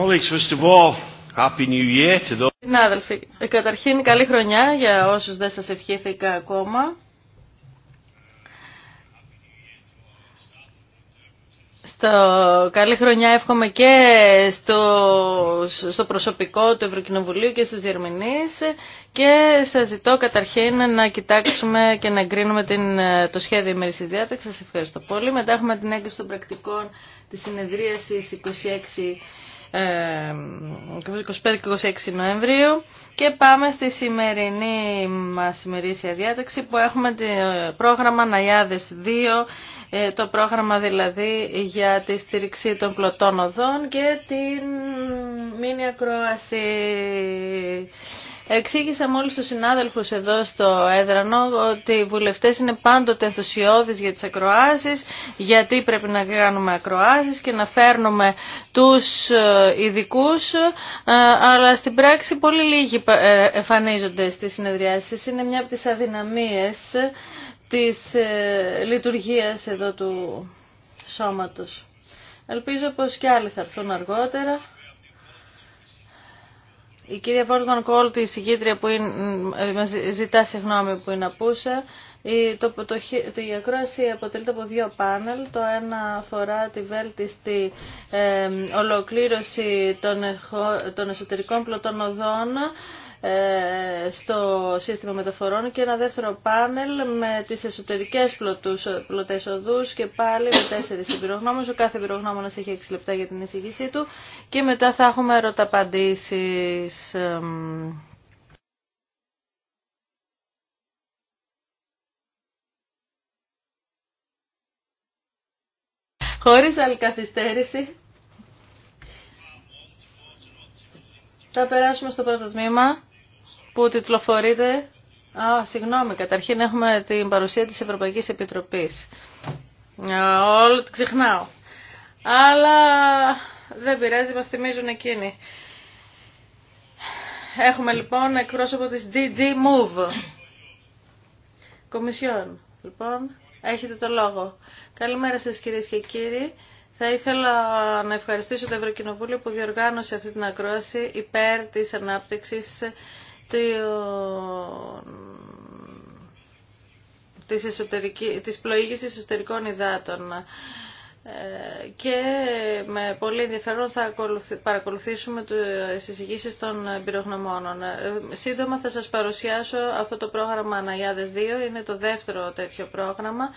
Colleagues, first of all, Happy ε, καταρχήν καλή χρονιά για όσους δεν σας ευχήθηκα ακόμα. Στο καλή χρονιά εύχομαι και στο, προσωπικό του Ευρωκοινοβουλίου και στους διερμηνείς και σας ζητώ καταρχήν να κοιτάξουμε και να εγκρίνουμε το σχέδιο ημερήσης διάταξης. Σας ευχαριστώ πολύ. Μετά έχουμε την έγκριση των πρακτικών της συνεδρίασης 26 25-26 ε, Νοεμβρίου και πάμε στη σημερινή μας ημερήσια διάταξη που έχουμε το ε, πρόγραμμα Ναϊάδες 2, ε, το πρόγραμμα δηλαδή για τη στήριξη των πλωτών οδών και την μήνυα κρόαση Εξήγησα μόλις του συνάδελφου εδώ στο έδρανο ότι οι βουλευτές είναι πάντοτε ενθουσιώδεις για τις ακροάσεις, γιατί πρέπει να κάνουμε ακροάσεις και να φέρνουμε τους ε, ειδικού, ε, αλλά στην πράξη πολύ λίγοι ε, εμφανίζονται στις συνεδριάσεις. Είναι μια από τις αδυναμίες της λειτουργίας εδώ του σώματος. Ελπίζω πως και άλλοι θα έρθουν αργότερα. Η κυρία Βόρτμαν Κόλτ, η συγκίτρια που ε, μας ζητά συγγνώμη που είναι απούσα, η, το, το, το, η ακρόαση αποτελείται από δύο πάνελ. Το ένα αφορά τη βέλτιστη ε, ολοκλήρωση των, των εσωτερικών πλωτών οδών, ε, στο σύστημα μεταφορών και ένα δεύτερο πάνελ με τις εσωτερικές πλωτούς, πλωτές οδούς και πάλι με τέσσερις εμπειρογνώμους. Ο κάθε εμπειρογνώμονας έχει 6 λεπτά για την εισηγήσή του και μετά θα έχουμε ερωταπαντήσεις. Χωρίς άλλη καθυστέρηση. Θα περάσουμε στο πρώτο τμήμα που τιτλοφορείται... Α, συγγνώμη, καταρχήν έχουμε την παρουσία της Ευρωπαϊκής Επιτροπής. Όλο ξεχνάω. Αλλά δεν πειράζει, μας θυμίζουν εκείνοι. Έχουμε λοιπόν εκπρόσωπο της DG Move. Κομισιόν. Λοιπόν, έχετε το λόγο. Καλημέρα σας κυρίες και κύριοι. Θα ήθελα να ευχαριστήσω το Ευρωκοινοβούλιο που διοργάνωσε αυτή την ακρόαση υπέρ της ανάπτυξης της, εσωτερική, της πλοήγησης εσωτερικών υδάτων. Ε, και με πολύ ενδιαφέρον θα παρακολουθήσουμε τις εισηγήσεις των πυρογνωμόνων. Ε, σύντομα θα σας παρουσιάσω αυτό το πρόγραμμα Αναγιάδες 2, είναι το δεύτερο τέτοιο πρόγραμμα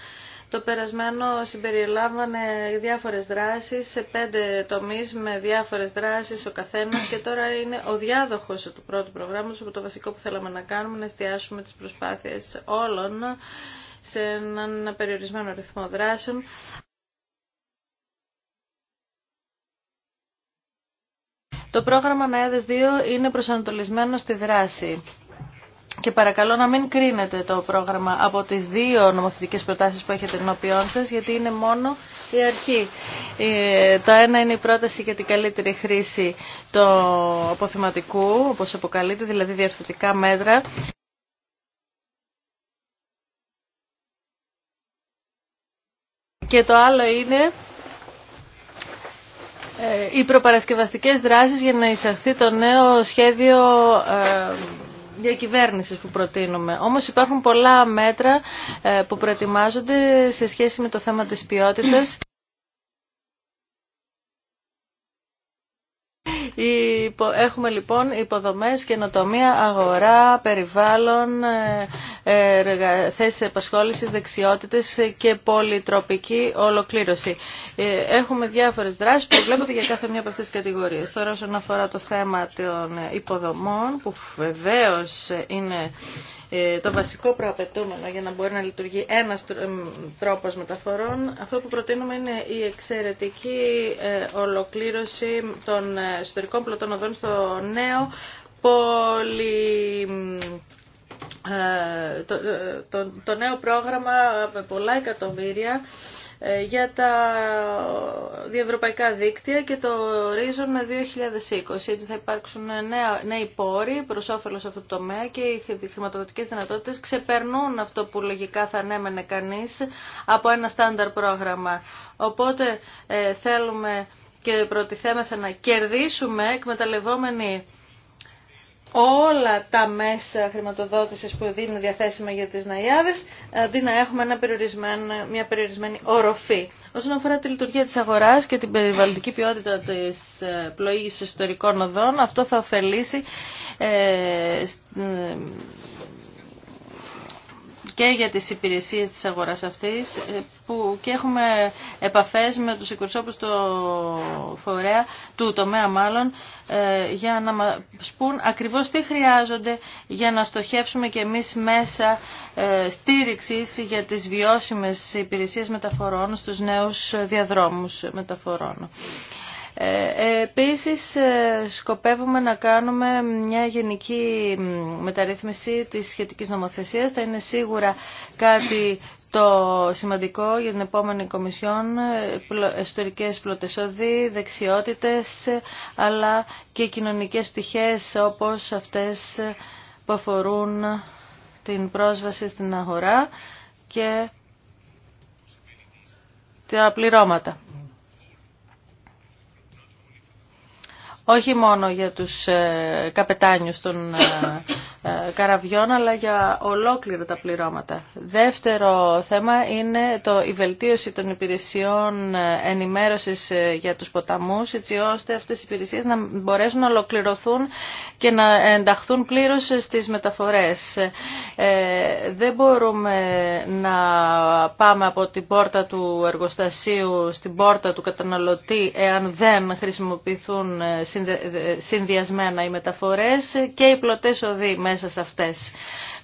το περασμένο συμπεριλάμβανε διάφορες δράσεις σε πέντε τομείς με διάφορες δράσεις ο καθένας και τώρα είναι ο διάδοχος του πρώτου προγράμματος όπου το βασικό που θέλαμε να κάνουμε είναι να εστιάσουμε τις προσπάθειες όλων σε έναν περιορισμένο ρυθμό δράσεων. Το πρόγραμμα ΝΑΕΔΕΣ 2 είναι προσανατολισμένο στη δράση και παρακαλώ να μην κρίνετε το πρόγραμμα από τις δύο νομοθετικές προτάσεις που έχετε ενώπιόν σας, γιατί είναι μόνο η αρχή. Ε, το ένα είναι η πρόταση για την καλύτερη χρήση του αποθεματικού, όπως αποκαλείται, δηλαδή διορθωτικά μέτρα. Και το άλλο είναι ε, οι προπαρασκευαστικές δράσεις για να εισαχθεί το νέο σχέδιο ε, διακυβέρνηση που προτείνουμε. Όμως υπάρχουν πολλά μέτρα ε, που προετοιμάζονται σε σχέση με το θέμα της ποιότητας Έχουμε λοιπόν υποδομές, καινοτομία, αγορά, περιβάλλον, ε, ε, θέσεις επασχόλησης, δεξιότητες και πολυτροπική ολοκλήρωση. Ε, έχουμε διάφορες δράσεις που βλέπετε για κάθε μια από αυτές τις κατηγορίες. Τώρα όσον αφορά το θέμα των υποδομών, που βεβαίως είναι ε, το βασικό προαπαιτούμενο για να μπορεί να λειτουργεί ένας τρόπος μεταφορών, αυτό που προτείνουμε είναι η εξαιρετική ε, ολοκλήρωση των ε, εσωτερικών πλωτών οδών στο νέο πολυ ε, το, ε, το, το, νέο πρόγραμμα με πολλά εκατομμύρια ε, για τα διευρωπαϊκά δίκτυα και το Horizon 2020. Έτσι θα υπάρξουν νέα, νέοι πόροι προς όφελος αυτού του τομέα και οι χρηματοδοτικές δυνατότητες ξεπερνούν αυτό που λογικά θα ανέμενε κανείς από ένα στάνταρ πρόγραμμα. Οπότε θέλουμε και προτιθέμεθα να κερδίσουμε εκμεταλλευόμενοι όλα τα μέσα χρηματοδότησης που δίνουν διαθέσιμα για τις ναϊάδες, αντί να έχουμε μια περιορισμένη οροφή. Όσον αφορά τη λειτουργία της αγοράς και την περιβαλλοντική ποιότητα της ε, πλοήγησης ιστορικών οδών, αυτό θα ωφελήσει ε, και για τις υπηρεσίες της αγοράς αυτής ε, που και έχουμε επαφές με τους εκπροσώπους του φορέα, του τομέα μάλλον, ε, για να μας πούν ακριβώς τι χρειάζονται για να στοχεύσουμε και εμείς μέσα ε, στήριξης για τις βιώσιμες υπηρεσίες μεταφορών στους νέους διαδρόμους μεταφορών. Ε, επίσης ε, σκοπεύουμε να κάνουμε μια γενική μεταρρύθμιση της σχετικής νομοθεσίας. Θα είναι σίγουρα κάτι το σημαντικό για την επόμενη Κομισιόν, εσωτερικές πλωτεσόδη, δεξιότητες, αλλά και κοινωνικές πτυχές όπως αυτές που αφορούν την πρόσβαση στην αγορά και τα πληρώματα. όχι μόνο για τους ε, καπετάνιους των ε, ε, καραβιών αλλά για ολόκληρα τα πληρώματα. Δεύτερο θέμα είναι το, η βελτίωση των υπηρεσιών ε, ενημέρωσης ε, για τους ποταμούς έτσι ώστε αυτές οι υπηρεσίες να μπορέσουν να ολοκληρωθούν και να ενταχθούν πλήρως στις μεταφορές. δεν μπορούμε να πάμε από την πόρτα του εργοστασίου στην πόρτα του καταναλωτή εάν δεν χρησιμοποιηθούν συνδυασμένα οι μεταφορές και οι πλωτές οδοί μέσα σε αυτές.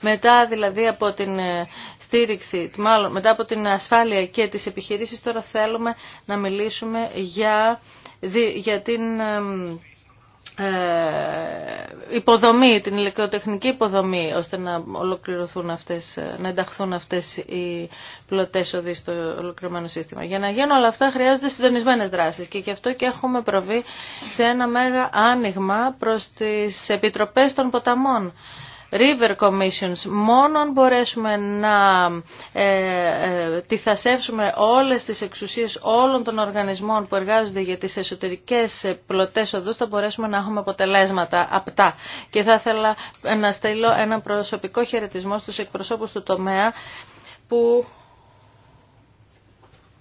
Μετά δηλαδή από την ε, στήριξη, μάλλον μετά από την ασφάλεια και τις επιχειρήσεις, τώρα θέλουμε να μιλήσουμε για, για την ε, υποδομή, την ηλεκτροτεχνική υποδομή ώστε να ολοκληρωθούν αυτές, να ενταχθούν αυτές οι πλωτές οδοί στο ολοκληρωμένο σύστημα. Για να γίνουν όλα αυτά χρειάζονται συντονισμένες δράσεις και γι' αυτό και έχουμε προβεί σε ένα μέγα άνοιγμα προς τις επιτροπές των ποταμών River Commissions. Μόνο αν μπορέσουμε να ε, ε, τυθασεύσουμε όλες τις εξουσίες όλων των οργανισμών που εργάζονται για τις εσωτερικές πλωτές οδούς θα μπορέσουμε να έχουμε αποτελέσματα απτά. Και θα ήθελα να στείλω ένα προσωπικό χαιρετισμό στους εκπροσώπους του τομέα που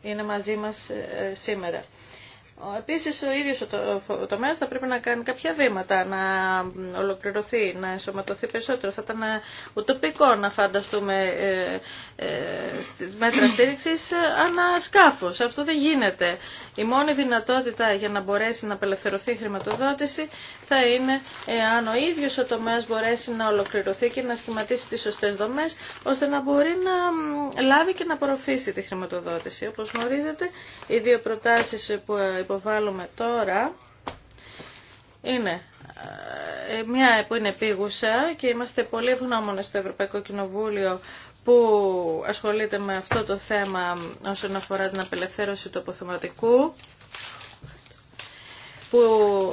είναι μαζί μας ε, σήμερα. Επίση, ο ίδιο ο, το, θα πρέπει να κάνει κάποια βήματα, να ολοκληρωθεί, να ενσωματωθεί περισσότερο. Θα ήταν ε, ουτοπικό να φανταστούμε ε, ε, μέτρα στήριξη ανά σκάφος. Αυτό δεν γίνεται. Η μόνη δυνατότητα για να μπορέσει να απελευθερωθεί η χρηματοδότηση θα είναι εάν ο ίδιο ο τομέα μπορέσει να ολοκληρωθεί και να σχηματίσει τι σωστέ δομέ, ώστε να μπορεί να λάβει και να απορροφήσει τη χρηματοδότηση. Όπως γνωρίζετε, οι δύο προτάσει. που υποβάλλουμε τώρα είναι ε, μια που είναι επίγουσα και είμαστε πολύ ευγνώμονες στο Ευρωπαϊκό Κοινοβούλιο που ασχολείται με αυτό το θέμα όσον αφορά την απελευθέρωση του αποθεματικού που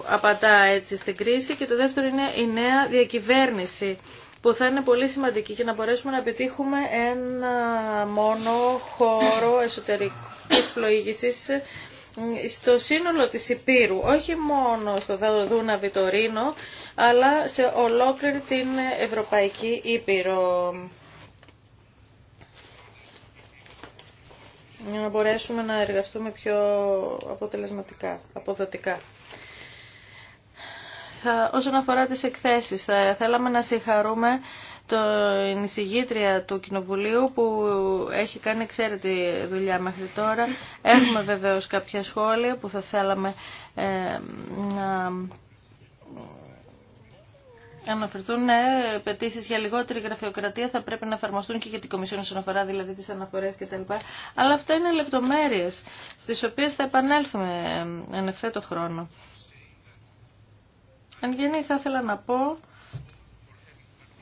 απαντά έτσι στην κρίση και το δεύτερο είναι η νέα διακυβέρνηση που θα είναι πολύ σημαντική και να μπορέσουμε να επιτύχουμε ένα μόνο χώρο εσωτερικής πλοήγησης στο σύνολο της Υπήρου, όχι μόνο στο Δούναβι βιτορινο αλλά σε ολόκληρη την Ευρωπαϊκή Ήπειρο. για να μπορέσουμε να εργαστούμε πιο αποτελεσματικά, αποδοτικά. Θα, όσον αφορά τις εκθέσεις, θέλαμε να συγχαρούμε την εισηγήτρια του Κοινοβουλίου που έχει κάνει εξαίρετη δουλειά μέχρι τώρα. Έχουμε βεβαίως κάποια σχόλια που θα θέλαμε ε, να αναφερθούν ναι, πετήσεις για λιγότερη γραφειοκρατία θα πρέπει να εφαρμοστούν και για την Κομισιόν όσον δηλαδή τι αναφορέ κτλ. Αλλά αυτά είναι λεπτομέρειες στις οποίες θα επανέλθουμε ε, εν ευθέτω χρόνο. Αν γίνει θα ήθελα να πω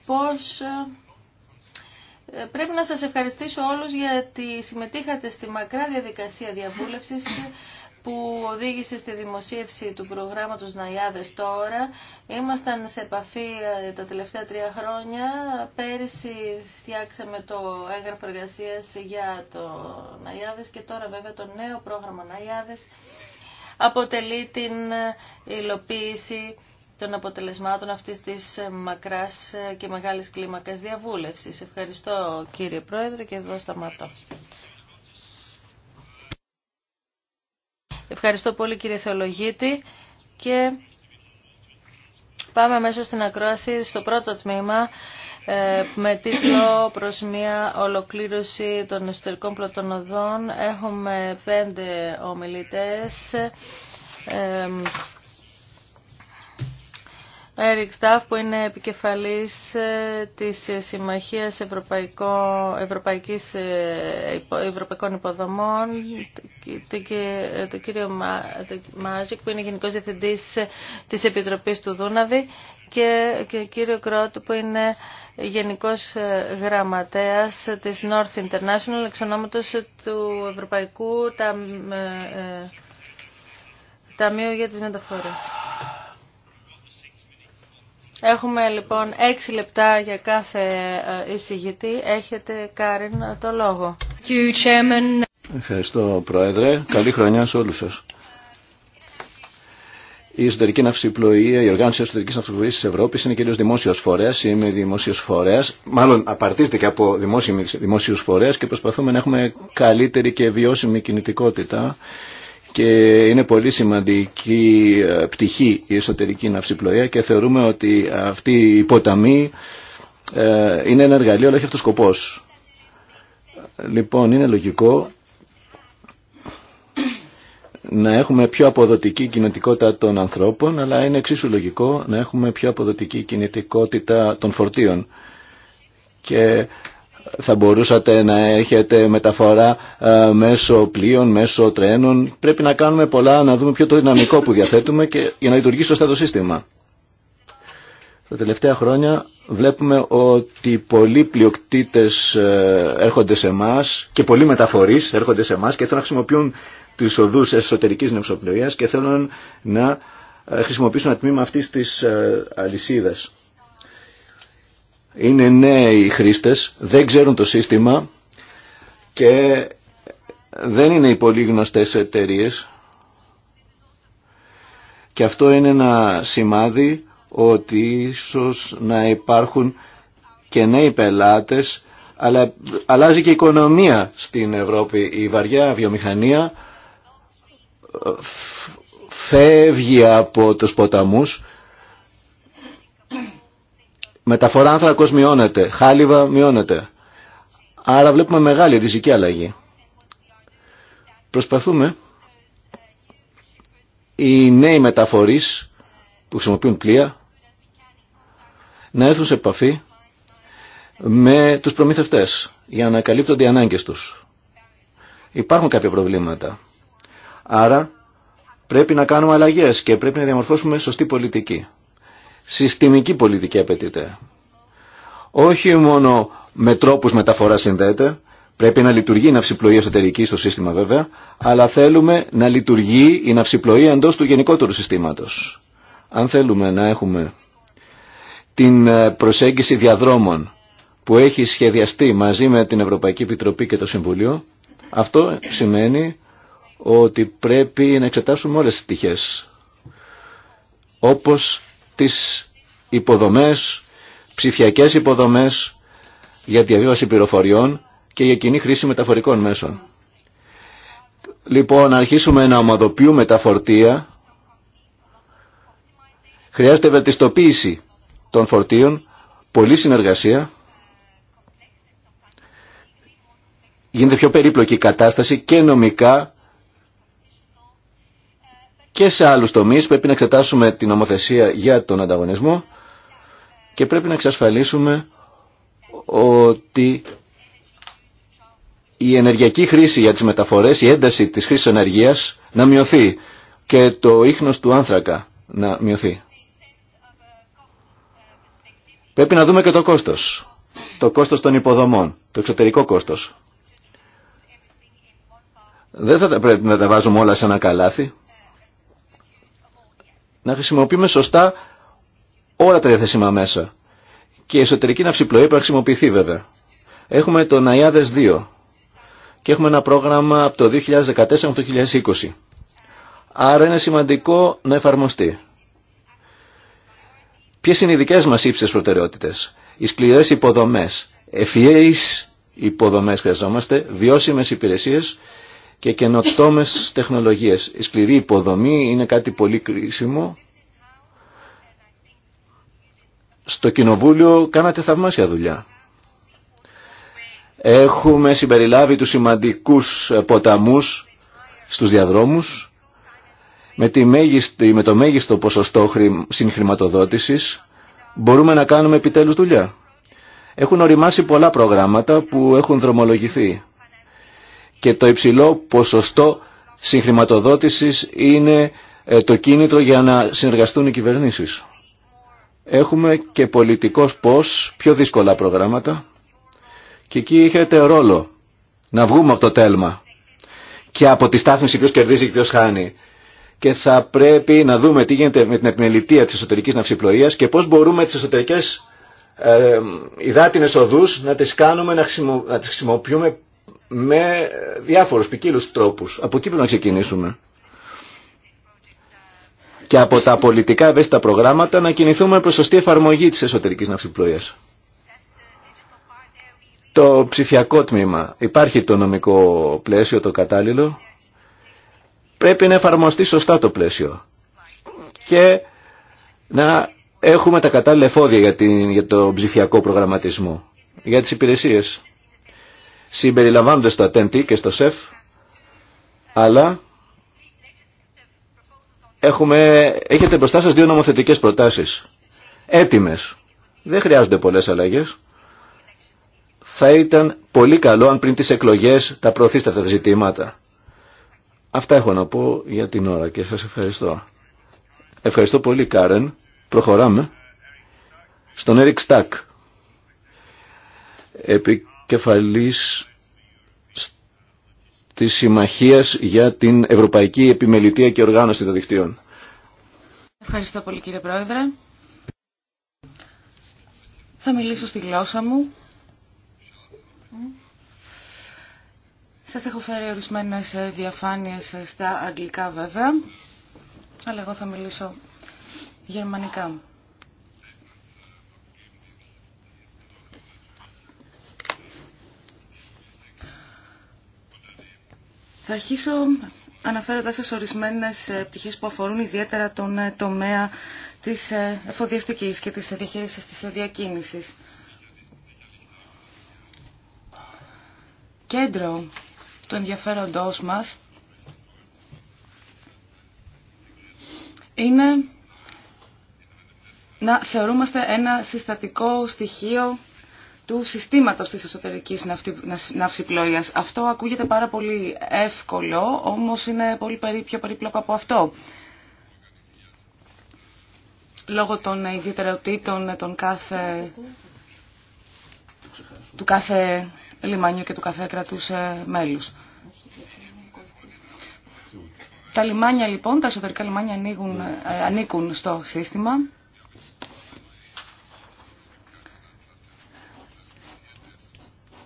πως ε, ε, πρέπει να σας ευχαριστήσω όλους γιατί συμμετείχατε στη μακρά διαδικασία διαβούλευσης που οδήγησε στη δημοσίευση του προγράμματος Ναϊάδες τώρα. Ήμασταν σε επαφή ε, τα τελευταία τρία χρόνια. Πέρυσι φτιάξαμε το έγγραφο εργασία για το Ναϊάδες και τώρα βέβαια το νέο πρόγραμμα Ναϊάδες αποτελεί την υλοποίηση των αποτελεσμάτων αυτής της ε, μακράς ε, και μεγάλης κλίμακας διαβούλευσης. Ευχαριστώ κύριε Πρόεδρε και εδώ σταματώ. Ευχαριστώ πολύ κύριε Θεολογίτη και πάμε αμέσως στην ακρόαση στο πρώτο τμήμα ε, με τίτλο «Προς μια ολοκλήρωση των εσωτερικών πρωτονοδών». Έχουμε πέντε ομιλητές Έρικ Σταφ που είναι επικεφαλής ε, της Συμμαχίας ε, Ευρωπαϊκών Υποδομών, τον το κύριο Μάζικ που είναι Γενικός Διευθυντής ε, της Επιτροπής του Δούναβη και, και κύριο Κρότ που είναι Γενικός Γραμματέας της North International εξ του Ευρωπαϊκού Ταμείου για τις Μεταφορές. Έχουμε λοιπόν 6 λεπτά για κάθε ε, εισηγητή. Έχετε, Κάριν, το λόγο. Ευχαριστώ, Πρόεδρε. Καλή χρονιά σε όλους σας. Η εσωτερική ναυσιπλοεία, η οργάνωση εσωτερική ναυσιπλοεία τη Ευρώπη είναι κυρίω δημόσιο φορέα. Είμαι δημόσιο φορέα, μάλλον απαρτίζεται και από δημόσιου φορέα και προσπαθούμε να έχουμε καλύτερη και βιώσιμη κινητικότητα και είναι πολύ σημαντική ε, πτυχή η εσωτερική ναυσιπλοεία και θεωρούμε ότι αυτή η ποταμή ε, είναι ένα εργαλείο αλλά έχει αυτός σκοπός. Λοιπόν, είναι λογικό να έχουμε πιο αποδοτική κινητικότητα των ανθρώπων, αλλά είναι εξίσου λογικό να έχουμε πιο αποδοτική κινητικότητα των φορτίων. Και θα μπορούσατε να έχετε μεταφορά ε, μέσω πλοίων, μέσω τρένων. Πρέπει να κάνουμε πολλά, να δούμε ποιο το δυναμικό που διαθέτουμε και, για να λειτουργήσει σωστά το σύστημα. Τα τελευταία χρόνια βλέπουμε ότι πολλοί πλειοκτήτες ε, έρχονται σε εμά και πολλοί μεταφορείς έρχονται σε εμά και θέλουν να χρησιμοποιούν τις οδούς εσωτερικής νευσοπλοείας και θέλουν να ε, χρησιμοποιήσουν ένα τμήμα αυτής της αλυσίδας είναι νέοι χρήστες, δεν ξέρουν το σύστημα και δεν είναι οι πολύ γνωστές εταιρείε. Και αυτό είναι ένα σημάδι ότι ίσως να υπάρχουν και νέοι πελάτες, αλλά αλλάζει και η οικονομία στην Ευρώπη. Η βαριά βιομηχανία φεύγει από τους ποταμούς Μεταφορά άνθρακος μειώνεται, χάλιβα μειώνεται. Άρα βλέπουμε μεγάλη ριζική αλλαγή. Προσπαθούμε οι νέοι μεταφορείς που χρησιμοποιούν πλοία να έρθουν σε επαφή με τους προμηθευτές για να καλύπτονται οι ανάγκες τους. Υπάρχουν κάποια προβλήματα. Άρα πρέπει να κάνουμε αλλαγές και πρέπει να διαμορφώσουμε σωστή πολιτική συστημική πολιτική απαιτείται. Όχι μόνο με τρόπους μεταφορά συνδέεται, πρέπει να λειτουργεί η ναυσιπλοεία εσωτερική στο σύστημα βέβαια, αλλά θέλουμε να λειτουργεί η ναυσιπλοεία εντός του γενικότερου συστήματος. Αν θέλουμε να έχουμε την ε, προσέγγιση διαδρόμων που έχει σχεδιαστεί μαζί με την Ευρωπαϊκή Επιτροπή και το Συμβουλίο, αυτό σημαίνει ότι πρέπει να εξετάσουμε όλες τις πτυχές. Όπως τις υποδομές, ψηφιακές υποδομές για διαβίβαση πληροφοριών και για κοινή χρήση μεταφορικών μέσων. Λοιπόν, να αρχίσουμε να ομαδοποιούμε τα φορτία. Χρειάζεται βελτιστοποίηση των φορτίων, πολλή συνεργασία. Γίνεται πιο περίπλοκη η κατάσταση και νομικά και σε άλλους τομείς πρέπει να εξετάσουμε την νομοθεσία για τον ανταγωνισμό και πρέπει να εξασφαλίσουμε ότι η ενεργειακή χρήση για τις μεταφορές, η ένταση της χρήσης ενεργείας να μειωθεί και το ίχνος του άνθρακα να μειωθεί. Πρέπει να δούμε και το κόστος. Το κόστος των υποδομών, το εξωτερικό κόστος. Δεν θα πρέπει να τα βάζουμε όλα σε ένα καλάθι να χρησιμοποιούμε σωστά όλα τα διαθέσιμα μέσα. Και η εσωτερική ναυσιπλοεία πρέπει να χρησιμοποιηθεί βέβαια. Έχουμε το ΝΑΙΑΔΕΣ 2 και έχουμε ένα πρόγραμμα από το 2014 το 2020. Άρα είναι σημαντικό να εφαρμοστεί. Ποιε είναι οι δικέ μα ύψε προτεραιότητε, οι σκληρέ υποδομέ, ευφυεί υποδομέ χρειαζόμαστε, βιώσιμε υπηρεσίε και καινοτόμες τεχνολογίες. Η σκληρή υποδομή είναι κάτι πολύ κρίσιμο. Στο Κοινοβούλιο κάνατε θαυμάσια δουλειά. Έχουμε συμπεριλάβει τους σημαντικούς ποταμούς στους διαδρόμους με, τη με το μέγιστο ποσοστό συγχρηματοδότησης μπορούμε να κάνουμε επιτέλους δουλειά. Έχουν οριμάσει πολλά προγράμματα που έχουν δρομολογηθεί και το υψηλό ποσοστό συγχρηματοδότησης είναι ε, το κίνητρο για να συνεργαστούν οι κυβερνήσεις. Έχουμε και πολιτικός πώς, πιο δύσκολα προγράμματα και εκεί έχετε ρόλο να βγούμε από το τέλμα και από τη στάθμιση ποιος κερδίζει και ποιος χάνει. Και θα πρέπει να δούμε τι γίνεται με την επιμελητία της εσωτερικής ναυσιπλοείας και πώς μπορούμε τις εσωτερικές ε, υδάτινες οδούς να τις κάνουμε να τις χρησιμοποιούμε με διάφορους ποικίλου τρόπους. Από εκεί πρέπει να ξεκινήσουμε. Και από τα πολιτικά ευαίσθητα προγράμματα να κινηθούμε προς σωστή εφαρμογή της εσωτερικής ναυσιπλοίας Το ψηφιακό τμήμα. Υπάρχει το νομικό πλαίσιο, το κατάλληλο. Πρέπει να εφαρμοστεί σωστά το πλαίσιο. Και να έχουμε τα κατάλληλα εφόδια για, την, για το ψηφιακό προγραμματισμό. Για τις υπηρεσίες συμπεριλαμβάνονται στο ΑΤΕΝΤΗ και στο ΣΕΦ, αλλά έχουμε, έχετε μπροστά σας δύο νομοθετικές προτάσεις, έτοιμες. Δεν χρειάζονται πολλές αλλαγές. Θα ήταν πολύ καλό αν πριν τις εκλογές τα προωθήσετε αυτά τα ζητήματα. Αυτά έχω να πω για την ώρα και σας ευχαριστώ. Ευχαριστώ πολύ Κάρεν. Προχωράμε στον Έρικ Στακ. Επί κεφαλής της Συμμαχίας για την Ευρωπαϊκή Επιμελητία και Οργάνωση των Δικτύων. Ευχαριστώ πολύ κύριε Πρόεδρε. Θα μιλήσω στη γλώσσα μου. Σας έχω φέρει ορισμένες διαφάνειες στα αγγλικά βέβαια, αλλά εγώ θα μιλήσω γερμανικά. Θα αρχίσω αναφέροντας σας ορισμένες ε, πτυχές που αφορούν ιδιαίτερα τον ε, τομέα της ε, εφοδιαστικής και της διαχείρισης της διακίνησης. Κέντρο του ενδιαφέροντός μας είναι να θεωρούμαστε ένα συστατικό στοιχείο του συστήματος της εσωτερικής ναυσιπλοείας. Αυτό ακούγεται πάρα πολύ εύκολο, όμως είναι πολύ πιο περίπλοκο από αυτό. Λόγω των ιδιαιτεροτήτων των κάθε, του κάθε λιμάνιου και του κάθε κρατούς ε, μέλους. Τα λιμάνια λοιπόν, τα εσωτερικά λιμάνια ε, ανήκουν στο σύστημα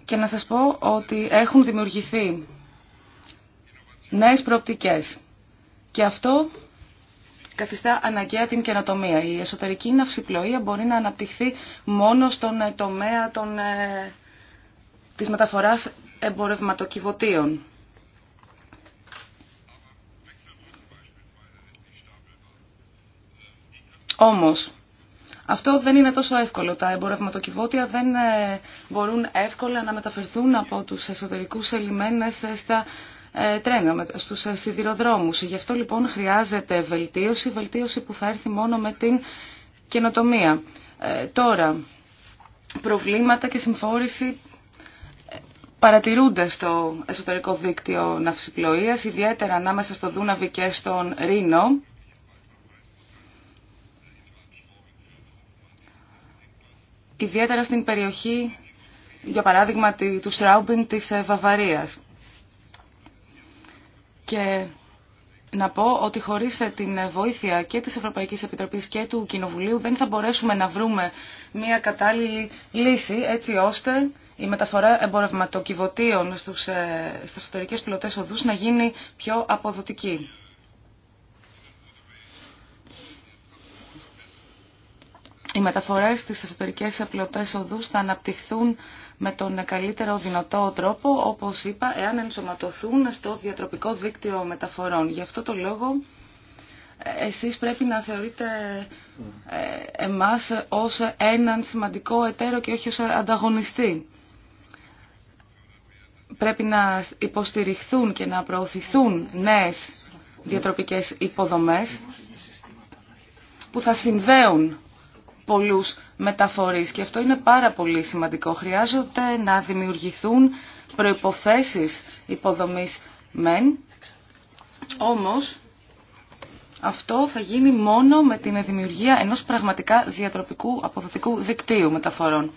και να σας πω ότι έχουν δημιουργηθεί νέες προοπτικές. Και αυτό καθιστά αναγκαία την καινοτομία. Η εσωτερική ναυσιπλοεία μπορεί να αναπτυχθεί μόνο στον ε, τομέα των, ε, της μεταφοράς εμπορευματοκιβωτίων. Όμως, αυτό δεν είναι τόσο εύκολο. Τα εμπορευματοκιβώτια δεν ε, μπορούν εύκολα να μεταφερθούν από τους εσωτερικούς ελιμένες ε, στα ε, τρένα, στους σιδηροδρόμους. Γι' αυτό λοιπόν χρειάζεται βελτίωση, βελτίωση που θα έρθει μόνο με την καινοτομία. Τώρα, προβλήματα και συμφόρηση παρατηρούνται στο εσωτερικό δίκτυο ναυσιπλοείας, ιδιαίτερα ανάμεσα στο Δούναβι και στον Ρήνο. ιδιαίτερα στην περιοχή, για παράδειγμα, του Στράουμπιν της ε, Βαβαρίας. Και να πω ότι χωρίς ε, την ε, βοήθεια και της Ευρωπαϊκής Επιτροπής και του Κοινοβουλίου δεν θα μπορέσουμε να βρούμε μια κατάλληλη λύση έτσι ώστε η μεταφορά εμπορευματοκιβωτίων στους, στις εσωτερικές πιλωτές οδούς να γίνει πιο αποδοτική. οι μεταφορές στις εσωτερικέ απλωτές οδούς θα αναπτυχθούν με τον καλύτερο δυνατό τρόπο, όπως είπα, εάν ενσωματωθούν στο διατροπικό δίκτυο μεταφορών. Γι' αυτό το λόγο εσείς πρέπει να θεωρείτε ε, εμάς ως έναν σημαντικό εταίρο και όχι ως ανταγωνιστή. Πρέπει να υποστηριχθούν και να προωθηθούν νέες διατροπικές υποδομές που θα συνδέουν πολλούς μεταφορείς και αυτό είναι πάρα πολύ σημαντικό. Χρειάζονται να δημιουργηθούν προϋποθέσεις υποδομής μεν, όμως αυτό θα γίνει μόνο με την δημιουργία ενός πραγματικά διατροπικού αποδοτικού δικτύου μεταφορών.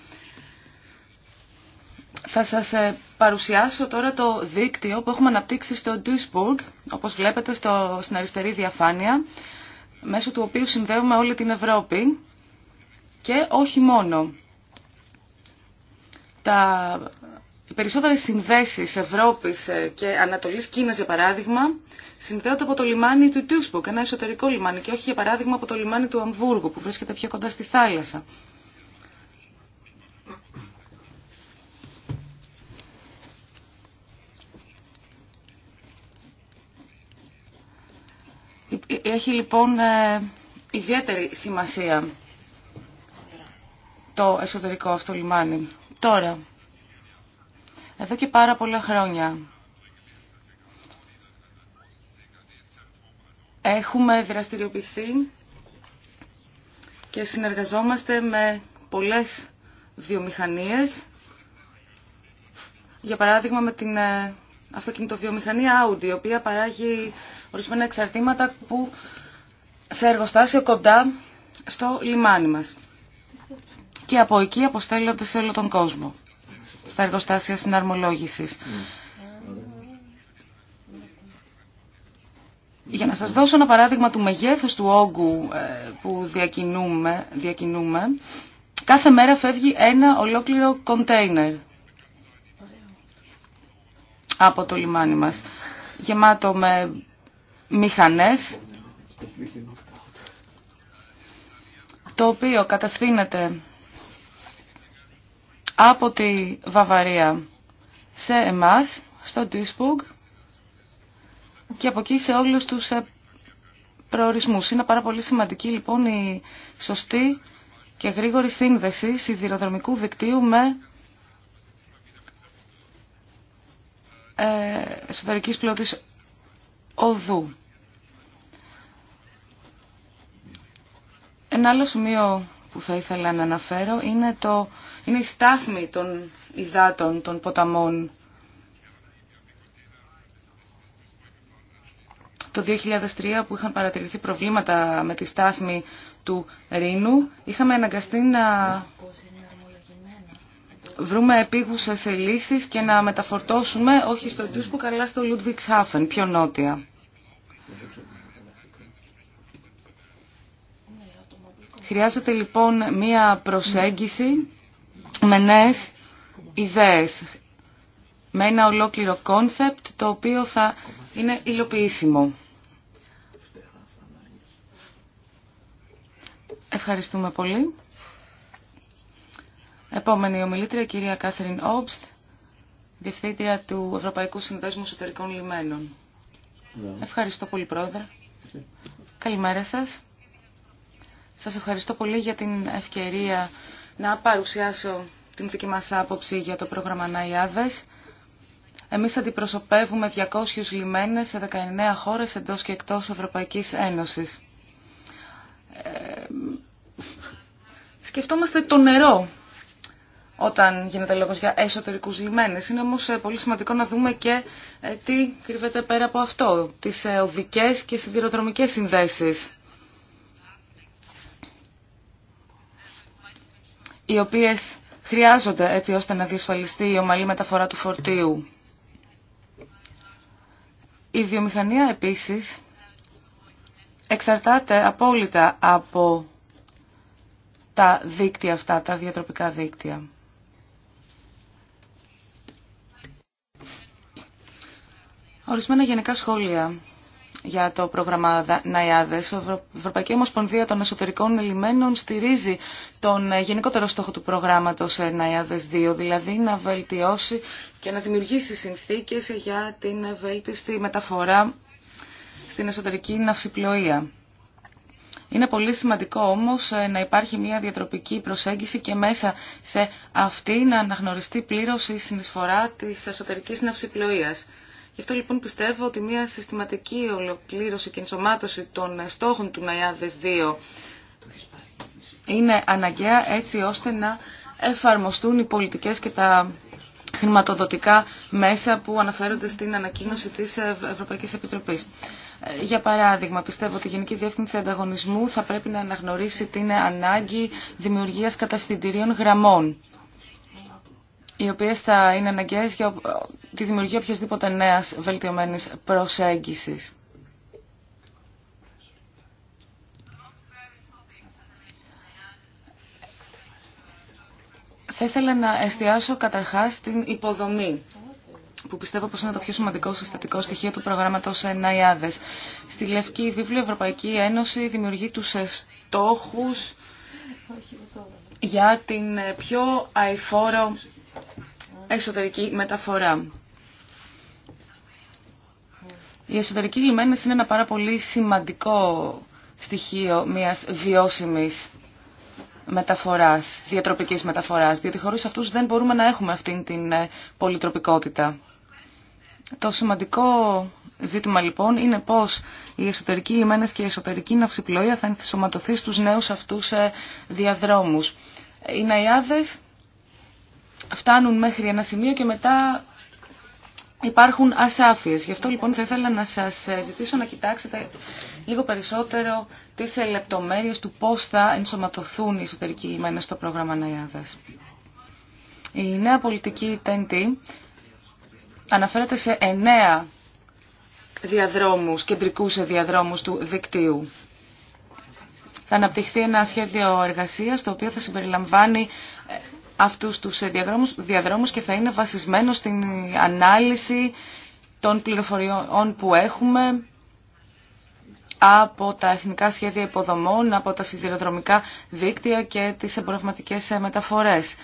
Θα σας ε, παρουσιάσω τώρα το δίκτυο που έχουμε αναπτύξει στο Duisburg, όπως βλέπετε στο, στην αριστερή διαφάνεια, μέσω του οποίου συνδέουμε όλη την Ευρώπη και όχι μόνο. Τα οι περισσότερες συνδέσεις Ευρώπης ε, και Ανατολής Κίνας, για παράδειγμα, συνδέονται από το λιμάνι του Τούσποκ, ένα εσωτερικό λιμάνι, και όχι, για παράδειγμα, από το λιμάνι του Αμβούργου, που βρίσκεται πιο κοντά στη θάλασσα. Έχει, λοιπόν, ε, ιδιαίτερη σημασία το εσωτερικό αυτό λιμάνι. Τώρα, εδώ και πάρα πολλά χρόνια έχουμε δραστηριοποιηθεί και συνεργαζόμαστε με πολλές βιομηχανίες. Για παράδειγμα με την ε, αυτοκινητοβιομηχανία Audi, η οποία παράγει ορισμένα εξαρτήματα που σε εργοστάσιο κοντά στο λιμάνι μας και από εκεί αποστέλλονται σε όλο τον κόσμο, στα εργοστάσια συναρμολόγησης. Για να σας δώσω ένα παράδειγμα του μεγέθους του όγκου ε, που διακινούμε, διακινούμε κάθε μέρα φεύγει ένα ολόκληρο κοντέινερ από το λιμάνι μας, γεμάτο με μηχανές, το οποίο κατευθύνεται από τη Βαβαρία σε εμάς, στο Duisburg και από εκεί σε όλους τους ε, προορισμούς. Είναι πάρα πολύ σημαντική λοιπόν η σωστή και γρήγορη σύνδεση σιδηροδρομικού δικτύου με ε, εσωτερικής πλώτης οδού. Ένα άλλο σημείο που θα ήθελα να αναφέρω είναι, το, είναι η στάθμη των υδάτων των ποταμών. Το 2003 που είχαν παρατηρηθεί προβλήματα με τη στάθμη του Ρήνου, είχαμε αναγκαστεί να βρούμε επίγουσες λύσεις και να μεταφορτώσουμε όχι στο που αλλά στο Λούντβιξ Χάφεν, πιο νότια. Χρειάζεται λοιπόν μία προσέγγιση με νέες ιδέες, με ένα ολόκληρο κόνσεπτ το οποίο θα είναι υλοποιήσιμο. Ευχαριστούμε πολύ. Επόμενη ομιλήτρια, κυρία Κάθριν Όμπστ, Διευθύντρια του Ευρωπαϊκού Συνδέσμου Εσωτερικών Λιμένων. Ναι. Ευχαριστώ πολύ, Πρόεδρε. Καλημέρα σας. Σας ευχαριστώ πολύ για την ευκαιρία να παρουσιάσω την δική μας άποψη για το πρόγραμμα ΝΑΙΑΔΕΣ. Εμείς αντιπροσωπεύουμε 200 λιμένες σε 19 χώρες εντός και εκτός Ευρωπαϊκής Ένωσης. Ε, σκεφτόμαστε το νερό όταν γίνεται λόγος για εσωτερικούς λιμένες. Είναι όμως ε, πολύ σημαντικό να δούμε και ε, τι κρύβεται πέρα από αυτό. Τις οδικές και σιδηροδρομικές συνδέσεις. οι οποίες χρειάζονται έτσι ώστε να διασφαλιστεί η ομαλή μεταφορά του φορτίου. Η βιομηχανία επίσης εξαρτάται απόλυτα από τα δίκτυα αυτά, τα διατροπικά δίκτυα. Ορισμένα γενικά σχόλια για το πρόγραμμα ΝΑΙΑΔΕΣ. Η Ευρωπαϊκή Ομοσπονδία των Εσωτερικών Λιμένων στηρίζει τον ε, γενικότερο στόχο του προγράμματος ε, ΝΑΙΑΔΕΣ 2, δηλαδή να βελτιώσει και να δημιουργήσει συνθήκες για την βέλτιστη μεταφορά στην εσωτερική ναυσιπλοεία. Είναι πολύ σημαντικό όμως ε, να υπάρχει μια διατροπική προσέγγιση και μέσα σε αυτή να αναγνωριστεί πλήρως η συνεισφορά της εσωτερικής ναυσιπλοείας. Γι' αυτό λοιπόν πιστεύω ότι μια συστηματική ολοκλήρωση και ενσωμάτωση των στόχων του ΝΑΙΑΔΕΣ 2 είναι αναγκαία έτσι ώστε να εφαρμοστούν οι πολιτικές και τα χρηματοδοτικά μέσα που αναφέρονται στην ανακοίνωση της Ευρωπαϊκής Επιτροπής. Ε, για παράδειγμα, πιστεύω ότι η Γενική Διεύθυνση Ανταγωνισμού θα πρέπει να αναγνωρίσει την ανάγκη δημιουργίας κατευθυντηρίων γραμμών οι οποίες θα είναι αναγκαίες για τη δημιουργία οποιασδήποτε νέας βελτιωμένης προσέγγισης. Θα ήθελα να εστιάσω καταρχάς στην υποδομή που πιστεύω πως είναι το πιο σημαντικό συστατικό στοιχείο του προγράμματος ΝΑΙΑΔΕΣ. Στη Λευκή Βίβλιο Ευρωπαϊκή Ένωση δημιουργεί του στόχους για την πιο αηφόρο εσωτερική μεταφορά. Η εσωτερική λιμένες είναι ένα πάρα πολύ σημαντικό στοιχείο μιας βιώσιμης μεταφοράς, διατροπικής μεταφοράς, διότι χωρίς αυτούς δεν μπορούμε να έχουμε αυτήν την ε, πολυτροπικότητα. Το σημαντικό ζήτημα λοιπόν είναι πώς η εσωτερική λιμένες και η εσωτερική ναυσιπλοεία θα ενσωματωθεί στους νέους αυτούς ε, διαδρόμους. Οι ναϊάδες φτάνουν μέχρι ένα σημείο και μετά υπάρχουν ασάφειες. Γι' αυτό λοιπόν θα ήθελα να σας ε, ζητήσω να κοιτάξετε λίγο περισσότερο τις ε, λεπτομέρειες του πώς θα ενσωματωθούν οι εσωτερικοί λιμένες στο πρόγραμμα Ναϊάδας. Η νέα πολιτική TNT αναφέρεται σε εννέα διαδρόμους, κεντρικούς διαδρόμους του δικτύου. Θα αναπτυχθεί ένα σχέδιο εργασίας το οποίο θα συμπεριλαμβάνει ε, αυτούς τους διαδρόμους, και θα είναι βασισμένο στην ανάλυση των πληροφοριών που έχουμε από τα εθνικά σχέδια υποδομών, από τα σιδηροδρομικά δίκτυα και τις εμπορευματικές μεταφορές.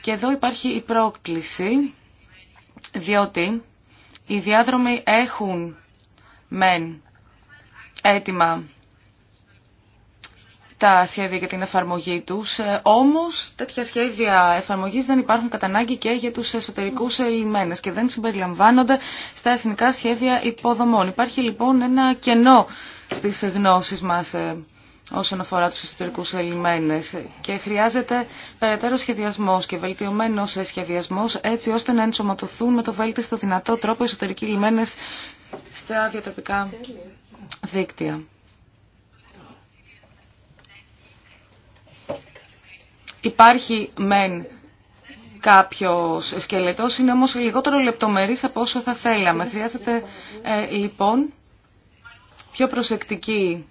Και εδώ υπάρχει η πρόκληση, διότι οι διάδρομοι έχουν μεν έτοιμα τα σχέδια για την εφαρμογή τους, ε, όμως τέτοια σχέδια εφαρμογής δεν υπάρχουν κατά ανάγκη και για τους εσωτερικούς λιμένες και δεν συμπεριλαμβάνονται στα εθνικά σχέδια υποδομών. Υπάρχει λοιπόν ένα κενό στις γνώσεις μας ε, όσον αφορά τους εσωτερικούς λιμένες και χρειάζεται περαιτέρω σχεδιασμός και βελτιωμένος σχεδιασμός έτσι ώστε να ενσωματωθούν με το βέλτιστο δυνατό τρόπο εσωτερικοί λιμένες στα διατροπικά δίκτυα. Υπάρχει μεν κάποιος σκελετός, είναι όμως λιγότερο λεπτομερής από όσο θα θέλαμε. Χρειάζεται ε, λοιπόν πιο προσεκτική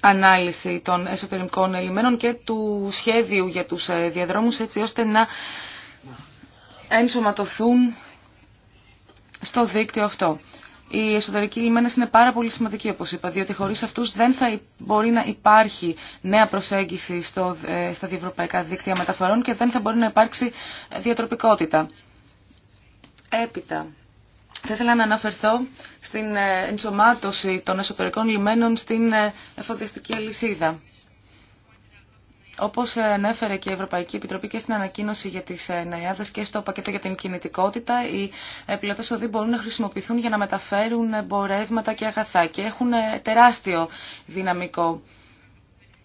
ανάλυση των εσωτερικών ελλημένων και του σχέδιου για τους ε, διαδρόμους έτσι ώστε να ενσωματωθούν στο δίκτυο αυτό οι εσωτερικοί λιμένες είναι πάρα πολύ σημαντικοί, όπως είπα, διότι χωρίς αυτούς δεν θα μπορεί να υπάρχει νέα προσέγγιση στο, ε, στα διευρωπαϊκά δίκτυα μεταφορών και δεν θα μπορεί να υπάρξει ε, διατροπικότητα. Έπειτα, θα ήθελα να αναφερθώ στην ε, ενσωμάτωση των εσωτερικών λιμένων στην εφοδιαστική αλυσίδα. Όπως ανέφερε και η Ευρωπαϊκή Επιτροπή και στην ανακοίνωση για τις ε, νεάδες και στο πακέτο για την κινητικότητα, οι ε, πιλωτές οδοί μπορούν να χρησιμοποιηθούν για να μεταφέρουν εμπορεύματα και αγαθά και έχουν ε, τεράστιο δυναμικό.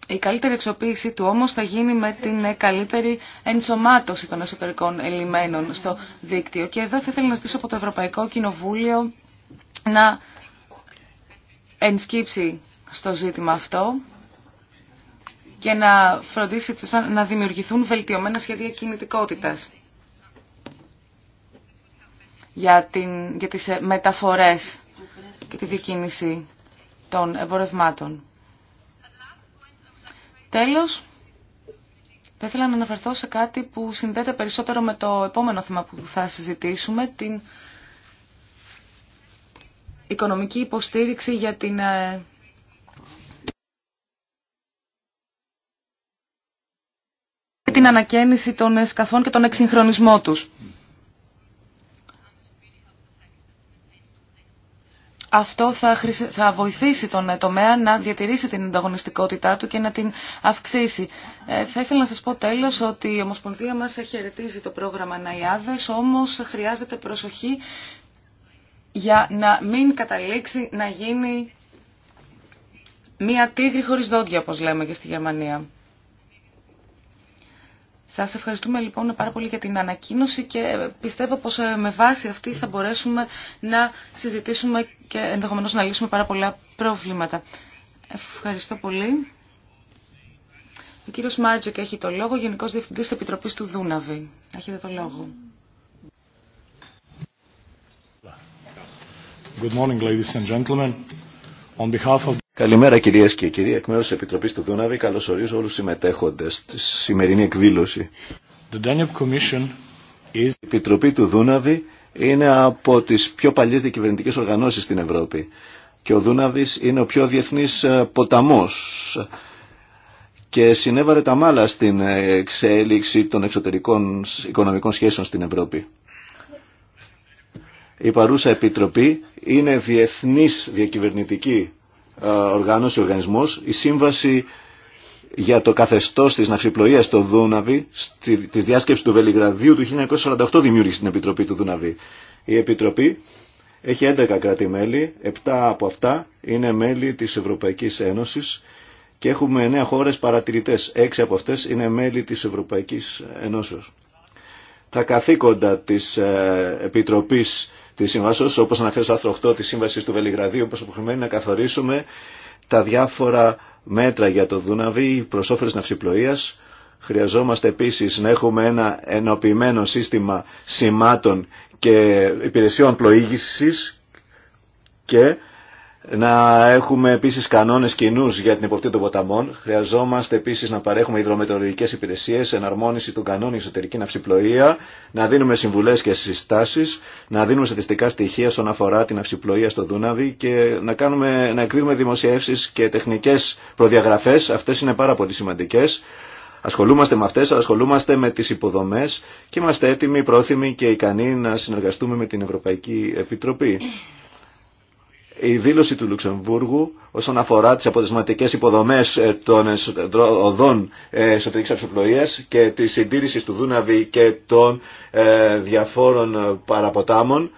Η καλύτερη εξοποίησή του όμως θα γίνει με την καλύτερη ενσωμάτωση των εσωτερικών λιμένων στο δίκτυο. Και εδώ θα ήθελα να ζητήσω από το Ευρωπαϊκό Κοινοβούλιο να ενσκύψει στο ζήτημα αυτό και να φροντίσει να δημιουργηθούν βελτιωμένα σχέδια κινητικότητας για, την, για τις ε, μεταφορές και τη διακίνηση των εμπορευμάτων. Τέλος, θα ήθελα να αναφερθώ σε κάτι που συνδέεται περισσότερο με το επόμενο θέμα που θα συζητήσουμε, την οικονομική υποστήριξη για την ε, την ανακαίνιση των σκαφών και τον εξυγχρονισμό τους. Αυτό θα βοηθήσει τον ε, τομέα να διατηρήσει την ανταγωνιστικότητά του και να την αυξήσει. Ε, θα ήθελα να σας πω τέλος ότι η Ομοσπονδία μας χαιρετίζει το πρόγραμμα Ναϊάδες, όμως χρειάζεται προσοχή για να μην καταλήξει να γίνει μία τίγρη χωρίς δόντια, όπως λέμε και στη Γερμανία. Σας ευχαριστούμε λοιπόν πάρα πολύ για την ανακοίνωση και πιστεύω πως ε, με βάση αυτή θα μπορέσουμε να συζητήσουμε και ενδεχομένως να λύσουμε πάρα πολλά προβλήματα. Ευχαριστώ πολύ. Ο κύριος Μάρτζεκ έχει το λόγο, Γενικός Διευθυντής της Επιτροπής του Δούναβη. Έχετε το λόγο. Good morning, ladies and gentlemen. On behalf of... Καλημέρα κυρίε και κύριοι, εκ μέρου τη Επιτροπή του Δούναβη καλωσορίζω όλους συμμετέχοντε στη σημερινή εκδήλωση. The is... Η Επιτροπή του Δούναβη είναι από τι πιο παλιέ διακυβερνητικέ οργανώσει στην Ευρώπη και ο Δούναβης είναι ο πιο διεθνή ε, ποταμό και συνέβαρε τα μάλα στην εξέλιξη των εξωτερικών οικονομικών σχέσεων στην Ευρώπη. Η παρούσα επιτροπή είναι διεθνής διακυβερνητική ε, οργάνωση, οργανισμός, η σύμβαση για το καθεστώς της ναυσιπλοείας στο Δούναβι, στη, της διάσκεψης του Βελιγραδίου του 1948 δημιούργησε την Επιτροπή του Δούναβι. Η Επιτροπή έχει 11 κράτη-μέλη, 7 από αυτά είναι μέλη της Ευρωπαϊκής Ένωσης και έχουμε 9 χώρες παρατηρητές, 6 από αυτές είναι μέλη της Ευρωπαϊκής Ένωσης. Τα καθήκοντα της ε, Επιτροπής τη Σύμβαση, όπω αναφέρει στο άρθρο 8 τη Σύμβαση του Βελιγραδίου, όπω υποχρεωμένοι να καθορίσουμε τα διάφορα μέτρα για το Δούναβι προ όφελο ναυσιπλοεία. Χρειαζόμαστε επίση να έχουμε ένα ενοποιημένο σύστημα σημάτων και υπηρεσιών πλοήγηση και να έχουμε επίση κανόνε κοινού για την υποπτήρια των ποταμών. Χρειαζόμαστε επίση να παρέχουμε υδρομετεωρολογικέ υπηρεσίε, εναρμόνιση των κανόνων εσωτερική ναυσιπλοεία, να δίνουμε συμβουλέ και συστάσει, να δίνουμε στατιστικά στοιχεία στον αφορά την ναυσιπλοεία στο Δούναβι και να, κάνουμε, να εκδίδουμε δημοσιεύσει και τεχνικέ προδιαγραφέ. Αυτέ είναι πάρα πολύ σημαντικέ. Ασχολούμαστε με αυτέ, ασχολούμαστε με τι υποδομέ και είμαστε έτοιμοι, πρόθυμοι και ικανοί να συνεργαστούμε με την Ευρωπαϊκή Επιτροπή η δήλωση του Λουξεμβούργου όσον αφορά τις αποτελεσματικές υποδομές ε, των οδών ε, εσωτερικής αυσοπλοείας και τη συντήρηση του Δούναβη και των ε, διαφόρων παραποτάμων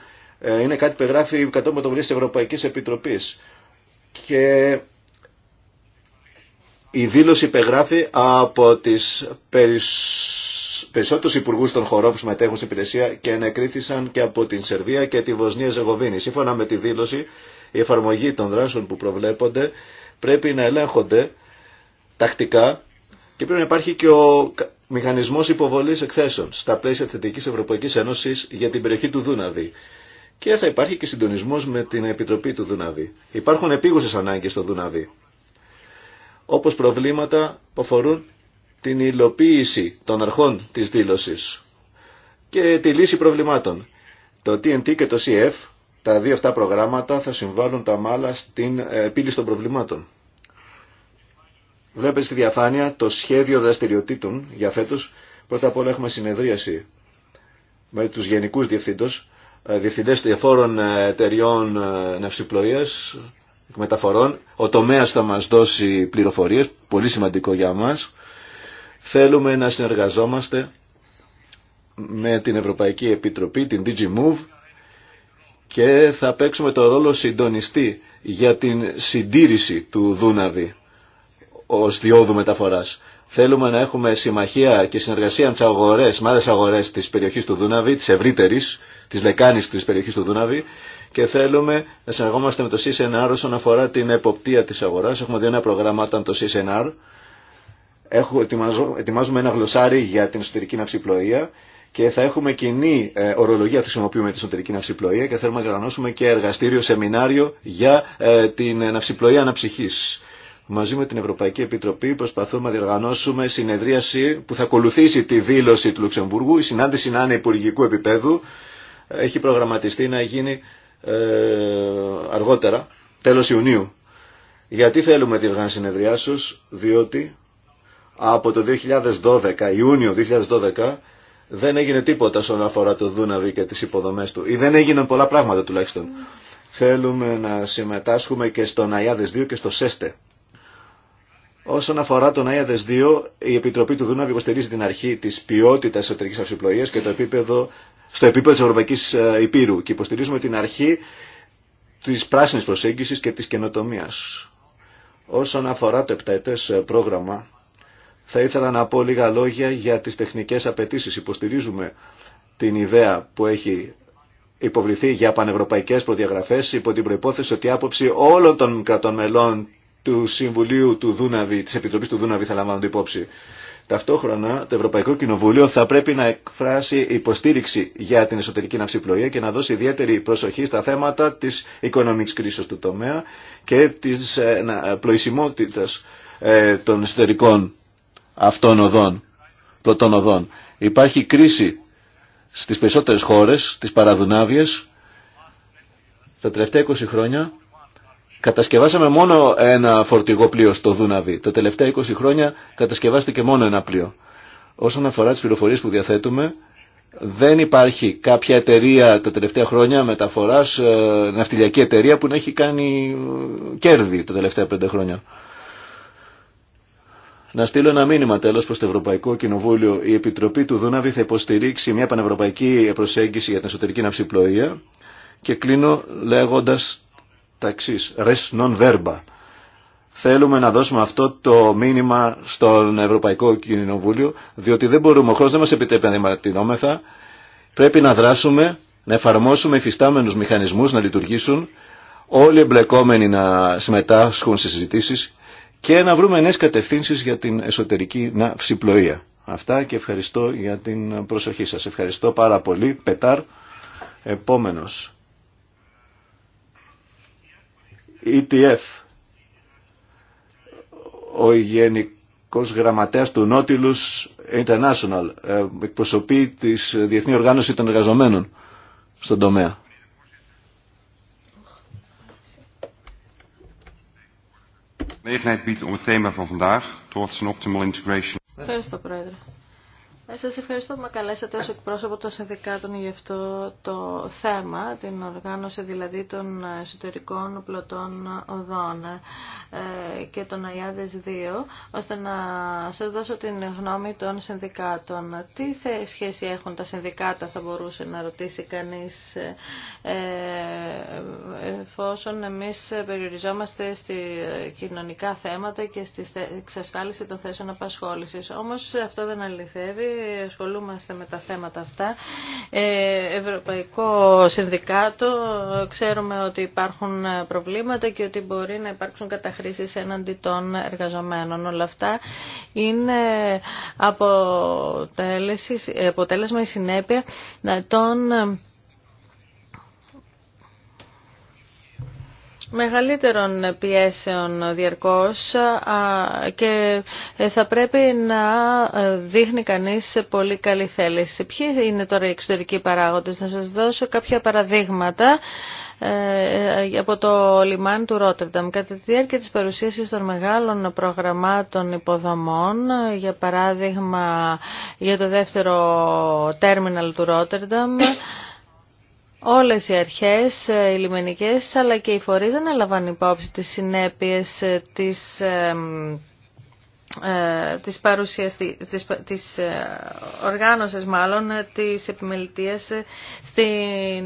είναι κάτι που εγγράφει κατόπιν πρωτοβουλίας της Ευρωπαϊκής Επιτροπής. Και η δήλωση υπεγράφει από τις περισσότερους υπουργούς των χωρών που συμμετέχουν στην υπηρεσία και ανακρίθησαν και από την Σερβία και τη Βοσνία Ζεγοβίνη. Σύμφωνα με τη δήλωση, η εφαρμογή των δράσεων που προβλέπονται πρέπει να ελέγχονται τακτικά και πρέπει να υπάρχει και ο μηχανισμός υποβολής εκθέσεων στα πλαίσια της Ευρωπαϊκή Ευρωπαϊκής Ένωσης για την περιοχή του Δούναβη. Και θα υπάρχει και συντονισμός με την Επιτροπή του Δούναβη. Υπάρχουν επίγουσε ανάγκε στο Δούναβη, όπως προβλήματα που αφορούν την υλοποίηση των αρχών τη δήλωση και τη λύση προβλημάτων. Το TNT και το CF τα δύο αυτά προγράμματα θα συμβάλλουν τα μάλα στην ε, επίλυση των προβλημάτων. Βλέπετε στη διαφάνεια το σχέδιο δραστηριοτήτων για φέτος. Πρώτα απ' όλα έχουμε συνεδρίαση με τους γενικούς διευθύντες, ε, διευθυντές διαφόρων ε, εταιριών ναυσιπλοείας, μεταφορών. Ο τομέας θα μας δώσει πληροφορίες, πολύ σημαντικό για μας. Θέλουμε να συνεργαζόμαστε με την Ευρωπαϊκή Επιτροπή, την DG Move, και θα παίξουμε το ρόλο συντονιστή για την συντήρηση του Δούναβη ως διόδου μεταφοράς. Θέλουμε να έχουμε συμμαχία και συνεργασία με τις αγορές, με άλλες αγορές της περιοχής του Δούναβη, της ευρύτερης, της λεκάνης της περιοχής του Δούναβη και θέλουμε να συνεργόμαστε με το CSNR όσον αφορά την εποπτεία της αγοράς. Έχουμε δύο νέα προγράμματα με το CSNR. Έχω, ετοιμάζουμε ένα γλωσσάρι για την εσωτερική ναυσιπλοεία και θα έχουμε κοινή ε, ορολογία που χρησιμοποιούμε τη εσωτερική ναυσιπλοεία και θέλουμε να οργανώσουμε και εργαστήριο, σεμινάριο για ε, την ε, ναυσιπλοεία αναψυχής. Μαζί με την Ευρωπαϊκή Επιτροπή προσπαθούμε να διοργανώσουμε συνεδρίαση που θα ακολουθήσει τη δήλωση του Λουξεμβούργου. Η συνάντηση να είναι υπουργικού επίπεδου. Έχει προγραμματιστεί να γίνει ε, αργότερα, τέλος Ιουνίου. Γιατί θέλουμε τη διοργάνωση συνεδριάσεως, διότι από το 2012, Ιούνιο 2012, δεν έγινε τίποτα όσον αφορά το Δούναβι και τις υποδομές του ή δεν έγιναν πολλά πράγματα τουλάχιστον. Θέλουμε να συμμετάσχουμε και στον ΑΙΑΔΕΣ 2 και στο ΣΕΣΤΕ. Όσον αφορά τον ΑΙΑΔΕΣ 2, η Επιτροπή του Δούναβι υποστηρίζει την αρχή της ποιότητας εσωτερικής αυσιπλοείας και το επίπεδο, στο επίπεδο της Ευρωπαϊκής ε, Υπήρου και υποστηρίζουμε την αρχή της πράσινης προσέγγισης και της καινοτομίας. Όσον αφορά το επταετές ε, πρόγραμμα, θα ήθελα να πω λίγα λόγια για τις τεχνικές απαιτήσει. Υποστηρίζουμε την ιδέα που έχει υποβληθεί για πανευρωπαϊκές προδιαγραφές υπό την προϋπόθεση ότι η άποψη όλων των κρατών μελών του Συμβουλίου του Δούναβη, της Επιτροπής του Δούναβη θα λαμβάνονται υπόψη. Ταυτόχρονα το Ευρωπαϊκό Κοινοβούλιο θα πρέπει να εκφράσει υποστήριξη για την εσωτερική ναυσιπλοεία και να δώσει ιδιαίτερη προσοχή στα θέματα της οικονομικής κρίσης του τομέα και της ε, ε, πλοησιμότητας ε, των εσωτερικών αυτών οδών, πλωτών οδών. Υπάρχει κρίση στις περισσότερες χώρες, τις παραδουνάβιες. Τα τελευταία 20 χρόνια κατασκευάσαμε μόνο ένα φορτηγό πλοίο στο Δούναβι. Τα τελευταία 20 χρόνια κατασκευάστηκε μόνο ένα πλοίο. Όσον αφορά τις πληροφορίες που διαθέτουμε, δεν υπάρχει κάποια εταιρεία τα τελευταία χρόνια μεταφοράς, ε, ναυτιλιακή εταιρεία που να έχει κάνει ε, κέρδη τα τελευταία πέντε χρόνια. Να στείλω ένα μήνυμα τέλο προ το Ευρωπαϊκό Κοινοβούλιο. Η Επιτροπή του Δούναβη θα υποστηρίξει μια πανευρωπαϊκή προσέγγιση για την εσωτερική ναυσιπλοεία και κλείνω λέγοντα τα εξή. Res non verba. Θέλουμε να δώσουμε αυτό το μήνυμα στον Ευρωπαϊκό Κοινοβούλιο, διότι δεν μπορούμε, ο χρόνο δεν μα επιτρέπει να διαμαρτυρόμεθα. Πρέπει να δράσουμε, να εφαρμόσουμε υφιστάμενου μηχανισμού να λειτουργήσουν, όλοι οι εμπλεκόμενοι να συμμετάσχουν στι συζητήσει και να βρούμε νέες κατευθύνσεις για την εσωτερική ναυσιπλοεία. Αυτά και ευχαριστώ για την προσοχή σας. Ευχαριστώ πάρα πολύ. Πετάρ, επόμενος. ETF. Ο Γενικός Γραμματέας του Nautilus International ε, εκπροσωπεί τη Διεθνή Οργάνωση των Εργαζομένων στον τομέα. gelegenheid biedt om het thema van vandaag, towards an optimal integration. Ευχαριστώ, Πρόεδρε. Σας ευχαριστώ που με καλέσατε ως εκπρόσωπο των συνδικάτων για αυτό το θέμα, την οργάνωση δηλαδή των εσωτερικών πλωτών οδών ε, και των ΑΙΑΔΕΣ 2, ώστε να σας δώσω την γνώμη των συνδικάτων. Τι σχέση έχουν τα συνδικάτα, θα μπορούσε να ρωτήσει κανείς, ε, εφόσον εμείς περιοριζόμαστε στη κοινωνικά θέματα και στη εξασφάλιση των θέσεων απασχόλησης. Όμως αυτό δεν αληθεύει ασχολούμαστε με τα θέματα αυτά. Ε, Ευρωπαϊκό Συνδικάτο, ξέρουμε ότι υπάρχουν προβλήματα και ότι μπορεί να υπάρξουν καταχρήσεις έναντι των εργαζομένων. Όλα αυτά είναι αποτέλεσμα η συνέπεια των μεγαλύτερων πιέσεων διαρκώς και θα πρέπει να δείχνει κανείς πολύ καλή θέληση. Ποιοι είναι τώρα οι εξωτερικοί παράγοντες. Να σας δώσω κάποια παραδείγματα ε, ε, από το λιμάνι του Ρότερνταμ. Κατά τη διάρκεια της παρουσίασης των μεγάλων προγραμμάτων υποδομών, για παράδειγμα για το δεύτερο τέρμιναλ του Ρότερνταμ, όλες οι αρχές, ε, οι λιμενικές, αλλά και οι φορείς δεν έλαβαν υπόψη τις συνέπειες ε, ε, της της παρουσίας, της, της οργάνωσης μάλλον της επιμελητίας στην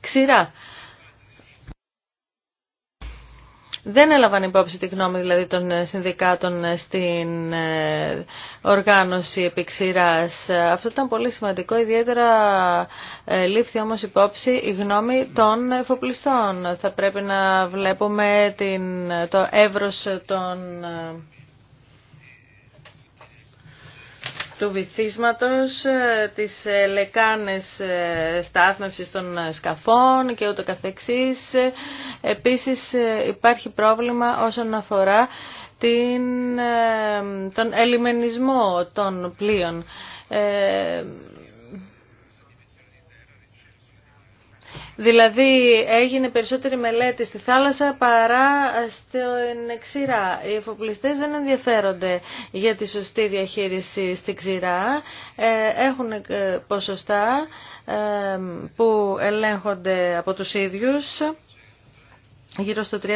ξηρά. δεν έλαβαν υπόψη τη γνώμη δηλαδή των ε, συνδικάτων ε, στην ε, οργάνωση επιξήρας. Αυτό ήταν πολύ σημαντικό, ιδιαίτερα λήφθη όμως υπόψη η γνώμη των εφοπλιστών. Θα πρέπει να βλέπουμε την, το εύρος των του βυθίσματος, ε, τις ε, λεκάνες ε, στάθμευσης των σκαφών και ούτω καθεξής. Επίσης υπάρχει πρόβλημα όσον αφορά την, τον ελιμενισμό των πλοίων. Δηλαδή έγινε περισσότερη μελέτη στη θάλασσα παρά στην ξηρά. Οι εφοπλιστές δεν ενδιαφέρονται για τη σωστή διαχείριση στη ξηρά. Ε, έχουν ε, ποσοστά ε, που ελέγχονται από τους ίδιους, γύρω στο 30%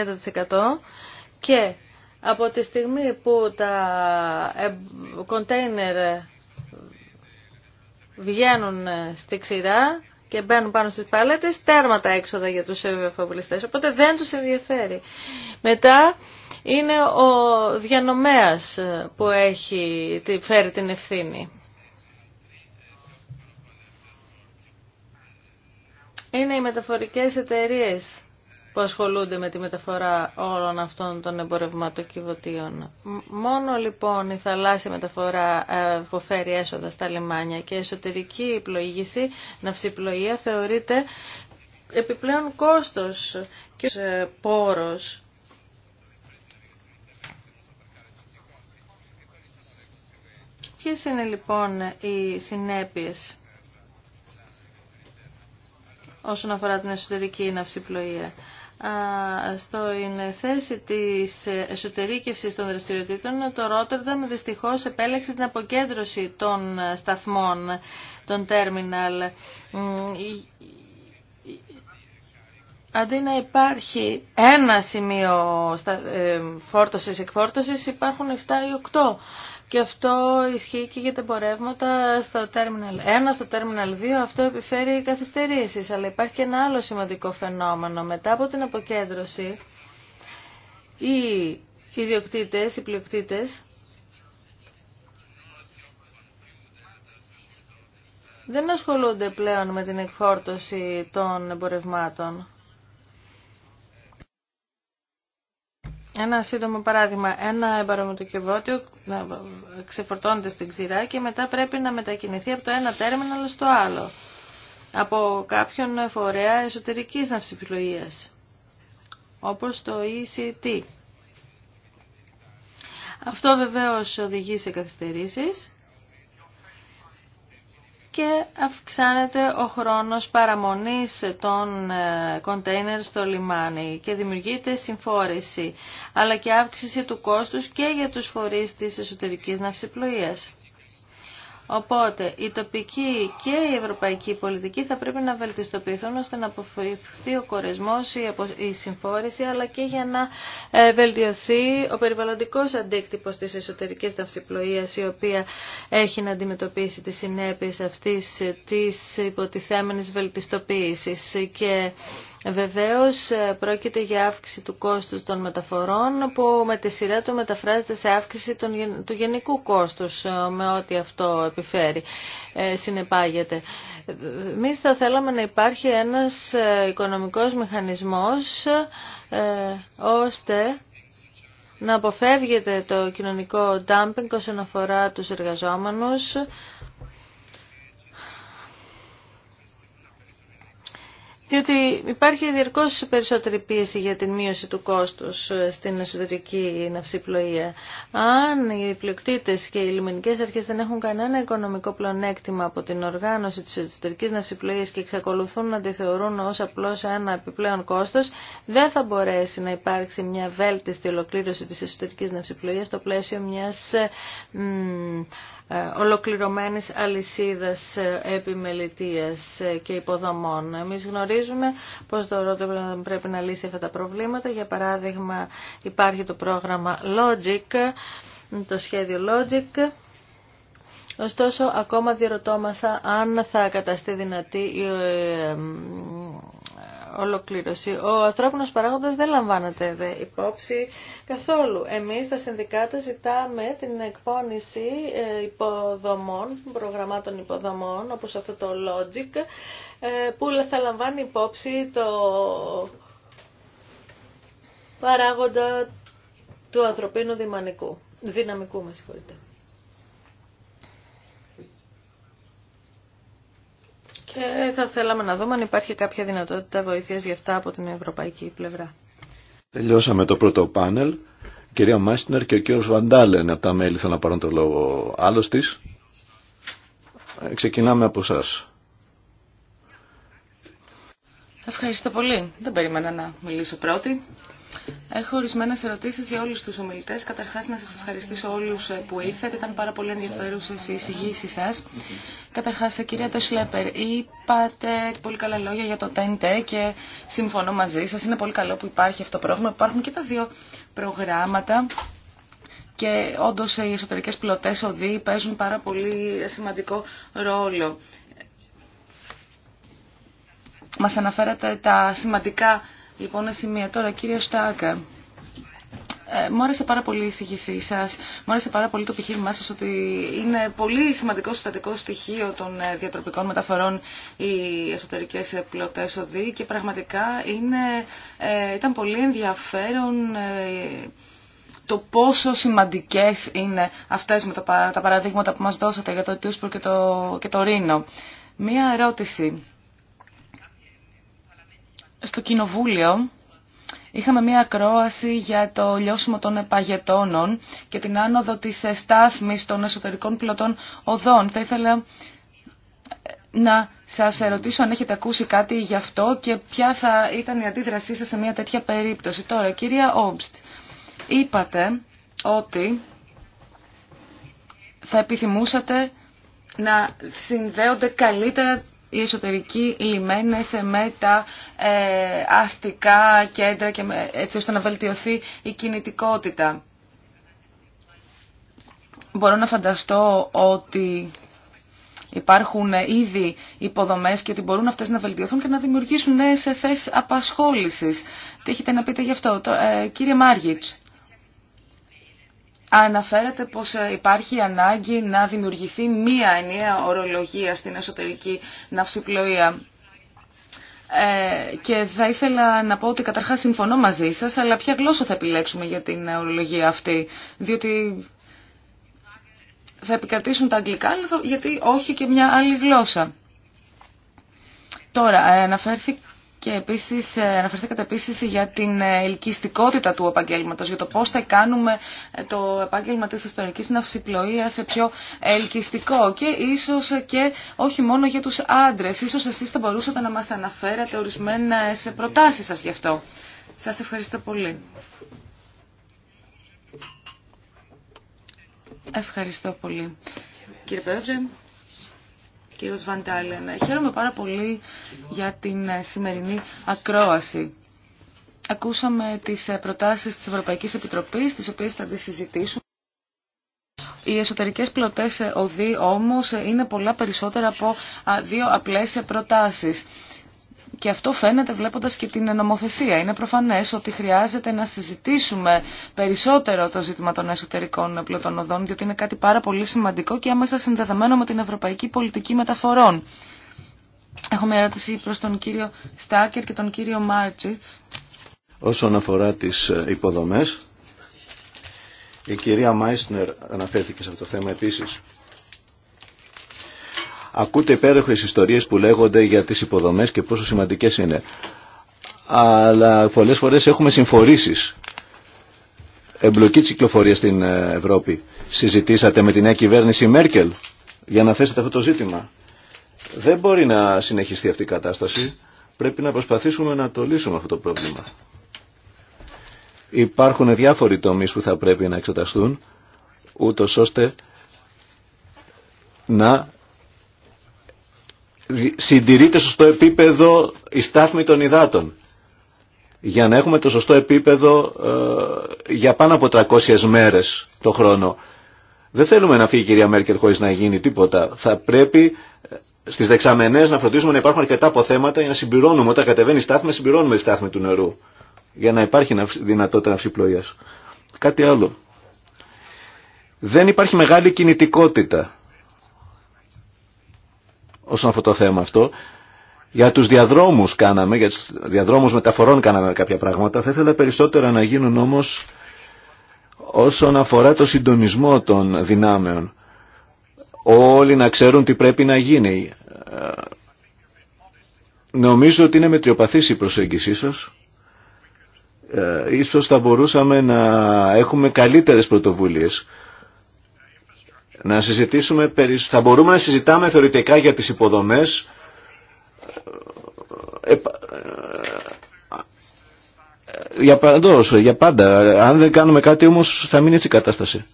και από τη στιγμή που τα κοντέινερ βγαίνουν στη ξηρά και μπαίνουν πάνω στις παλέτες, τέρμα τα έξοδα για τους εφοπλιστές. Οπότε δεν τους ενδιαφέρει. Μετά είναι ο διανομέας που έχει, φέρει την ευθύνη. Είναι οι μεταφορικές εταιρείες που ασχολούνται με τη μεταφορά όλων αυτών των εμπορευματοκιβωτίων. Μόνο λοιπόν η θαλάσσια μεταφορά ε, που φέρει έσοδα στα λιμάνια και η εσωτερική πλοήγηση, ναυσιπλοεία θεωρείται επιπλέον κόστος και πόρος Ποιες είναι λοιπόν οι συνέπειες όσον αφορά την εσωτερική ναυσιπλοεία στο θέση της εσωτερήκευσης των δραστηριοτήτων, το Ρότερνταμ δυστυχώς επέλεξε την αποκέντρωση των σταθμών, των τέρμιναλ. Αντί να υπάρχει ένα σημείο ε, φόρτωσης-εκφόρτωσης, υπάρχουν 7 ή 8. Και αυτό ισχύει και για τα εμπορεύματα στο Terminal 1, στο Terminal 2. Αυτό επιφέρει καθυστερήσεις, αλλά υπάρχει και ένα άλλο σημαντικό φαινόμενο. Μετά από την αποκέντρωση, οι ιδιοκτήτες, οι πλειοκτήτες, δεν ασχολούνται πλέον με την εκφόρτωση των εμπορευμάτων. Ένα σύντομο παράδειγμα. Ένα εμπαρομετοκιβώτιο ξεφορτώνεται στην ξηρά και μετά πρέπει να μετακινηθεί από το ένα τέρμιναλ στο άλλο. Από κάποιον φορέα εσωτερικής ναυσιπλοείας. Όπως το ECT. Αυτό βεβαίως οδηγεί σε καθυστερήσεις και αυξάνεται ο χρόνος παραμονής των ε, κοντέινερ στο λιμάνι και δημιουργείται συμφόρηση, αλλά και αύξηση του κόστους και για τους φορείς της εσωτερικής ναυσιπλοείας. Οπότε η τοπική και η ευρωπαϊκή πολιτική θα πρέπει να βελτιστοποιηθούν ώστε να αποφευχθεί ο κορεσμός, η συμφόρηση αλλά και για να ε, βελτιωθεί ο περιβαλλοντικός αντίκτυπος της εσωτερικής ταυσιπλοείας η οποία έχει να αντιμετωπίσει τις συνέπειες αυτής της υποτιθέμενης βελτιστοποίησης και Βεβαίως ε, πρόκειται για αύξηση του κόστους των μεταφορών που με τη σειρά του μεταφράζεται σε αύξηση του γενικού κόστους ε, με ό,τι αυτό επιφέρει, ε, συνεπάγεται. Εμεί θα θέλαμε να υπάρχει ένας οικονομικός μηχανισμός ώστε να αποφεύγεται το κοινωνικό dumping όσον αφορά τους εργαζόμενους διότι υπάρχει διαρκώ περισσότερη πίεση για την μείωση του κόστου ε, στην εσωτερική ναυσιπλοεία. Αν οι πλειοκτήτε και οι λιμενικέ αρχέ δεν έχουν κανένα οικονομικό πλονέκτημα από την οργάνωση τη εσωτερική ναυσιπλοεία και εξακολουθούν να τη θεωρούν ω απλώ ένα επιπλέον κόστο, δεν θα μπορέσει να υπάρξει μια βέλτιστη ολοκλήρωση τη εσωτερική ναυσιπλοεία στο πλαίσιο μια ε, ε, ολοκληρωμένη αλυσίδα επιμελητία και υποδομών. Εμεί γνωρίζουμε γνωρίζουμε πώς το πρέπει να λύσει αυτά τα προβλήματα. Για παράδειγμα υπάρχει το πρόγραμμα Logic, το σχέδιο Logic. Ωστόσο, ακόμα διερωτώμαθα αν θα καταστεί δυνατή η ε, ε, ολοκλήρωση. Ο ανθρώπινος παράγοντας δεν λαμβάνεται δε υπόψη καθόλου. Εμείς τα συνδικάτα ζητάμε την εκπόνηση ε, υποδομών, προγραμμάτων υποδομών, όπως αυτό το Logic, ε, που θα λαμβάνει υπόψη το παράγοντα του ανθρωπίνου δυναμικού. δυναμικού με συγχωρείτε. Και θα θέλαμε να δούμε αν υπάρχει κάποια δυνατότητα βοήθειας για αυτά από την ευρωπαϊκή πλευρά. Τελειώσαμε το πρώτο πάνελ. Κυρία Μάστινερ και ο κύριος Βαντάλεν από τα μέλη θα να πάρουν το λόγο. Άλλος της. Ε, ξεκινάμε από σας. Ευχαριστώ πολύ. Δεν περίμενα να μιλήσω πρώτη. Έχω ορισμένε ερωτήσει για όλου του ομιλητέ. Καταρχά, να σα ευχαριστήσω όλου ε, που ήρθατε. Ήταν πάρα πολύ ενδιαφέρουσε οι εισηγήσει σα. Καταρχά, ε, κυρία Τεσλέπερ, είπατε πολύ καλά λόγια για το ΤΕΝΤΕ και συμφωνώ μαζί σα. Είναι πολύ καλό που υπάρχει αυτό το πρόγραμμα. Υπάρχουν και τα δύο προγράμματα. Και όντω οι εσωτερικέ πλωτέ οδοί παίζουν πάρα πολύ σημαντικό ρόλο. Μας αναφέρατε τα σημαντικά λοιπόν σημεία. Τώρα κύριε Στάκα, ε, μου άρεσε πάρα πολύ η εισήγησή σα. Μου άρεσε πάρα πολύ το επιχείρημά σα ότι είναι πολύ σημαντικό συστατικό στοιχείο των ε, διατροπικών μεταφορών οι εσωτερικέ πλωτέ οδοί και πραγματικά είναι, ε, ήταν πολύ ενδιαφέρον. το πόσο σημαντικέ είναι αυτέ με τα παραδείγματα που μα δώσατε για το Τούσπρο και και το Ρήνο. Μία ερώτηση στο Κοινοβούλιο είχαμε μία ακρόαση για το λιώσιμο των επαγετώνων και την άνοδο της στάθμης των εσωτερικών πλωτών οδών. Θα ήθελα ε, να σας ερωτήσω αν έχετε ακούσει κάτι γι' αυτό και ποια θα ήταν η αντίδρασή σας σε μια τέτοια περίπτωση. Τώρα, κυρία Όμπστ, είπατε ότι θα επιθυμούσατε να συνδέονται καλύτερα οι εσωτερικοί λιμένες με τα ε, αστικά κέντρα και έτσι ώστε να βελτιωθεί η κινητικότητα. Μπορώ να φανταστώ ότι υπάρχουν ήδη υποδομές και ότι μπορούν αυτές να βελτιωθούν και να δημιουργήσουν νέες θέσεις απασχόλησης. Τι έχετε να πείτε γι' αυτό, ε, κύριε Μάργιτς αναφέρεται πως ε, υπάρχει ανάγκη να δημιουργηθεί μία ενιαία ορολογία στην εσωτερική ναυσιπλοεία. Ε, και θα ήθελα να πω ότι καταρχάς συμφωνώ μαζί σας, αλλά ποια γλώσσα θα επιλέξουμε για την ε, ορολογία αυτή, διότι θα επικρατήσουν τα αγγλικά, γιατί όχι και μια άλλη γλώσσα. Τώρα, ε, αναφέρθηκε και επίσης ε, αναφερθήκατε επίσης για την ε, ελκυστικότητα του επαγγέλματος, για το πώς θα κάνουμε ε, το επάγγελμα της αστυνομικής ναυσιπλοείας σε πιο ελκυστικό και ίσως και όχι μόνο για τους άντρες. Ίσως εσείς θα μπορούσατε να μας αναφέρατε ορισμένες προτάσεις σας γι' αυτό. Σας ευχαριστώ πολύ. Ευχαριστώ πολύ. Κύριε Πρόεδρε κύριος Βαντάλεν. Χαίρομαι πάρα πολύ για την ε, σημερινή ακρόαση. Ακούσαμε τις ε, προτάσεις της Ευρωπαϊκής Επιτροπής, τις οποίες θα τις συζητήσουμε. Οι εσωτερικές πλωτές ε, οδοί όμως είναι πολλά περισσότερα από δύο απλές προτάσεις. Και αυτό φαίνεται βλέποντας και την νομοθεσία. Είναι προφανές ότι χρειάζεται να συζητήσουμε περισσότερο το ζήτημα των εσωτερικών πλωτών οδών, διότι είναι κάτι πάρα πολύ σημαντικό και άμεσα συνδεδεμένο με την ευρωπαϊκή πολιτική μεταφορών. Έχω μια ερώτηση προς τον κύριο Στάκερ και τον κύριο Μάρτσιτς. Όσον αφορά τις ε, υποδομές, η κυρία Μάισνερ αναφέρθηκε σε αυτό το θέμα επίσης. Ακούτε υπέροχες ιστορίες που λέγονται για τις υποδομές και πόσο σημαντικές είναι. Αλλά πολλές φορές έχουμε συμφορήσεις. Εμπλοκή της κυκλοφορίας στην ε, Ευρώπη. Συζητήσατε με τη νέα κυβέρνηση Μέρκελ για να θέσετε αυτό το ζήτημα. Δεν μπορεί να συνεχιστεί αυτή η κατάσταση. Πρέπει να προσπαθήσουμε να το λύσουμε αυτό το πρόβλημα. Υπάρχουν διάφοροι τομείς που θα πρέπει να εξεταστούν, Ούτως ώστε να συντηρείται σωστό επίπεδο η στάθμη των υδάτων. Για να έχουμε το σωστό επίπεδο ε, για πάνω από 300 μέρες το χρόνο. Δεν θέλουμε να φύγει η κυρία Μέρκελ χωρίς να γίνει τίποτα. Θα πρέπει ε, στις δεξαμενές να φροντίζουμε να υπάρχουν αρκετά αποθέματα για να συμπληρώνουμε. Όταν κατεβαίνει η στάθμη, συμπληρώνουμε τη στάθμη του νερού. Για να υπάρχει δυνατότητα ναυσιπλοείας. Κάτι άλλο. Δεν υπάρχει μεγάλη κινητικότητα όσον αφορά το θέμα αυτό. Για τους διαδρόμους κάναμε, για τους διαδρόμους μεταφορών κάναμε κάποια πράγματα. Θα ήθελα περισσότερα να γίνουν όμως όσον αφορά το συντονισμό των δυνάμεων. Όλοι να ξέρουν τι πρέπει να γίνει. Ε, νομίζω ότι είναι μετριοπαθής η προσέγγιση σας. Ε, ίσως θα μπορούσαμε να έχουμε καλύτερες πρωτοβουλίες. Να συζητήσουμε, θα μπορούμε να συζητάμε θεωρητικά για τις υποδομές ε, ε, ε, για για πάντα. Αν δεν κάνουμε κάτι όμως θα μείνει έτσι η κατάσταση.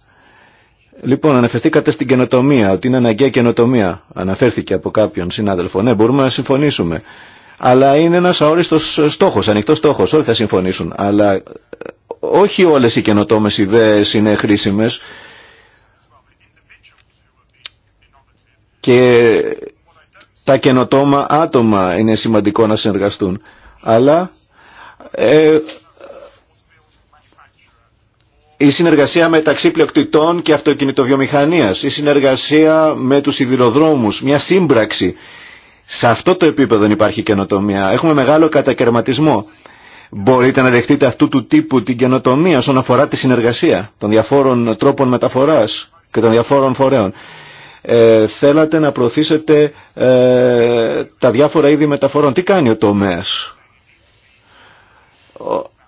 Λοιπόν, αναφερθήκατε στην καινοτομία, ότι είναι αναγκαία καινοτομία. Αναφέρθηκε από κάποιον συνάδελφο. Ναι, μπορούμε να συμφωνήσουμε. Αλλά είναι ένας αόριστος στόχος, ανοιχτός στόχος. Όλοι θα συμφωνήσουν. Αλλά όχι όλες οι καινοτόμες ιδέες είναι χρήσιμες. και τα καινοτόμα άτομα είναι σημαντικό να συνεργαστούν. Αλλά ε, η συνεργασία μεταξύ πλειοκτητών και αυτοκινητοβιομηχανίας, η συνεργασία με τους σιδηροδρόμους, μια σύμπραξη. Σε αυτό το επίπεδο δεν υπάρχει καινοτομία. Έχουμε μεγάλο κατακαιρματισμό. Μπορείτε να δεχτείτε αυτού του τύπου την καινοτομία όσον αφορά τη συνεργασία των διαφόρων τρόπων μεταφοράς και των διαφόρων φορέων ε, θέλατε να προωθήσετε ε, τα διάφορα είδη μεταφορών. Τι κάνει ο τομέας.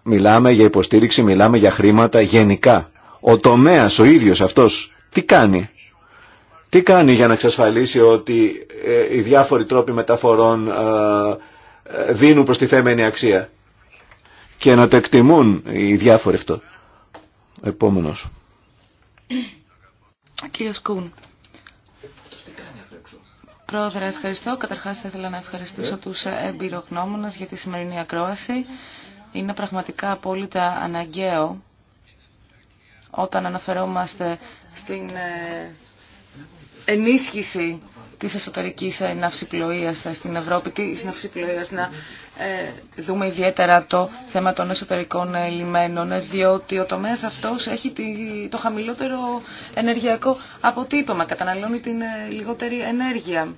Μιλάμε για υποστήριξη, μιλάμε για χρήματα γενικά. Ο τομέας ο ίδιος αυτός τι κάνει. Τι κάνει για να εξασφαλίσει ότι ε, οι διάφοροι τρόποι μεταφορών ε, δίνουν θέμενη αξία και να το εκτιμούν οι διάφοροι αυτό. Επόμενος. Κύριος Πρόεδρε, ευχαριστώ. Καταρχάς θα ήθελα να ευχαριστήσω τους εμπειρογνώμονε για τη σημερινή ακρόαση. Είναι πραγματικά απόλυτα αναγκαίο όταν αναφερόμαστε στην ε, ενίσχυση Τη εσωτερική ε, ναυσιπλοεία ε, στην Ευρώπη, τη ναυσιπλοεία, να ε, δούμε ιδιαίτερα το θέμα των εσωτερικών λιμένων, διότι ο τομέας αυτός έχει το χαμηλότερο ενεργειακό αποτύπωμα, καταναλώνει την λιγότερη ενέργεια.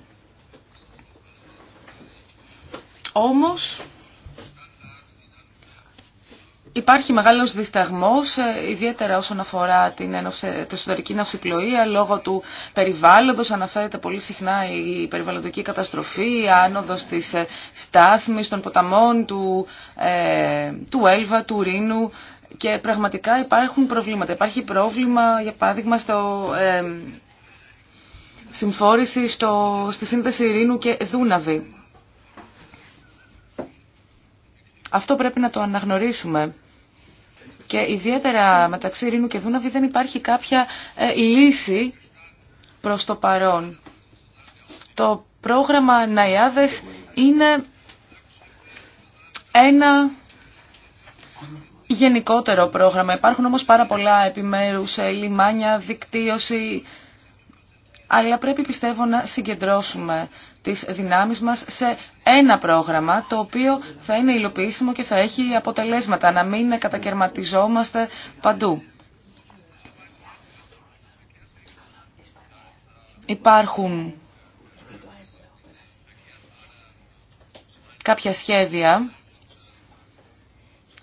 Όμως, Υπάρχει μεγάλος δισταγμός, ε, ιδιαίτερα όσον αφορά την εσωτερική ναυσιπλοεία, λόγω του περιβάλλοντος. Αναφέρεται πολύ συχνά η περιβαλλοντική καταστροφή, η άνοδος της ε, στάθμης, των ποταμών, ε, του, Έλβα, του Ρήνου. Και πραγματικά υπάρχουν προβλήματα. Υπάρχει πρόβλημα, για παράδειγμα, στο... Ε, συμφόρηση στη σύνδεση Ρήνου και Δούναβη. Αυτό πρέπει να το αναγνωρίσουμε και ιδιαίτερα μεταξύ Ρήνου και Δούναβη δεν υπάρχει κάποια ε, λύση προς το παρόν. Το πρόγραμμα Ναϊάδες είναι ένα γενικότερο πρόγραμμα. Υπάρχουν όμως πάρα πολλά επιμέρους ε, λιμάνια, δικτύωση, αλλά πρέπει πιστεύω να συγκεντρώσουμε τις δυνάμεις μας σε ένα πρόγραμμα το οποίο θα είναι υλοποιήσιμο και θα έχει αποτελέσματα, να μην κατακαιρματιζόμαστε παντού. Υπάρχουν κάποια σχέδια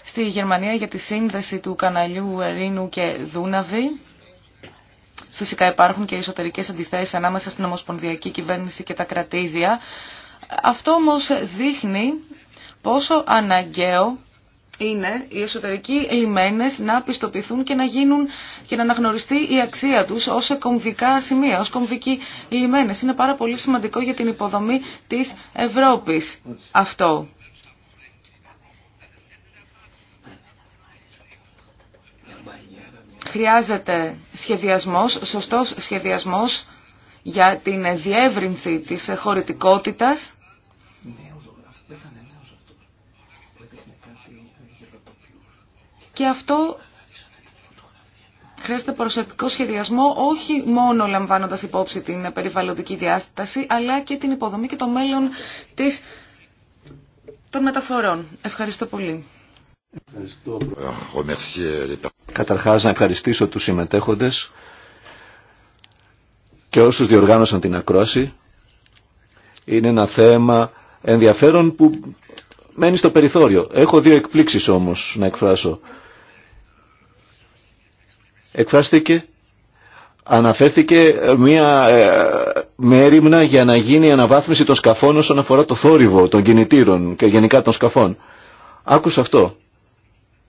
στη Γερμανία για τη σύνδεση του καναλιού Ερίνου και Δούναβη. Φυσικά υπάρχουν και εσωτερικές αντιθέσεις ανάμεσα στην ομοσπονδιακή κυβέρνηση και τα κρατήδια. Αυτό όμως δείχνει πόσο αναγκαίο είναι οι εσωτερικοί λιμένες να πιστοποιηθούν και να γίνουν και να αναγνωριστεί η αξία τους ως κομβικά σημεία, ως κομβικοί λιμένες. Είναι πάρα πολύ σημαντικό για την υποδομή της Ευρώπης αυτό. χρειάζεται σχεδιασμός, σωστός σχεδιασμός για την διεύρυνση της χωρητικότητας και αυτό χρειάζεται προσεκτικό σχεδιασμό όχι μόνο λαμβάνοντας υπόψη την περιβαλλοντική διάσταση αλλά και την υποδομή και το μέλλον της, των μεταφορών. Ευχαριστώ πολύ. Καταρχάς να ευχαριστήσω τους συμμετέχοντες και όσους διοργάνωσαν την ακρόαση. Είναι ένα θέμα ενδιαφέρον που μένει στο περιθώριο. Έχω δύο εκπλήξεις όμως να εκφράσω. Εκφράστηκε, αναφέρθηκε μια ε, έρημνα για να γίνει η αναβάθμιση των σκαφών όσον αφορά το θόρυβο των κινητήρων και γενικά των σκαφών. Άκουσα αυτό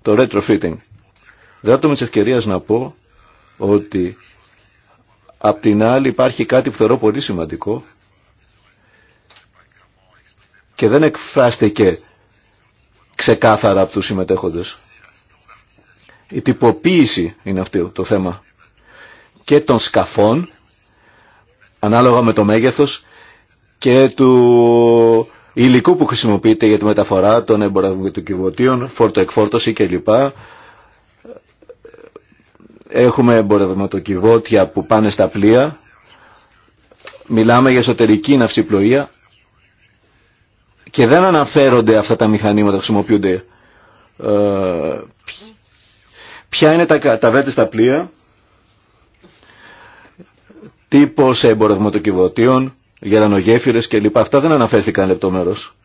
το retrofitting. Δράτω με τη ευκαιρία να πω ότι απ' την άλλη υπάρχει κάτι που θεωρώ πολύ σημαντικό και δεν εκφράστηκε ξεκάθαρα από τους συμμετέχοντες. Η τυποποίηση είναι αυτό το θέμα και των σκαφών ανάλογα με το μέγεθος και του υλικού που χρησιμοποιείται για τη μεταφορά των εμπορευματοκιβωτίων, φορτοεκφόρτωση κλπ. Έχουμε εμπορευματοκιβώτια που πάνε στα πλοία. Μιλάμε για εσωτερική ναυσιπλοεία και δεν αναφέρονται αυτά τα μηχανήματα που χρησιμοποιούνται. Ε, ποια είναι τα, τα στα πλοία, τύπος εμπορευματοκιβωτίων, γερανογέφυρες κλπ. Αυτά δεν αναφέρθηκαν λεπτομέρως.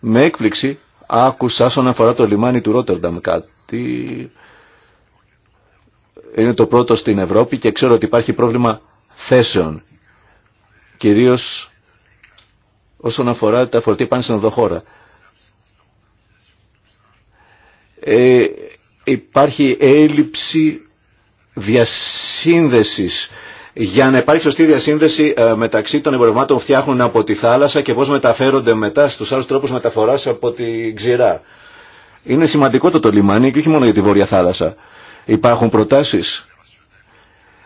Με έκπληξη άκουσα όσον αφορά το λιμάνι του Ρότερνταμ κάτι. Είναι το πρώτο στην Ευρώπη και ξέρω ότι υπάρχει πρόβλημα θέσεων. Κυρίως όσον αφορά τα φορτία πάνε στην οδοχώρα. Ε, υπάρχει έλλειψη διασύνδεσης για να υπάρχει σωστή διασύνδεση ε, μεταξύ των εμπορευμάτων που φτιάχνουν από τη θάλασσα και πώς μεταφέρονται μετά στους άλλους τρόπους μεταφοράς από τη ξηρά. Είναι σημαντικό το το λιμάνι και όχι μόνο για τη Βόρεια Θάλασσα. Υπάρχουν προτάσεις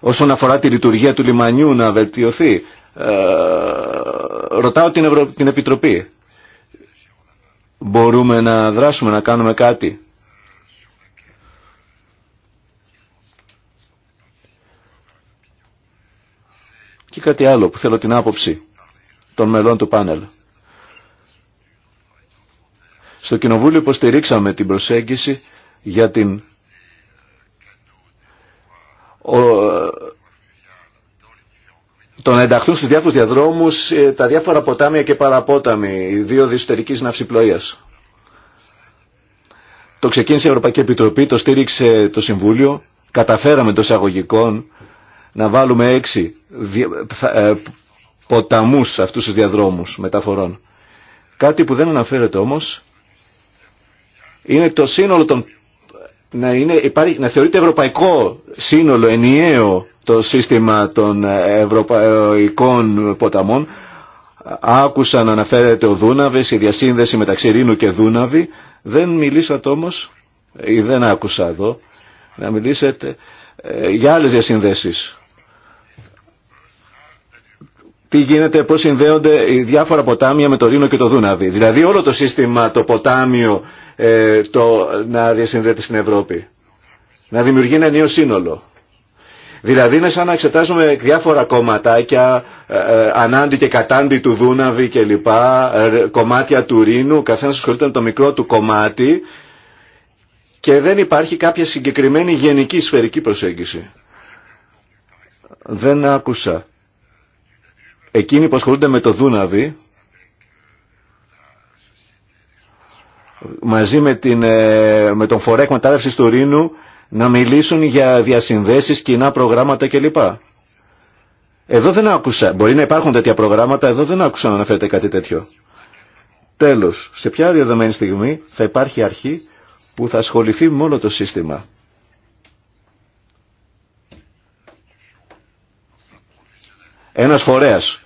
όσον αφορά τη λειτουργία του λιμανιού να βελτιωθεί. Ε, ρωτάω την, Ευρω... την Επιτροπή. Μπορούμε να δράσουμε, να κάνουμε κάτι Και κάτι άλλο που θέλω την άποψη των μελών του πάνελ. Στο Κοινοβούλιο υποστηρίξαμε την προσέγγιση για την ο, το να ενταχθούν στους διάφορους διαδρόμους ε, τα διάφορα ποτάμια και παραπόταμοι, οι δύο διεσωτερικής ναυσιπλοείας. Το ξεκίνησε η Ευρωπαϊκή Επιτροπή, το στήριξε το Συμβούλιο, καταφέραμε το εισαγωγικών να βάλουμε έξι ε, ποταμούς σε αυτούς τους διαδρόμους μεταφορών. Κάτι που δεν αναφέρεται όμως είναι το σύνολο των... Να, είναι, υπάρχει, να θεωρείται ευρωπαϊκό σύνολο, ενιαίο το σύστημα των ε, ευρωπαϊκών ε, ποταμών. Άκουσα να αναφέρεται ο Δούναβης, η διασύνδεση μεταξύ Ρήνου και Δούναβη. Δεν μιλήσατε όμως, ή δεν άκουσα εδώ, να μιλήσετε για άλλες διασυνδέσεις τι γίνεται, πώς συνδέονται οι διάφορα ποτάμια με το Ρήνο και το Δούναβι. Δηλαδή όλο το σύστημα, το ποτάμιο, ε, το, να διασυνδέεται στην Ευρώπη. Να δημιουργεί ένα νέο σύνολο. Δηλαδή είναι σαν να εξετάζουμε διάφορα κομματάκια, ε, ε ανάντι και κατάντι του Δούναβη κλπ, ε, κομμάτια του Ρήνου, καθένας ασχολείται με το μικρό του κομμάτι και δεν υπάρχει κάποια συγκεκριμένη γενική σφαιρική προσέγγιση. Δεν άκουσα εκείνοι που ασχολούνται με το Δούναβι μαζί με, την, ε, με τον Φορέκ Μετάδευσης του Ρήνου να μιλήσουν για διασυνδέσεις, κοινά προγράμματα κλπ. Εδώ δεν άκουσα. Μπορεί να υπάρχουν τέτοια προγράμματα, εδώ δεν άκουσα να αναφέρεται κάτι τέτοιο. Τέλος, σε ποια δεδομένη στιγμή θα υπάρχει αρχή που θα ασχοληθεί με όλο το σύστημα. ένας φορέας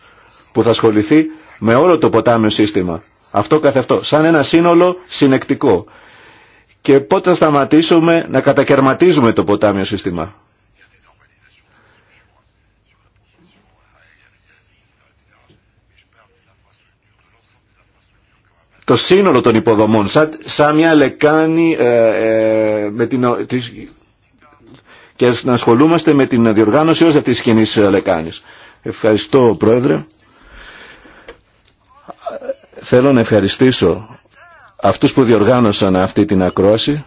που θα ασχοληθεί με όλο το ποτάμιο σύστημα. Αυτό καθ' αυτό, σαν ένα σύνολο συνεκτικό. Και πότε θα σταματήσουμε να κατακαιρματίζουμε το ποτάμιο σύστημα. Το σύνολο των υποδομών, σαν, μια λεκάνη ε, ε, με την, και να ασχολούμαστε με την διοργάνωση όλη αυτής της κοινή ε, λεκάνης. Ευχαριστώ Πρόεδρε. Θέλω να ευχαριστήσω αυτούς που διοργάνωσαν αυτή την ακρόαση,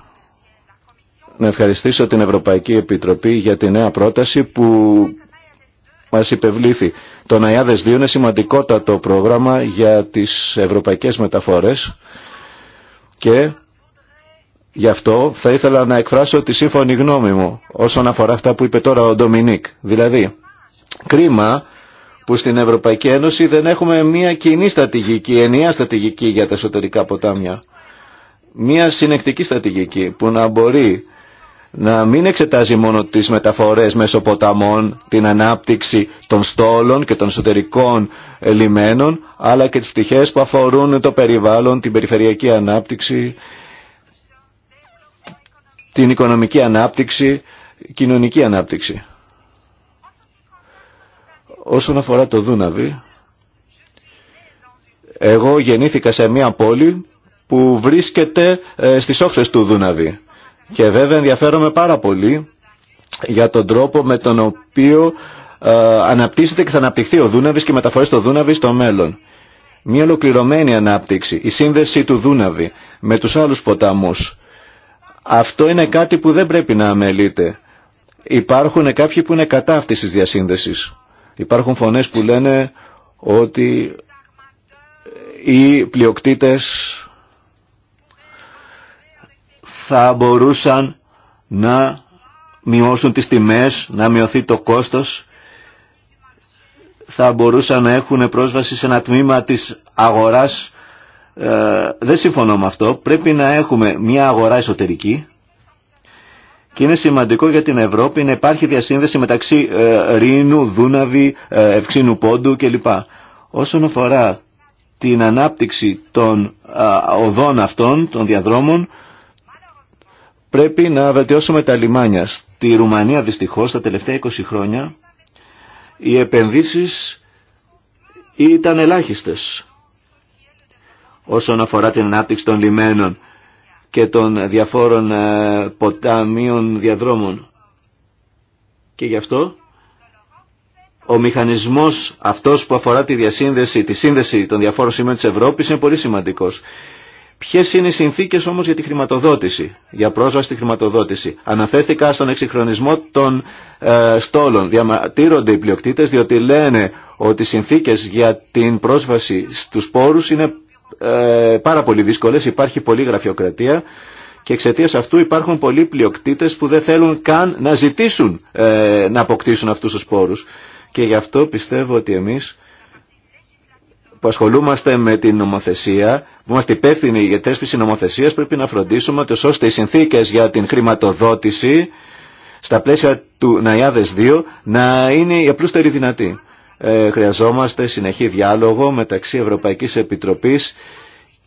να ευχαριστήσω την Ευρωπαϊκή Επιτροπή για τη νέα πρόταση που μας υπευλήθη. Το ΝΑΙΑΔΕΣ 2 είναι σημαντικότατο πρόγραμμα για τις ευρωπαϊκές μεταφορές και γι' αυτό θα ήθελα να εκφράσω τη σύμφωνη γνώμη μου όσον αφορά αυτά που είπε τώρα ο Ντομινίκ. Δηλαδή, Κρίμα που στην Ευρωπαϊκή Ένωση δεν έχουμε μια κοινή στρατηγική, ενιαία στρατηγική για τα εσωτερικά ποτάμια. Μια συνεκτική στρατηγική που να μπορεί να μην εξετάζει μόνο τις μεταφορές μέσω ποταμών, την ανάπτυξη των στόλων και των εσωτερικών ε, λιμένων, αλλά και τις πτυχές που αφορούν το περιβάλλον, την περιφερειακή ανάπτυξη, την οικονομική ανάπτυξη, κοινωνική ανάπτυξη. Όσον αφορά το Δούναβι, εγώ γεννήθηκα σε μια πόλη που βρίσκεται ε, στις όχθες του Δούναβι. Και βέβαια ενδιαφέρομαι πάρα πολύ για τον τρόπο με τον οποίο ε, αναπτύσσεται και θα αναπτυχθεί ο Δούναβης και μεταφορέ το στο Δούναβη στο μέλλον. Μια ολοκληρωμένη ανάπτυξη, η σύνδεση του Δούναβι με τους άλλους ποταμούς. Αυτό είναι κάτι που δεν πρέπει να αμελείται. Υπάρχουν κάποιοι που είναι κατά αυτής της διασύνδεσης. Υπάρχουν φωνές που λένε ότι οι πλειοκτήτες θα μπορούσαν να μειώσουν τις τιμές, να μειωθεί το κόστος, θα μπορούσαν να έχουν πρόσβαση σε ένα τμήμα της αγοράς. Ε, δεν συμφωνώ με αυτό. Πρέπει να έχουμε μια αγορά εσωτερική και είναι σημαντικό για την Ευρώπη να υπάρχει διασύνδεση μεταξύ ε, Ρήνου, Δούναβη, ε, Ευξήνου Πόντου κλπ. Όσον αφορά την ανάπτυξη των οδών αυτών, των διαδρόμων, πρέπει να βελτιώσουμε τα λιμάνια. Στη Ρουμανία δυστυχώς τα τελευταία 20 χρόνια οι επενδύσεις ήταν ελάχιστες όσον αφορά την ανάπτυξη των λιμένων και των διαφόρων ε, ποταμίων διαδρόμων. Και γι' αυτό ο μηχανισμός αυτός που αφορά τη διασύνδεση, τη σύνδεση των διαφόρων σημείων της Ευρώπης είναι πολύ σημαντικός. Ποιε είναι οι συνθήκες όμως για τη χρηματοδότηση, για πρόσβαση στη χρηματοδότηση. Αναφέρθηκα στον εξυγχρονισμό των ε, στόλων. Διαμαρτύρονται οι πλειοκτήτες διότι λένε ότι οι συνθήκες για την πρόσβαση στους πόρους είναι ε, πάρα πολύ δύσκολες, υπάρχει πολλή γραφειοκρατία και εξαιτία αυτού υπάρχουν πολλοί πλειοκτήτες που δεν θέλουν καν να ζητήσουν ε, να αποκτήσουν αυτούς τους πόρους. Και γι' αυτό πιστεύω ότι εμείς που ασχολούμαστε με την νομοθεσία, που είμαστε υπεύθυνοι για τέσπιση νομοθεσίας, πρέπει να φροντίσουμε ότι ώστε οι συνθήκες για την χρηματοδότηση στα πλαίσια του ΝΑΙΑΔΕΣ 2 να είναι η απλούστερη δυνατή. Ε, χρειαζόμαστε συνεχή διάλογο μεταξύ Ευρωπαϊκής Επιτροπής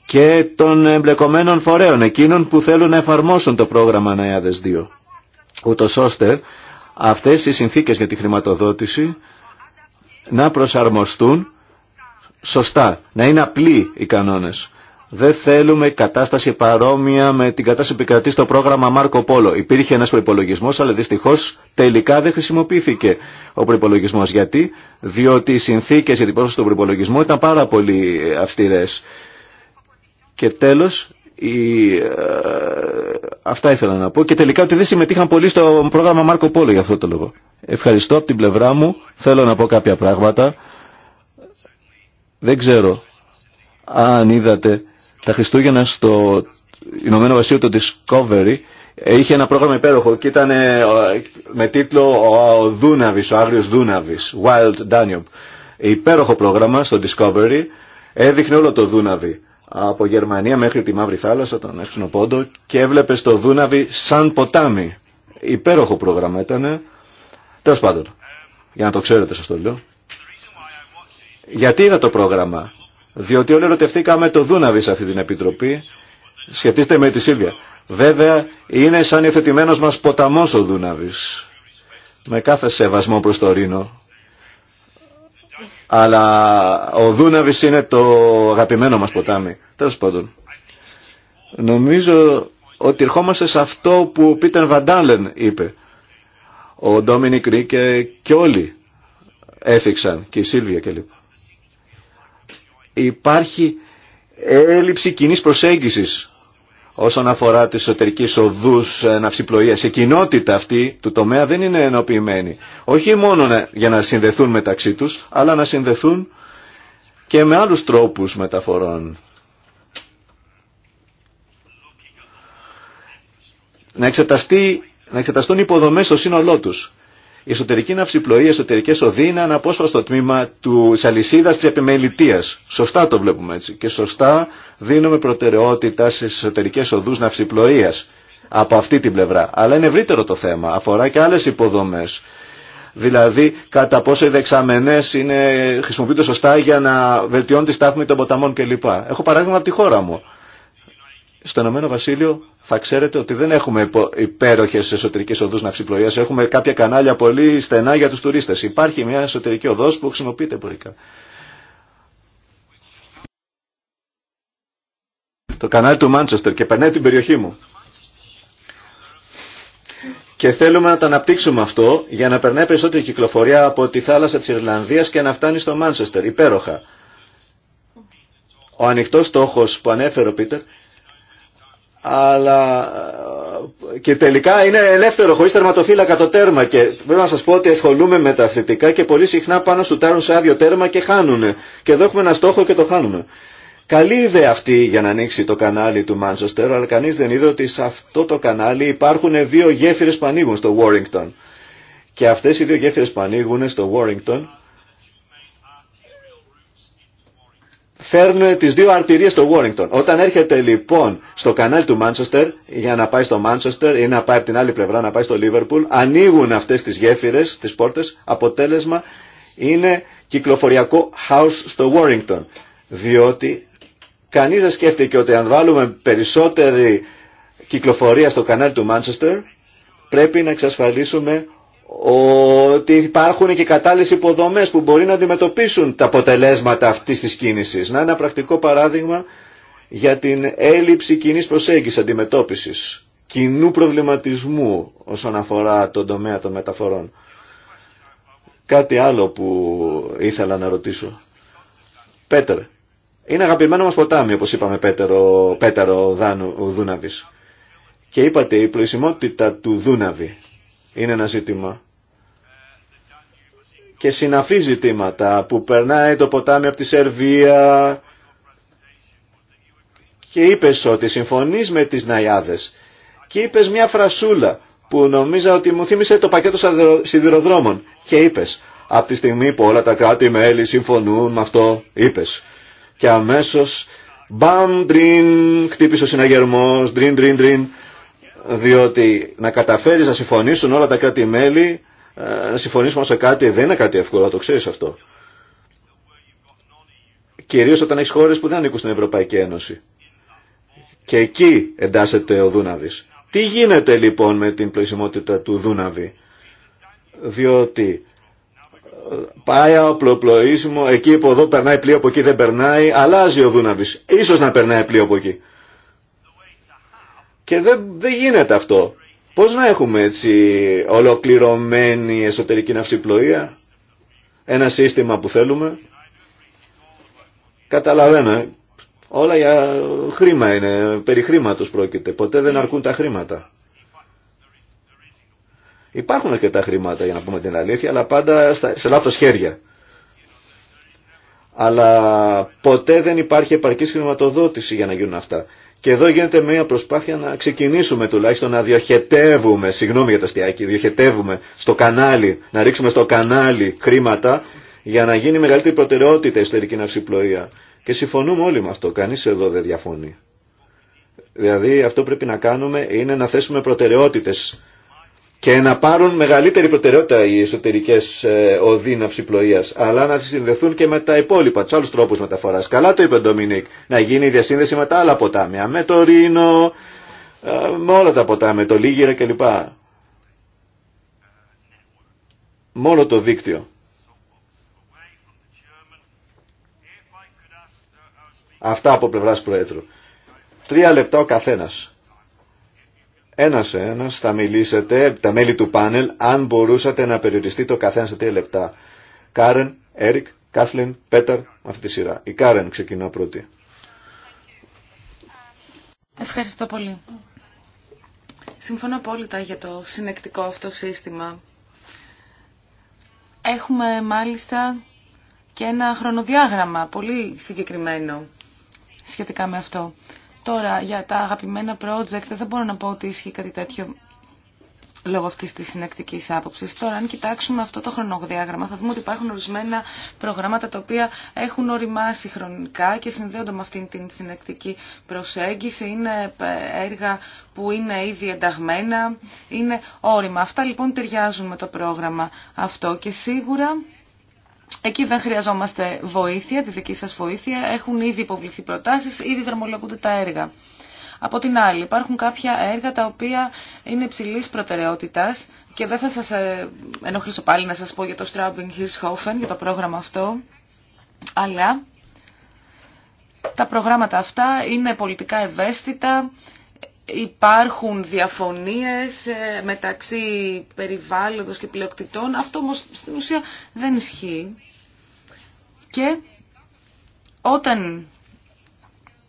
και των εμπλεκομένων φορέων, εκείνων που θέλουν να εφαρμόσουν το πρόγραμμα ΝΑΕΑΔΕΣ 2. Ούτως ώστε αυτές οι συνθήκες για τη χρηματοδότηση να προσαρμοστούν σωστά, να είναι απλοί οι κανόνες. Δεν θέλουμε κατάσταση παρόμοια με την κατάσταση που επικρατεί στο πρόγραμμα Μάρκο Πόλο. Υπήρχε ένα προπολογισμό, αλλά δυστυχώ τελικά δεν χρησιμοποιήθηκε ο προπολογισμό. Γιατί? Διότι οι συνθήκε για την πρόσφαση του προπολογισμό ήταν πάρα πολύ ε, αυστηρέ. Και τέλο, η... Ε, αυτά ήθελα να πω. Και τελικά ότι δεν συμμετείχαν πολύ στο πρόγραμμα Μάρκο Πόλο για αυτό το λόγο. Ευχαριστώ από την πλευρά μου. Θέλω να πω κάποια πράγματα. Δεν ξέρω αν είδατε τα Χριστούγεννα στο Ηνωμένο Βασίλειο το Discovery είχε ένα πρόγραμμα υπέροχο και ήταν ε, με τίτλο «Ο Δούναβης, ο Άγριος Δούναβης», «Wild Danube». Υπέροχο πρόγραμμα στο Discovery έδειχνε όλο το Δούναβη από Γερμανία μέχρι τη Μαύρη Θάλασσα, τον έξινο πόντο και έβλεπε το Δούναβη σαν ποτάμι. Υπέροχο πρόγραμμα ήταν. Τέλος πάντων, για να το ξέρετε σας το λέω. Γιατί είδα το πρόγραμμα. Διότι όλοι ερωτευτήκαμε το Δούναβι σε αυτή την επιτροπή. Σχετίστε με τη Σίλβια. Βέβαια είναι σαν υιοθετημένος μας ποταμός ο Δούναβης. Με κάθε σεβασμό προς το Ρήνο. Αλλά ο Δούναβης είναι το αγαπημένο μας ποτάμι. Τέλος πάντων. Νομίζω ότι ερχόμαστε σε αυτό που ο Πίτερ Βαντάλεν είπε. Ο Ντόμινικ Ρίκε και όλοι έφυξαν και η Σίλβια κλπ υπάρχει έλλειψη κοινή προσέγγισης όσον αφορά τις εσωτερικές οδούς ε, ναυσιπλοείας. Η κοινότητα αυτή του τομέα δεν είναι ενοποιημένη. Όχι μόνο για να συνδεθούν μεταξύ τους, αλλά να συνδεθούν και με άλλους τρόπους μεταφορών. Να, εξεταστεί, να εξεταστούν υποδομές στο σύνολό τους. Η εσωτερική ναυσιπλοεία, οι εσωτερικέ οδοί είναι απόσπαστο τμήμα του αλυσίδα τη επιμελητία. Σωστά το βλέπουμε έτσι. Και σωστά δίνουμε προτεραιότητα στι εσωτερικέ οδού ναυσιπλοεία από αυτή την πλευρά. Αλλά είναι ευρύτερο το θέμα. Αφορά και άλλε υποδομέ. Δηλαδή, κατά πόσο οι δεξαμενέ χρησιμοποιούνται σωστά για να βελτιώνουν τη στάθμη των ποταμών κλπ. Έχω παράδειγμα από τη χώρα μου. Στο Ηνωμένο Βασίλειο θα ξέρετε ότι δεν έχουμε υπέροχε εσωτερικέ οδού ναυσιπλοεία. Έχουμε κάποια κανάλια πολύ στενά για τους τουρίστε. Υπάρχει μια εσωτερική οδό που χρησιμοποιείται εμπορικά. Το κανάλι του Μάντσεστερ και περνάει την περιοχή μου. Και θέλουμε να το αναπτύξουμε αυτό για να περνάει περισσότερη κυκλοφορία από τη θάλασσα της Ιρλανδίας και να φτάνει στο Μάντσεστερ. Υπέροχα. Ο ανοιχτός στόχος που ανέφερε ο Πίτερ αλλά ε, και τελικά είναι ελεύθερο χωρίς τερματοφύλακα το τέρμα και πρέπει να σας πω ότι ασχολούμαι με τα θετικά και πολύ συχνά πάνω σουτάρουν σε άδειο τέρμα και χάνουν και εδώ έχουμε ένα στόχο και το χάνουμε. Καλή ιδέα αυτή για να ανοίξει το κανάλι του Manchester αλλά κανείς δεν είδε ότι σε αυτό το κανάλι υπάρχουν δύο γέφυρες που ανοίγουν στο Warrington. Και αυτές οι δύο γέφυρες που ανοίγουν στο Warrington φέρνουν τις δύο αρτηρίες στο Warrington. Όταν έρχεται λοιπόν στο κανάλι του Manchester για να πάει στο Manchester ή να πάει από την άλλη πλευρά να πάει στο Liverpool ανοίγουν αυτές τις γέφυρες, τις πόρτες, αποτέλεσμα είναι κυκλοφοριακό house στο Warrington. Διότι κανείς δεν σκέφτηκε ότι αν βάλουμε περισσότερη κυκλοφορία στο κανάλι του Manchester πρέπει να εξασφαλίσουμε ότι υπάρχουν και κατάλληλες υποδομές που μπορεί να αντιμετωπίσουν τα αποτελέσματα αυτής της κίνησης. Να είναι ένα πρακτικό παράδειγμα για την έλλειψη κοινή προσέγγισης αντιμετώπισης, κοινού προβληματισμού όσον αφορά τον τομέα των μεταφορών. Κάτι άλλο που ήθελα να ρωτήσω. Πέτερ. Είναι αγαπημένο μας ποτάμι, όπως είπαμε, Πέτερο, Πέτερο Δούναβης. Και είπατε, η προησιμότητα του Δούναβη είναι ένα ζήτημα. Και συναφή ζητήματα που περνάει το ποτάμι από τη Σερβία και είπες ότι συμφωνείς με τις Ναϊάδες και είπες μια φρασούλα που νομίζα ότι μου θύμισε το πακέτο σιδηροδρόμων και είπες από τη στιγμή που όλα τα κράτη-μέλη συμφωνούν με αυτό είπες και αμέσως μπαμ τριν, χτύπησε ο συναγερμός τριν, τριν, τριν διότι να καταφέρεις να συμφωνήσουν όλα τα κράτη-μέλη, ε, να συμφωνήσουμε σε κάτι δεν είναι κάτι εύκολο, το ξέρεις αυτό. Κυρίως όταν έχεις χώρες που δεν ανήκουν στην Ευρωπαϊκή Ένωση. Και εκεί εντάσσεται ο Δούναβης. Τι γίνεται λοιπόν με την πλησιμότητα του Δούναβη. Διότι ε, πάει οπλοπλοίσιμο, εκεί από εδώ περνάει πλοίο, από εκεί δεν περνάει, αλλάζει ο Δούναβης. Ίσως να περνάει πλοίο από εκεί. Και δεν, γίνεται αυτό. Πώς να έχουμε έτσι ολοκληρωμένη εσωτερική ναυσιπλοεία, ένα σύστημα που θέλουμε. Καταλαβαίνω, όλα για χρήμα είναι, περί χρήματος πρόκειται, ποτέ δεν αρκούν τα χρήματα. Υπάρχουν αρκετά χρήματα για να πούμε την αλήθεια, αλλά πάντα σε λάθος χέρια. Αλλά ποτέ δεν υπάρχει επαρκής χρηματοδότηση για να γίνουν αυτά. Και εδώ γίνεται μια προσπάθεια να ξεκινήσουμε τουλάχιστον να διοχετεύουμε, συγγνώμη για το αστιακή, διοχετεύουμε στο κανάλι, να ρίξουμε στο κανάλι χρήματα για να γίνει μεγαλύτερη προτεραιότητα η ιστορική ναυσιπλοεία. Και συμφωνούμε όλοι με αυτό, κανείς εδώ δεν διαφωνεί. Δηλαδή αυτό πρέπει να κάνουμε είναι να θέσουμε προτεραιότητες και να πάρουν μεγαλύτερη προτεραιότητα οι εσωτερικέ ε, οδοί ναυσιπλοεία, αλλά να συνδεθούν και με τα υπόλοιπα, του άλλου τρόπου μεταφορά. Καλά το είπε ο Ντομινίκ, να γίνει η διασύνδεση με τα άλλα ποτάμια, με το Ρήνο, ε, με όλα τα ποτάμια, το Λίγυρα κλπ. Μόνο το δίκτυο. Αυτά από πλευράς Προέδρου. Τρία λεπτά ο καθένας ένας ένας θα μιλήσετε, τα μέλη του πάνελ, αν μπορούσατε να περιοριστεί το καθένα σε τρία λεπτά. Κάρεν, Έρικ, Κάθλιν, Πέταρ, αυτή τη σειρά. Η Κάρεν ξεκινά πρώτη. Ευχαριστώ πολύ. Συμφωνώ απόλυτα για το συνεκτικό αυτό σύστημα. Έχουμε μάλιστα και ένα χρονοδιάγραμμα πολύ συγκεκριμένο σχετικά με αυτό. Τώρα, για τα αγαπημένα project δεν μπορώ να πω ότι ισχύει κάτι τέτοιο λόγω αυτή τη συνεκτική άποψη. Τώρα, αν κοιτάξουμε αυτό το χρονοδιάγραμμα, θα δούμε ότι υπάρχουν ορισμένα προγράμματα τα οποία έχουν οριμάσει χρονικά και συνδέονται με αυτήν την συνεκτική προσέγγιση. Είναι έργα που είναι ήδη ενταγμένα, είναι όριμα. Αυτά λοιπόν ταιριάζουν με το πρόγραμμα αυτό και σίγουρα Εκεί δεν χρειαζόμαστε βοήθεια, τη δική σας βοήθεια. Έχουν ήδη υποβληθεί προτάσεις, ήδη δρομολογούνται τα έργα. Από την άλλη, υπάρχουν κάποια έργα τα οποία είναι υψηλή προτεραιότητα και δεν θα σα ε, ενοχλήσω πάλι να σα πω για το Straubing Hirschhofen, για το πρόγραμμα αυτό, αλλά τα προγράμματα αυτά είναι πολιτικά ευαίσθητα, υπάρχουν διαφωνίες ε, μεταξύ περιβάλλοντος και πλειοκτητών. Αυτό όμως στην ουσία δεν ισχύει. Και όταν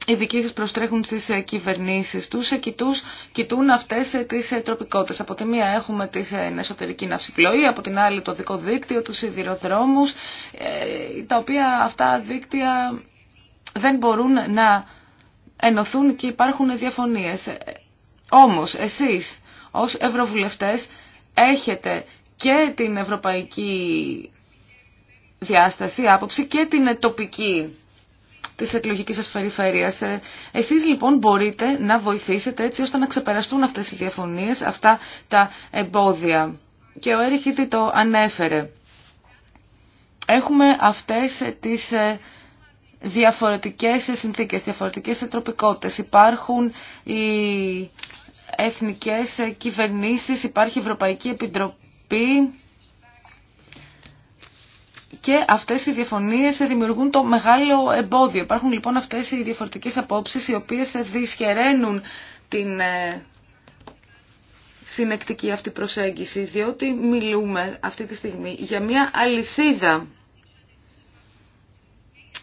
οι δικοί προστρέχουν στις ε, κυβερνήσεις τους, ε, κοιτούς, κοιτούν αυτές τις τροπικότητες. Από τη μία έχουμε την εσωτερική ναυσιπλοή, από την άλλη το δικό δίκτυο, τους σιδηροδρόμους, τα οποία αυτά δίκτυα δεν μπορούν να ενωθούν και υπάρχουν διαφωνίες. Όμως εσείς ως ευρωβουλευτές έχετε και την ευρωπαϊκή διάσταση, άποψη και την τοπική της εκλογικής σας περιφέρειας. Ε, εσείς λοιπόν μπορείτε να βοηθήσετε έτσι ώστε να ξεπεραστούν αυτές οι διαφωνίες, αυτά τα εμπόδια. Και ο Έριχ το ανέφερε. Έχουμε αυτές τις ε, διαφορετικές συνθήκες, διαφορετικές τροπικότητες. Υπάρχουν οι εθνικές κυβερνήσεις, υπάρχει η Ευρωπαϊκή Επιτροπή και αυτές οι διαφωνίες δημιουργούν το μεγάλο εμπόδιο. Υπάρχουν λοιπόν αυτές οι διαφορετικές απόψεις οι οποίες δυσχεραίνουν την ε, συνεκτική αυτή προσέγγιση, διότι μιλούμε αυτή τη στιγμή για μια αλυσίδα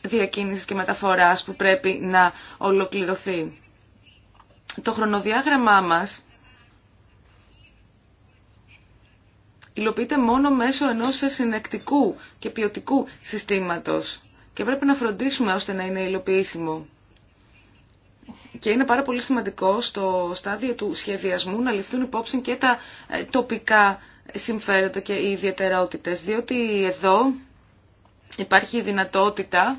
διακίνησης και μεταφοράς που πρέπει να ολοκληρωθεί. Το χρονοδιάγραμμά μας υλοποιείται μόνο μέσω ενός συνεκτικού και ποιοτικού συστήματος και πρέπει να φροντίσουμε ώστε να είναι υλοποιήσιμο. Και είναι πάρα πολύ σημαντικό στο στάδιο του σχεδιασμού να ληφθούν υπόψη και τα ε, τοπικά συμφέροντα και οι ιδιαιτερότητες, διότι εδώ υπάρχει η δυνατότητα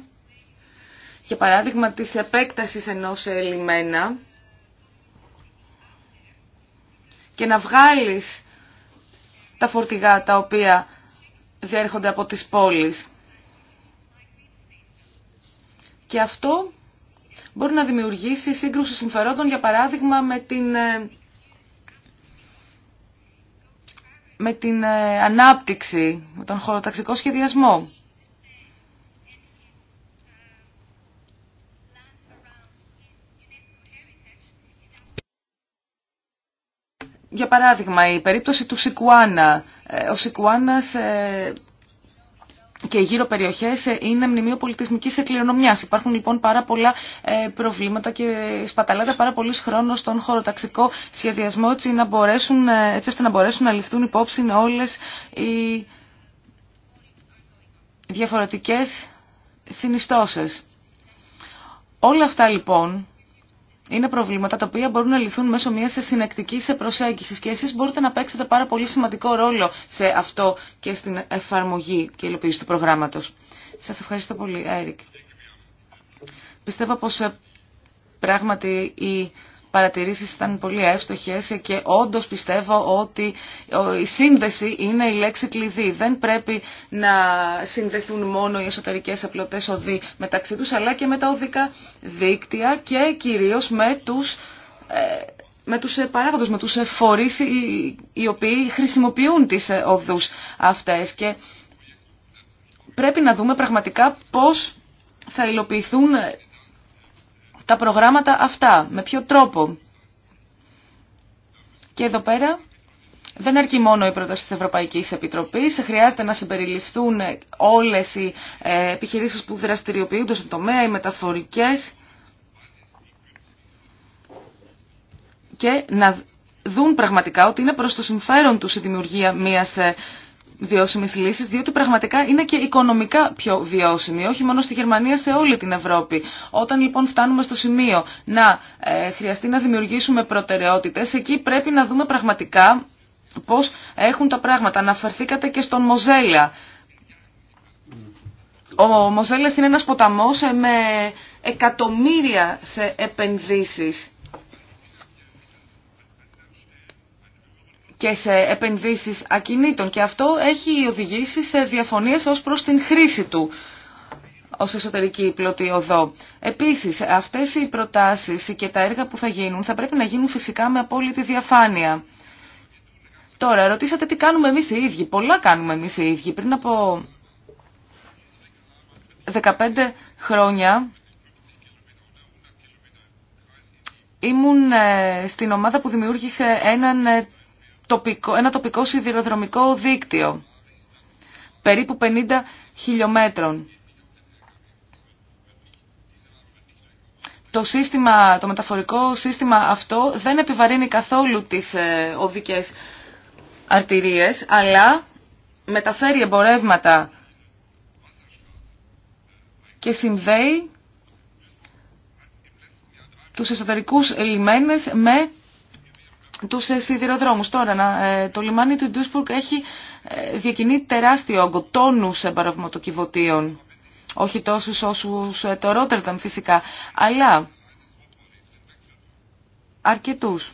για παράδειγμα της επέκτασης ενός λιμένα και να βγάλεις τα φορτηγά τα οποία διέρχονται από τις πόλεις. Και αυτό μπορεί να δημιουργήσει σύγκρουση συμφερόντων, για παράδειγμα, με την, ε, με την ε, ανάπτυξη, με τον χωροταξικό σχεδιασμό. για παράδειγμα, η περίπτωση του Σικουάνα. Ε, ο Σικουάνας ε, και οι γύρω περιοχές ε, είναι μνημείο πολιτισμικής εκκληρονομιά. Υπάρχουν λοιπόν πάρα πολλά προβλήματα και σπαταλάται πάρα πολύ χρόνο στον χωροταξικό σχεδιασμό έτσι, να μπορέσουν, έτσι ώστε να μπορέσουν να ληφθούν υπόψη όλες οι διαφορετικές συνιστώσεις. Όλα αυτά λοιπόν είναι προβλήματα τα οποία μπορούν να λυθούν μέσω μια συνεκτική προσέγγιση και εσεί μπορείτε να παίξετε πάρα πολύ σημαντικό ρόλο σε αυτό και στην εφαρμογή και υλοποίηση του προγράμματο. Σα ευχαριστώ πολύ, Έρικ. Πιστεύω πω ε, πράγματι η παρατηρήσεις ήταν πολύ εύστοχες και όντως πιστεύω ότι η σύνδεση είναι η λέξη κλειδί. Δεν πρέπει να συνδεθούν μόνο οι εσωτερικές απλωτές οδοί μεταξύ του, αλλά και με τα οδικά δίκτυα και κυρίως με τους ε, με τους ε, παράγοντες, με τους ε, φορείς οι οποίοι χρησιμοποιούν τις οδούς αυτές και πρέπει να δούμε πραγματικά πώς θα υλοποιηθούν τα προγράμματα αυτά, με ποιο τρόπο. Και εδώ πέρα δεν αρκεί μόνο η πρόταση της Ευρωπαϊκής Επιτροπής, χρειάζεται να συμπεριληφθούν όλες οι ε, επιχειρήσεις που δραστηριοποιούνται στον τομέα, οι μεταφορικές και να δουν πραγματικά ότι είναι προς το συμφέρον τους η δημιουργία μιας ε, Βιώσιμε λύσει, διότι πραγματικά είναι και οικονομικά πιο βιώσιμη, όχι μόνο στη Γερμανία, σε όλη την Ευρώπη. Όταν λοιπόν φτάνουμε στο σημείο να ε, χρειαστεί να δημιουργήσουμε προτεραιότητες, εκεί πρέπει να δούμε πραγματικά πώς έχουν τα πράγματα. Αναφερθήκατε και στον Μοζέλα. Ο Μοζέλα είναι ένας ποταμό με εκατομμύρια σε επενδύσεις. και σε επενδύσεις ακινήτων και αυτό έχει οδηγήσει σε διαφωνίες ως προς την χρήση του ως εσωτερική πλωτή οδό. Επίσης, αυτές οι προτάσεις και τα έργα που θα γίνουν θα πρέπει να γίνουν φυσικά με απόλυτη διαφάνεια. Τώρα, ρωτήσατε τι κάνουμε εμείς οι ίδιοι. Πολλά κάνουμε εμείς οι ίδιοι. Πριν από 15 χρόνια ήμουν ε, στην ομάδα που δημιούργησε έναν ε, τοπικό, ένα τοπικό σιδηροδρομικό δίκτυο, περίπου 50 χιλιόμετρων. Το, σύστημα, το μεταφορικό σύστημα αυτό δεν επιβαρύνει καθόλου τις ε, οδικές αρτηρίες, αλλά μεταφέρει εμπορεύματα και συνδέει τους εσωτερικούς λιμένες με τους ε, σιδηροδρόμους. Τώρα, ε, το λιμάνι του Ντούσπουργκ έχει ε, διακινεί τεράστιο όγκο τόνους εμπαραβματοκιβωτίων. Όχι τόσους όσους το Ρότερνταμ φυσικά, αλλά αρκετούς.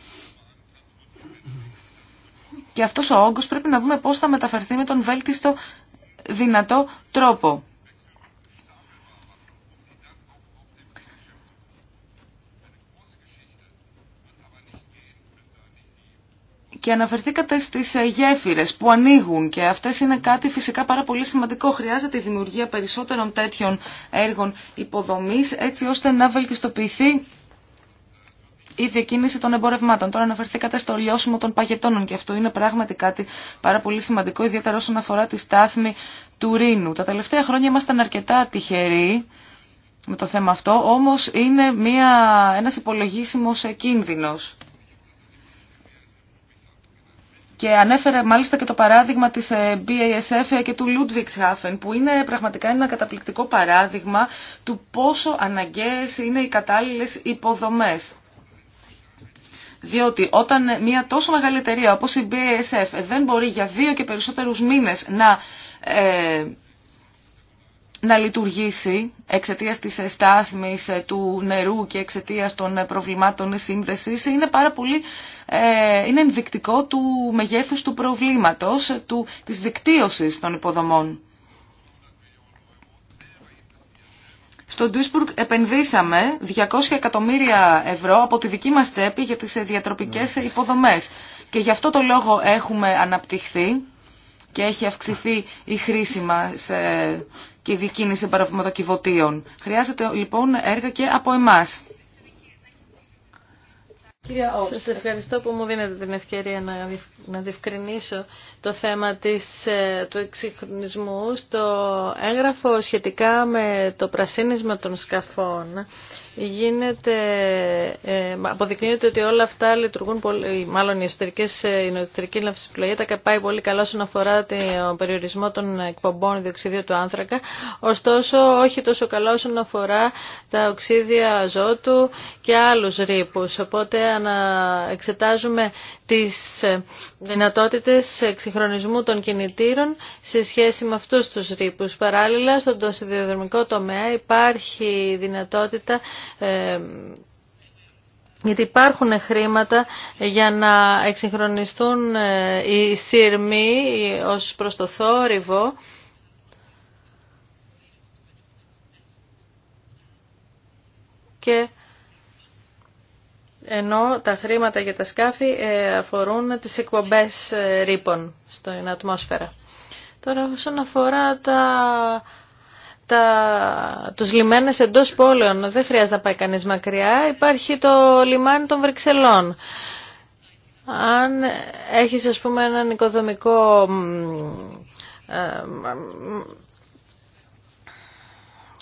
Και αυτός ο όγκος πρέπει να δούμε πώς θα μεταφερθεί με τον βέλτιστο δυνατό τρόπο. Και αναφερθήκατε στις ε, γέφυρες που ανοίγουν και αυτές είναι κάτι φυσικά πάρα πολύ σημαντικό. Χρειάζεται η δημιουργία περισσότερων τέτοιων έργων υποδομής έτσι ώστε να βελτιστοποιηθεί η διακίνηση των εμπορευμάτων. Τώρα αναφερθήκατε στο λιώσιμο των παγετώνων και αυτό είναι πράγματι κάτι πάρα πολύ σημαντικό, ιδιαίτερα όσον αφορά τη στάθμη του Ρήνου. Τα τελευταία χρόνια ήμασταν αρκετά τυχεροί με το θέμα αυτό, όμως είναι μια, ένας υπολογίσιμος ε, κίνδυνος. Και ανέφερε μάλιστα και το παράδειγμα της ε, BASF και του Ludwigshafen, που είναι πραγματικά ένα καταπληκτικό παράδειγμα του πόσο αναγκαίες είναι οι κατάλληλες υποδομές. Διότι όταν μια τόσο μεγάλη εταιρεία όπως η BASF δεν μπορεί για δύο και περισσότερους μήνες να, ε, να λειτουργήσει εξαιτίας της στάθμης ε, του νερού και εξαιτίας των προβλημάτων σύνδεσης, είναι πάρα πολύ ε, είναι ενδεικτικό του μεγέθους του προβλήματος, του, της δικτύωσης των υποδομών. Στο Duisburg επενδύσαμε 200 εκατομμύρια ευρώ από τη δική μας τσέπη για τις διατροπικές ναι. υποδομές. Και γι' αυτό το λόγο έχουμε αναπτυχθεί και έχει αυξηθεί η χρήση μας ε, και η διακίνηση παραβηματοκιβωτίων. Χρειάζεται λοιπόν έργα και από εμάς. Κυρία Σας ευχαριστώ που μου δίνετε την ευκαιρία να, να διευκρινίσω το θέμα της, ε, του εξυγχρονισμού στο έγγραφο σχετικά με το πρασίνισμα των σκαφών γίνεται, ε, αποδεικνύεται ότι όλα αυτά λειτουργούν πολύ, ε, μάλλον η εσωτερική λαυσιπλογία τα πάει πολύ καλά όσον αφορά τον περιορισμό των εκπομπών διοξιδίου του άνθρακα, ωστόσο όχι τόσο καλά όσον αφορά τα οξύδια ζώτου και άλλους ρήπους. Οπότε εξετάζουμε τις ε, δυνατότητες εξυγχρονισμού των κινητήρων σε σχέση με αυτούς τους ρήπους. Παράλληλα, στον σιδηροδρομικό τομέα υπάρχει δυνατότητα ε, γιατί υπάρχουν χρήματα για να εξυγχρονιστούν ε, οι σύρμοι ως προς το θόρυβο. Και ενώ τα χρήματα για τα σκάφη ε, αφορούν τις εκπομπές ε, ρήπων στην ατμόσφαιρα. Τώρα όσον αφορά τα, τα, τους λιμένες εντός πόλεων, δεν χρειάζεται να πάει κανείς μακριά, υπάρχει το λιμάνι των Βρυξελών. Αν έχεις ας πούμε έναν οικοδομικό ε,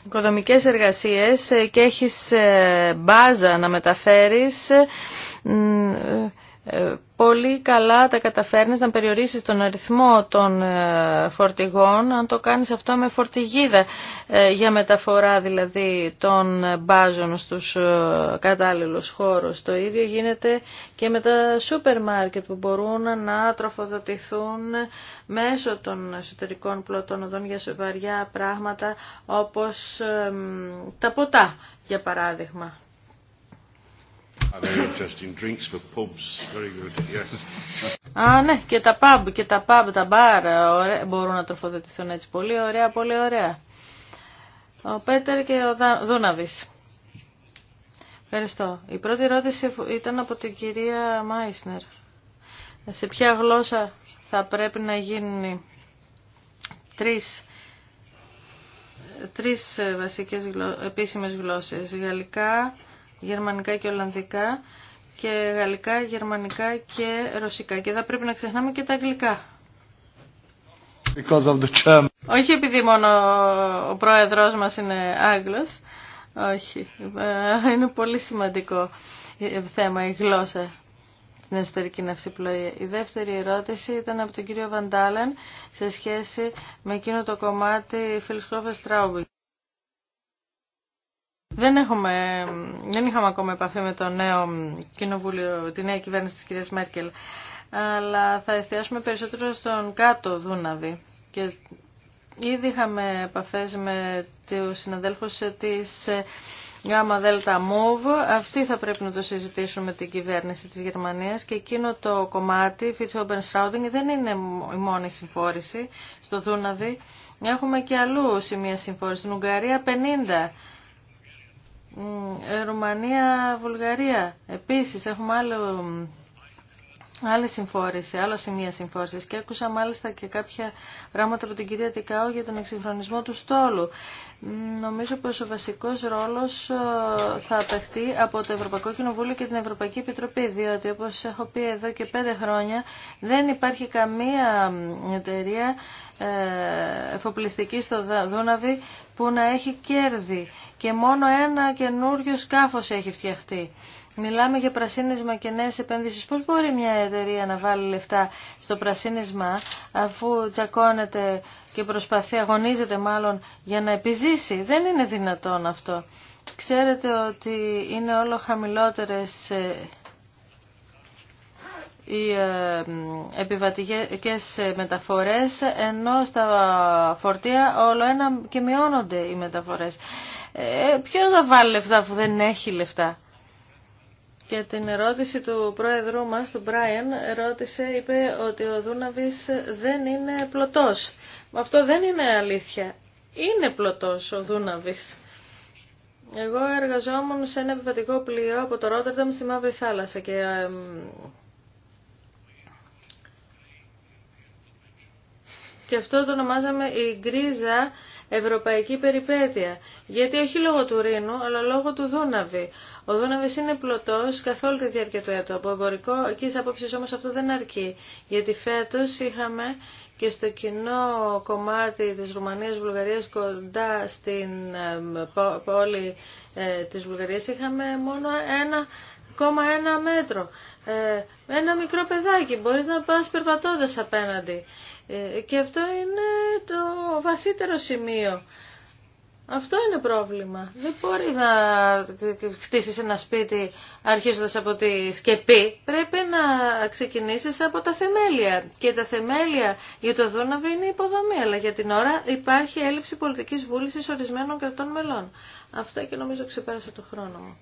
οικοδομικές εργασίες ε, και έχεις ε, μπάζα να μεταφέρεις ε, πολύ καλά τα καταφέρνεις να περιορίσεις τον αριθμό των ε, φορτηγών, αν το κάνεις αυτό με φορτηγίδα ε, για μεταφορά δηλαδή των μπάζων στους ε, κατάλληλους χώρους. Το ίδιο γίνεται και με τα σούπερ μάρκετ που μπορούν να τροφοδοτηθούν μέσω των εσωτερικών πλωτών οδών για σοβαριά πράγματα όπως τα ποτά για παράδειγμα. Α, ναι, και τα pub, και τα pub, τα μπαρ μπορούν να τροφοδοτηθούν έτσι. Πολύ ωραία, πολύ ωραία. Ο Πέτερ και ο Δούναβης. Ευχαριστώ. Η πρώτη ερώτηση ήταν από την κυρία Μάισνερ. Σε ποια γλώσσα θα πρέπει να γίνει τρεις, τρεις ε, βασικές γλω... επίσημες γλώσσες. Γαλλικά, γερμανικά και ολλανδικά και γαλλικά, γερμανικά και ρωσικά. Και θα πρέπει να ξεχνάμε και τα αγγλικά. όχι επειδή μόνο ο πρόεδρός μας είναι Άγγλος, όχι, ε, είναι πολύ σημαντικό ε, θέμα η γλώσσα στην εσωτερική ναυσιπλοεία. Η δεύτερη ερώτηση ήταν από τον κύριο Βαντάλεν σε σχέση με εκείνο το κομμάτι Φιλσκόφε δεν, έχουμε, δεν είχαμε ακόμα επαφή με το νέο κοινοβούλιο, τη νέα κυβέρνηση της κυρίας Μέρκελ, αλλά θα εστιάσουμε περισσότερο στον κάτω Δούναβη. Και ήδη είχαμε επαφές με του συναδέλφους της Γάμα Δέλτα Μούβ. αυτή θα πρέπει να το συζητήσουμε με την κυβέρνηση της Γερμανίας και εκείνο το κομμάτι, Open Στράουδινγκ, δεν είναι η μόνη συμφόρηση στο Δούναβη. Έχουμε και αλλού σημεία συμφόρηση. Στην Ουγγαρία 50 ε, Ρουμανία, Βουλγαρία. Επίσης έχουμε άλλο άλλη συμφόρηση, άλλα σημεία συμφόρηση. και άκουσα μάλιστα και κάποια πράγματα από την κυρία Τικάου για τον εξυγχρονισμό του στόλου. Νομίζω πω ο βασικός ρόλος ε, θα απεχθεί από το Ευρωπαϊκό Κοινοβούλιο και την Ευρωπαϊκή Επιτροπή, διότι όπως έχω πει εδώ και πέντε χρόνια δεν υπάρχει καμία εταιρεία ε, εφοπλιστική στο Δούναβι που να έχει κέρδη και μόνο ένα καινούριο σκάφο έχει φτιαχτεί. Μιλάμε για πρασίνισμα και νέε επενδύσει. Πώ μπορεί μια εταιρεία να βάλει λεφτά στο πρασίνισμα, αφού τσακώνεται και προσπαθεί, αγωνίζεται μάλλον για να επιζήσει. Δεν είναι δυνατόν αυτό. Ξέρετε ότι είναι όλο χαμηλότερες ε, οι ε, επιβατικές ε, μεταφορές, ενώ στα φορτία όλο ένα και μειώνονται οι μεταφορές. Ε, ποιο θα βάλει λεφτά αφού δεν έχει λεφτά. Και την ερώτηση του πρόεδρου μας, του Μπράιεν, ρώτησε, είπε ότι ο Δούναβης δεν είναι πλωτός. Αυτό δεν είναι αλήθεια. Είναι πλωτός ο Δούναβης. Εγώ εργαζόμουν σε ένα επιβατικό πλοίο από το Ρότερνταμ στη Μαύρη Θάλασσα και Και αυτό το ονομάζαμε η γκρίζα ευρωπαϊκή περιπέτεια. Γιατί όχι λόγω του Ρήνου, αλλά λόγω του Δούναβη. Ο Δούναβη είναι πλωτό καθ' όλη τη διάρκεια του έτου. Από εμπορικό εκεί απόψεις όμως αυτό δεν αρκεί. Γιατί φέτος είχαμε και στο κοινό κομμάτι της Ρουμανίας Βουλγαρίας κοντά στην πόλη ε, της Βουλγαρίας είχαμε μόνο ένα 1,1 μέτρο. Ε, ένα μικρό παιδάκι, μπορείς να πας περπατώντας απέναντι. Ε, και αυτό είναι το βαθύτερο σημείο αυτό είναι πρόβλημα. Δεν μπορείς να χτίσεις ένα σπίτι αρχίζοντας από τη σκεπή. Πρέπει να ξεκινήσεις από τα θεμέλια. Και τα θεμέλια για το Δούναβι είναι υποδομή, αλλά για την ώρα υπάρχει έλλειψη πολιτικής βούλησης ορισμένων κρατών μελών. Αυτό και νομίζω ξεπέρασε το χρόνο μου.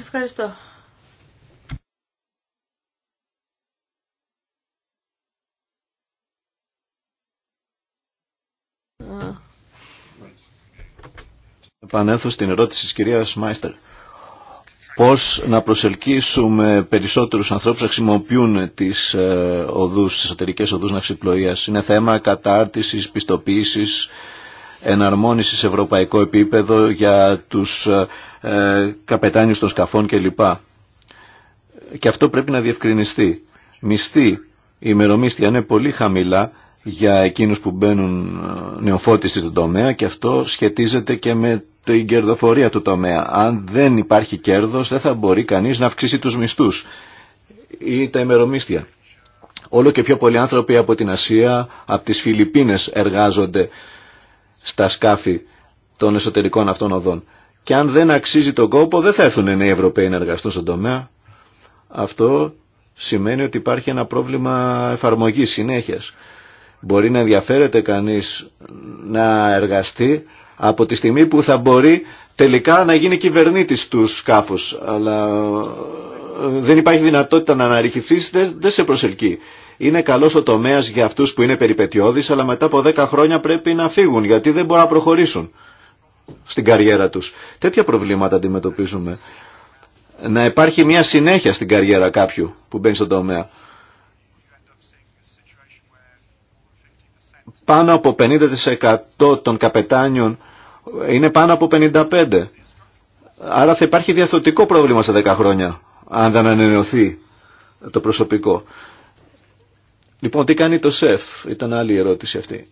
Ευχαριστώ επανέλθω στην ερώτηση της κυρίας Μάιστερ. Πώς να προσελκύσουμε περισσότερους ανθρώπους να χρησιμοποιούν τις ε, οδούς, τις εσωτερικές οδούς ναυσιπλοείας. Είναι θέμα κατάρτισης, πιστοποίησης, εναρμόνισης σε ευρωπαϊκό επίπεδο για τους ε, ε καπετάνιους των σκαφών κλπ. Και αυτό πρέπει να διευκρινιστεί. Μισθή, η ημερομίσθια είναι πολύ χαμηλά για εκείνους που μπαίνουν ε, νεοφώτιστοι στον τομέα και αυτό σχετίζεται και με η κερδοφορία του τομέα. Αν δεν υπάρχει κέρδος δεν θα μπορεί κανείς να αυξήσει τους μισθούς ή τα ημερομίστια Όλο και πιο πολλοί άνθρωποι από την Ασία, από τις Φιλιππίνες εργάζονται στα σκάφη των εσωτερικών αυτών οδών. Και αν δεν αξίζει τον κόπο δεν θα έρθουν νέοι Ευρωπαίοι να εργαστούν στον τομέα. Αυτό σημαίνει ότι υπάρχει ένα πρόβλημα εφαρμογής συνέχειας. Μπορεί να ενδιαφέρεται κανείς να εργαστεί από τη στιγμή που θα μπορεί τελικά να γίνει κυβερνήτης του σκάφους. Αλλά ε, δεν υπάρχει δυνατότητα να αναρριχηθείς, δεν, σε προσελκύει. Είναι καλός ο τομέας για αυτούς που είναι περιπετιώδεις, αλλά μετά από 10 χρόνια πρέπει να φύγουν, γιατί δεν μπορούν να προχωρήσουν στην καριέρα τους. Τέτοια προβλήματα αντιμετωπίζουμε. Να υπάρχει μια συνέχεια στην καριέρα κάποιου που μπαίνει στον τομέα. Πάνω από 50% των καπετάνιων είναι πάνω από 55. Άρα θα υπάρχει διαστοτικό πρόβλημα σε 10 χρόνια, αν δεν ανανεωθεί το προσωπικό. Λοιπόν, τι κάνει το ΣΕΦ, ήταν άλλη ερώτηση αυτή.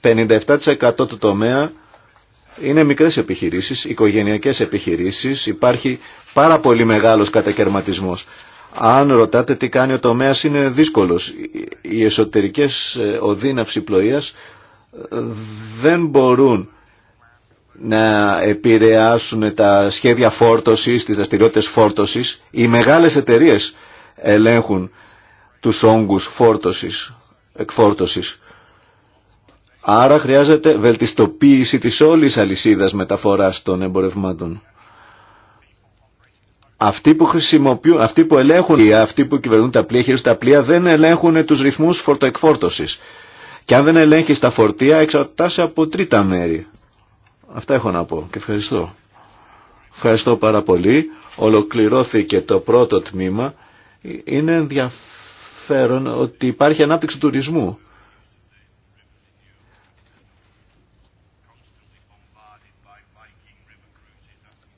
57% του τομέα είναι μικρές επιχειρήσεις, οικογενειακές επιχειρήσεις, υπάρχει πάρα πολύ μεγάλος κατακαιρματισμός. Αν ρωτάτε τι κάνει ο τομέας είναι δύσκολος. Οι εσωτερικές ε, οδύναυση πλοίας δεν μπορούν να επηρεάσουν τα σχέδια φόρτωσης, τις δραστηριότητε φόρτωσης. Οι μεγάλες εταιρείες ελέγχουν τους όγκους φόρτωσης, εκφόρτωσης. Άρα χρειάζεται βελτιστοποίηση της όλης αλυσίδας μεταφοράς των εμπορευμάτων. Αυτοί που χρησιμοποιούν, αυτοί που ελέγχουν, αυτοί που κυβερνούν τα πλοία, τα πλοία, δεν ελέγχουν τους ρυθμούς φορτοεκφόρτωσης. Και αν δεν ελέγχεις τα φορτία, εξαρτάσαι από τρίτα μέρη. Αυτά έχω να πω και ευχαριστώ. Ευχαριστώ πάρα πολύ. Ολοκληρώθηκε το πρώτο τμήμα. Είναι ενδιαφέρον ότι υπάρχει ανάπτυξη τουρισμού.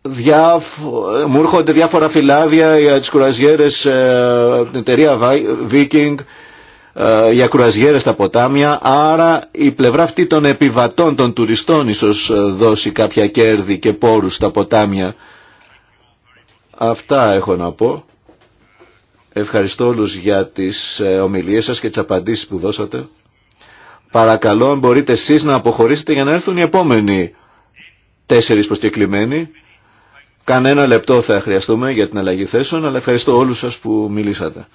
Διάφο... Μου έρχονται διάφορα φυλάδια για τις κουραζιέρες ε, την εταιρεία Viking ε, για κρουαζιέρες στα ποτάμια, άρα η πλευρά αυτή των επιβατών, των τουριστών ίσως ε, δώσει κάποια κέρδη και πόρους στα ποτάμια. Αυτά έχω να πω. Ευχαριστώ όλους για τις ε, ομιλίες σας και τις απαντήσεις που δώσατε. Παρακαλώ, μπορείτε εσείς να αποχωρήσετε για να έρθουν οι επόμενοι τέσσερις προσκεκλημένοι. Κανένα λεπτό θα χρειαστούμε για την αλλαγή θέσεων, αλλά ευχαριστώ όλους σας που μιλήσατε.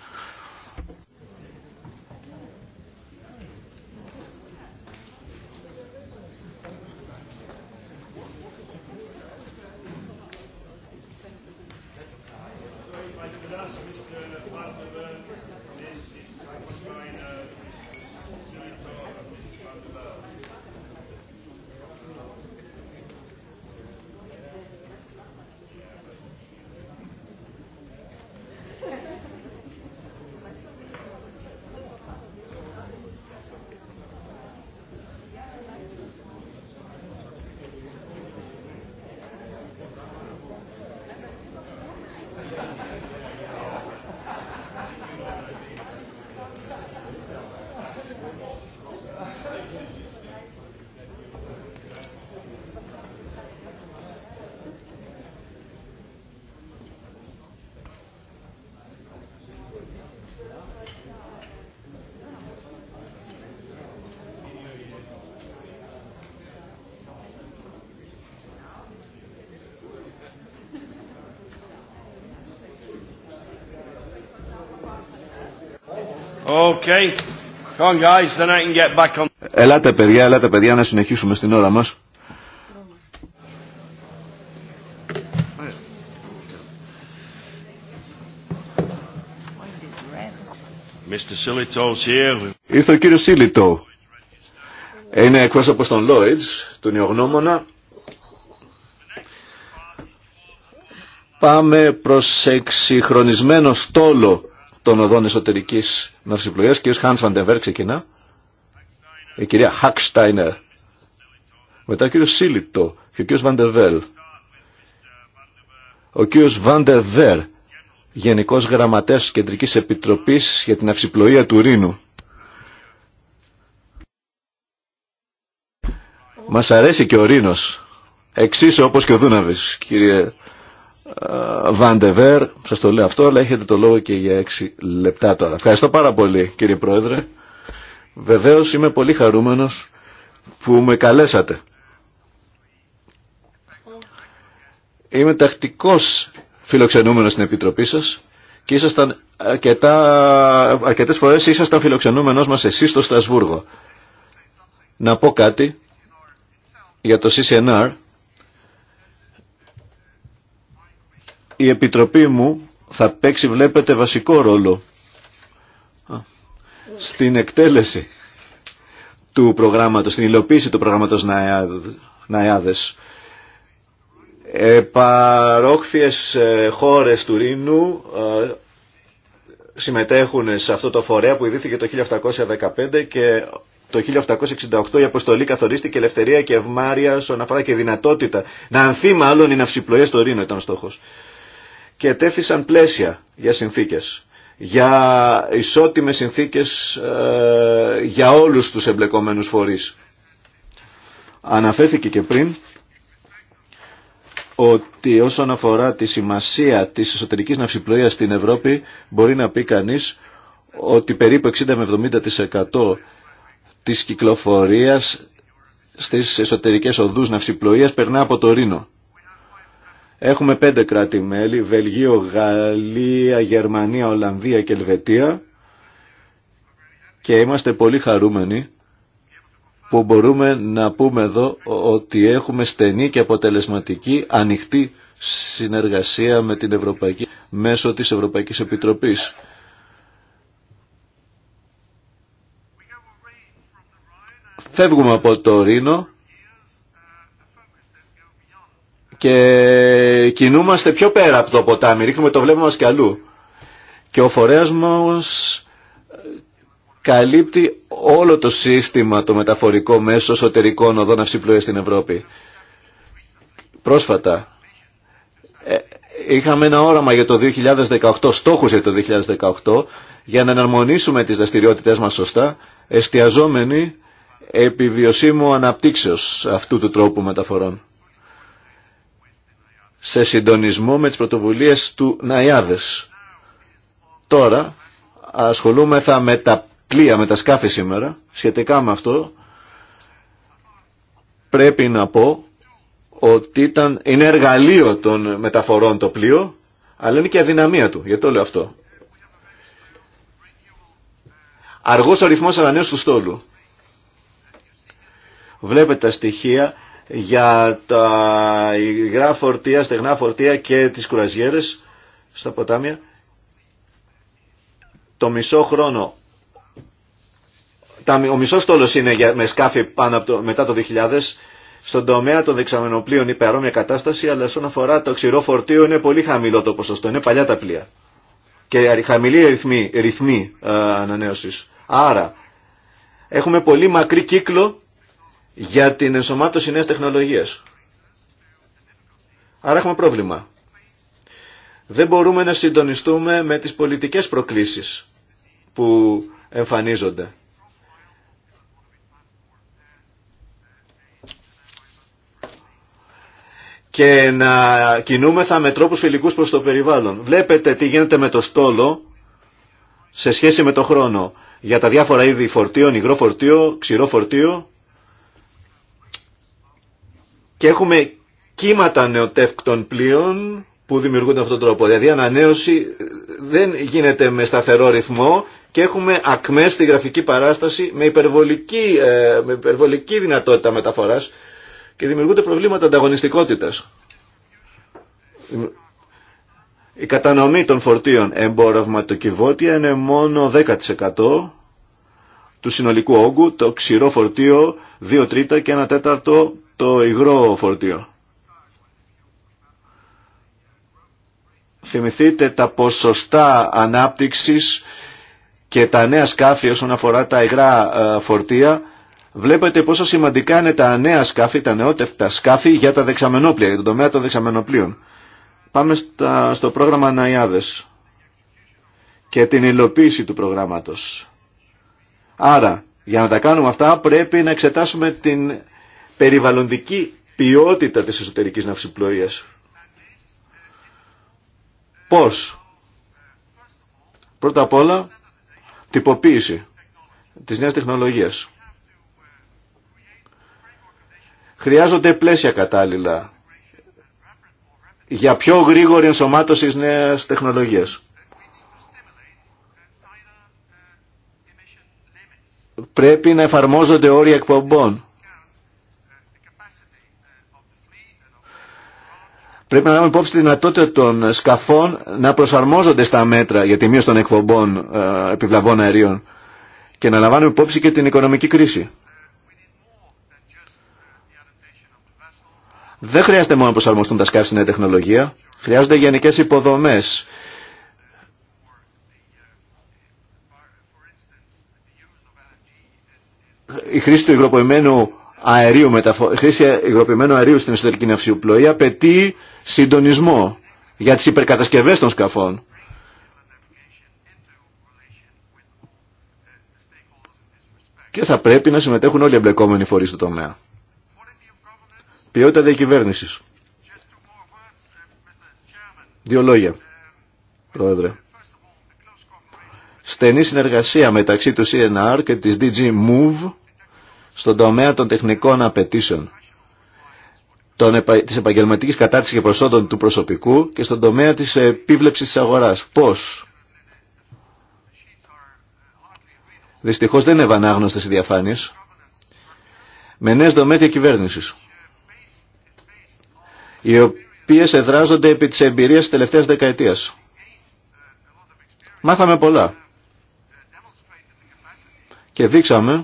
Ελάτε παιδιά, ελάτε παιδιά να συνεχίσουμε στην ώρα μας. Ήρθε ο κύριος Σίλιτο. Είναι εκπρόσωπος των Lloyds, του νεογνώμονα. Πάμε προς εξυγχρονισμένο στόλο των οδών εσωτερική ναυσιπλοεία. Κύριος Χάνς Βαντεβέρ ξεκινά. Η κυρία Χακστάινερ. Μετά ο κύριος Σίλιτο και ο κύριος Βαντεβέλ. Ο κύριος Βαντεβέρ, Γενικός Γραμματέας τη Κεντρικής Επιτροπής για την Αυσιπλοεία του Ρήνου. Μας αρέσει και ο Ρήνος. Εξίσου όπως και ο Δούναβης, κύριε Βαντεβέρ, σας το λέω αυτό, αλλά έχετε το λόγο και για έξι λεπτά τώρα. Ευχαριστώ πάρα πολύ κύριε Πρόεδρε. Βεβαίως είμαι πολύ χαρούμενος που με καλέσατε. Είμαι τακτικός φιλοξενούμενος στην Επιτροπή σας και ήσασταν αρκετά, αρκετές φορές ήσασταν φιλοξενούμενος μας εσείς στο Στρασβούργο. Να πω κάτι για το CCNR η Επιτροπή μου θα παίξει βλέπετε βασικό ρόλο στην εκτέλεση του προγράμματος, στην υλοποίηση του προγράμματος Ναϊάδες. ε, χώρες του Ρήνου ε, συμμετέχουν σε αυτό το φορέα που ιδρύθηκε το 1815 και το 1868 η αποστολή καθορίστηκε ελευθερία και ευμάρεια όσον αφορά και δυνατότητα να ανθεί μάλλον η ναυσιπλοεία στο Ρήνο ήταν ο στόχος και τέθησαν πλαίσια για συνθήκες, για ισότιμες συνθήκες ε, για όλους τους εμπλεκόμενους φορείς. Αναφέρθηκε και πριν ότι όσον αφορά τη σημασία της εσωτερικής ναυσιπλοείας στην Ευρώπη μπορεί να πει κανείς ότι περίπου 60 με 70% της κυκλοφορίας στις εσωτερικές οδούς ναυσιπλοείας περνά από το Ρήνο. Έχουμε πέντε κράτη-μέλη, Βελγίο, Γαλλία, Γερμανία, Ολλανδία και Ελβετία και είμαστε πολύ χαρούμενοι που μπορούμε να πούμε εδώ ότι έχουμε στενή και αποτελεσματική ανοιχτή συνεργασία με την Ευρωπαϊκή μέσω της Ευρωπαϊκής Επιτροπής. Φεύγουμε από το Ρήνο και κινούμαστε πιο πέρα από το ποτάμι, ρίχνουμε το βλέμμα μας και αλλού. Και ο φορέας μας καλύπτει όλο το σύστημα το μεταφορικό μέσο εσωτερικών οδών αυσιπλοίας στην Ευρώπη. Πρόσφατα ε, είχαμε ένα όραμα για το 2018, στόχους για το 2018, για να εναρμονίσουμε τις δραστηριότητες μας σωστά, εστιαζόμενοι επιβιωσίμου αναπτύξεως αυτού του τρόπου μεταφορών σε συντονισμό με τις πρωτοβουλίες του Ναϊάδες. Τώρα ασχολούμεθα με τα πλοία, με τα σκάφη σήμερα. Σχετικά με αυτό πρέπει να πω ότι ήταν, είναι εργαλείο των μεταφορών το πλοίο, αλλά είναι και αδυναμία του. Γιατί το λέω αυτό. Αργός ο ρυθμός του στόλου. Βλέπετε τα στοιχεία για τα υγρά φορτία, στεγνά φορτία και τις κουραζιέρες στα ποτάμια το μισό χρόνο τα, ο μισός τόλος είναι για, με σκάφη πάνω από μετά το 2000 στον τομέα των δεξαμενοπλοίων η παρόμοια κατάσταση αλλά όσον αφορά το ξηρό φορτίο είναι πολύ χαμηλό το ποσοστό, είναι παλιά τα πλοία και χαμηλή ρυθμή, ρυθμή Άρα έχουμε πολύ μακρύ κύκλο για την ενσωμάτωση νέας τεχνολογίας. Άρα έχουμε πρόβλημα. Δεν μπορούμε να συντονιστούμε με τις πολιτικές προκλήσεις που εμφανίζονται. και να κινούμεθα με τρόπους φιλικούς προς το περιβάλλον. Βλέπετε τι γίνεται με το στόλο σε σχέση με το χρόνο. Για τα διάφορα είδη φορτίων, υγρό φορτίο, ξηρό φορτίο, και έχουμε κύματα νεοτεύκτων πλοίων που δημιουργούνται αυτόν τον τρόπο. Δηλαδή η ανανέωση δεν γίνεται με σταθερό ρυθμό και έχουμε ακμές στη γραφική παράσταση με υπερβολική, ε, υπερβολική δυνατότητα μεταφοράς και δημιουργούνται προβλήματα ανταγωνιστικότητας. Η κατανομή των φορτίων εμπορευματοκιβώτια είναι μόνο 10% του συνολικού όγκου, το ξηρό φορτίο 2 τρίτα και 1 τέταρτο το υγρό φορτίο. Θυμηθείτε τα ποσοστά ανάπτυξης και τα νέα σκάφη όσον αφορά τα υγρά ε, φορτία. Βλέπετε πόσο σημαντικά είναι τα νέα σκάφη, τα νεότευτα σκάφη για τα δεξαμενόπλια, για τον τομέα των δεξαμενοπλίων. Πάμε στα, στο πρόγραμμα Ναϊάδες και την υλοποίηση του προγράμματος. Άρα, για να τα κάνουμε αυτά πρέπει να εξετάσουμε την περιβαλλοντική ποιότητα της εσωτερικής ναυσιπλοείας. Πώς. Πρώτα απ' όλα, τυποποίηση της νέας τεχνολογίας. Χρειάζονται πλαίσια κατάλληλα για πιο γρήγορη ενσωμάτωση της νέας τεχνολογίας. Πρέπει να εφαρμόζονται όρια εκπομπών Πρέπει να λάβουμε υπόψη τη δυνατότητα των σκαφών να προσαρμόζονται στα μέτρα για τη μείωση των εκπομπών ε, επιβλαβών αερίων και να λαμβάνουμε υπόψη και την οικονομική κρίση. Δεν χρειάζεται μόνο να προσαρμοστούν τα σκάφη στην νέα τεχνολογία. Χρειάζονται γενικέ υποδομέ. Η χρήση του υγροποιημένου αερίου, αερίου στην εσωτερική ναυσιοπλοεία απαιτεί συντονισμό για τις υπερκατασκευές των σκαφών. Και θα πρέπει να συμμετέχουν όλοι οι εμπλεκόμενοι φορείς του τομέα. Ποιότητα διακυβέρνησης. Δύο λόγια, Πρόεδρε. Στενή συνεργασία μεταξύ του CNR και της DG Move στον τομέα των τεχνικών απαιτήσεων Τη της επαγγελματικής κατάρτισης και προσόντων του προσωπικού και στον τομέα της επίβλεψης της αγοράς. Πώς. Δυστυχώς δεν είναι ευανάγνωστες οι διαφάνειες. Με νέες δομές διακυβέρνησης. Οι οποίες εδράζονται επί της εμπειρίας της τελευταίας δεκαετίας. Μάθαμε πολλά. Και δείξαμε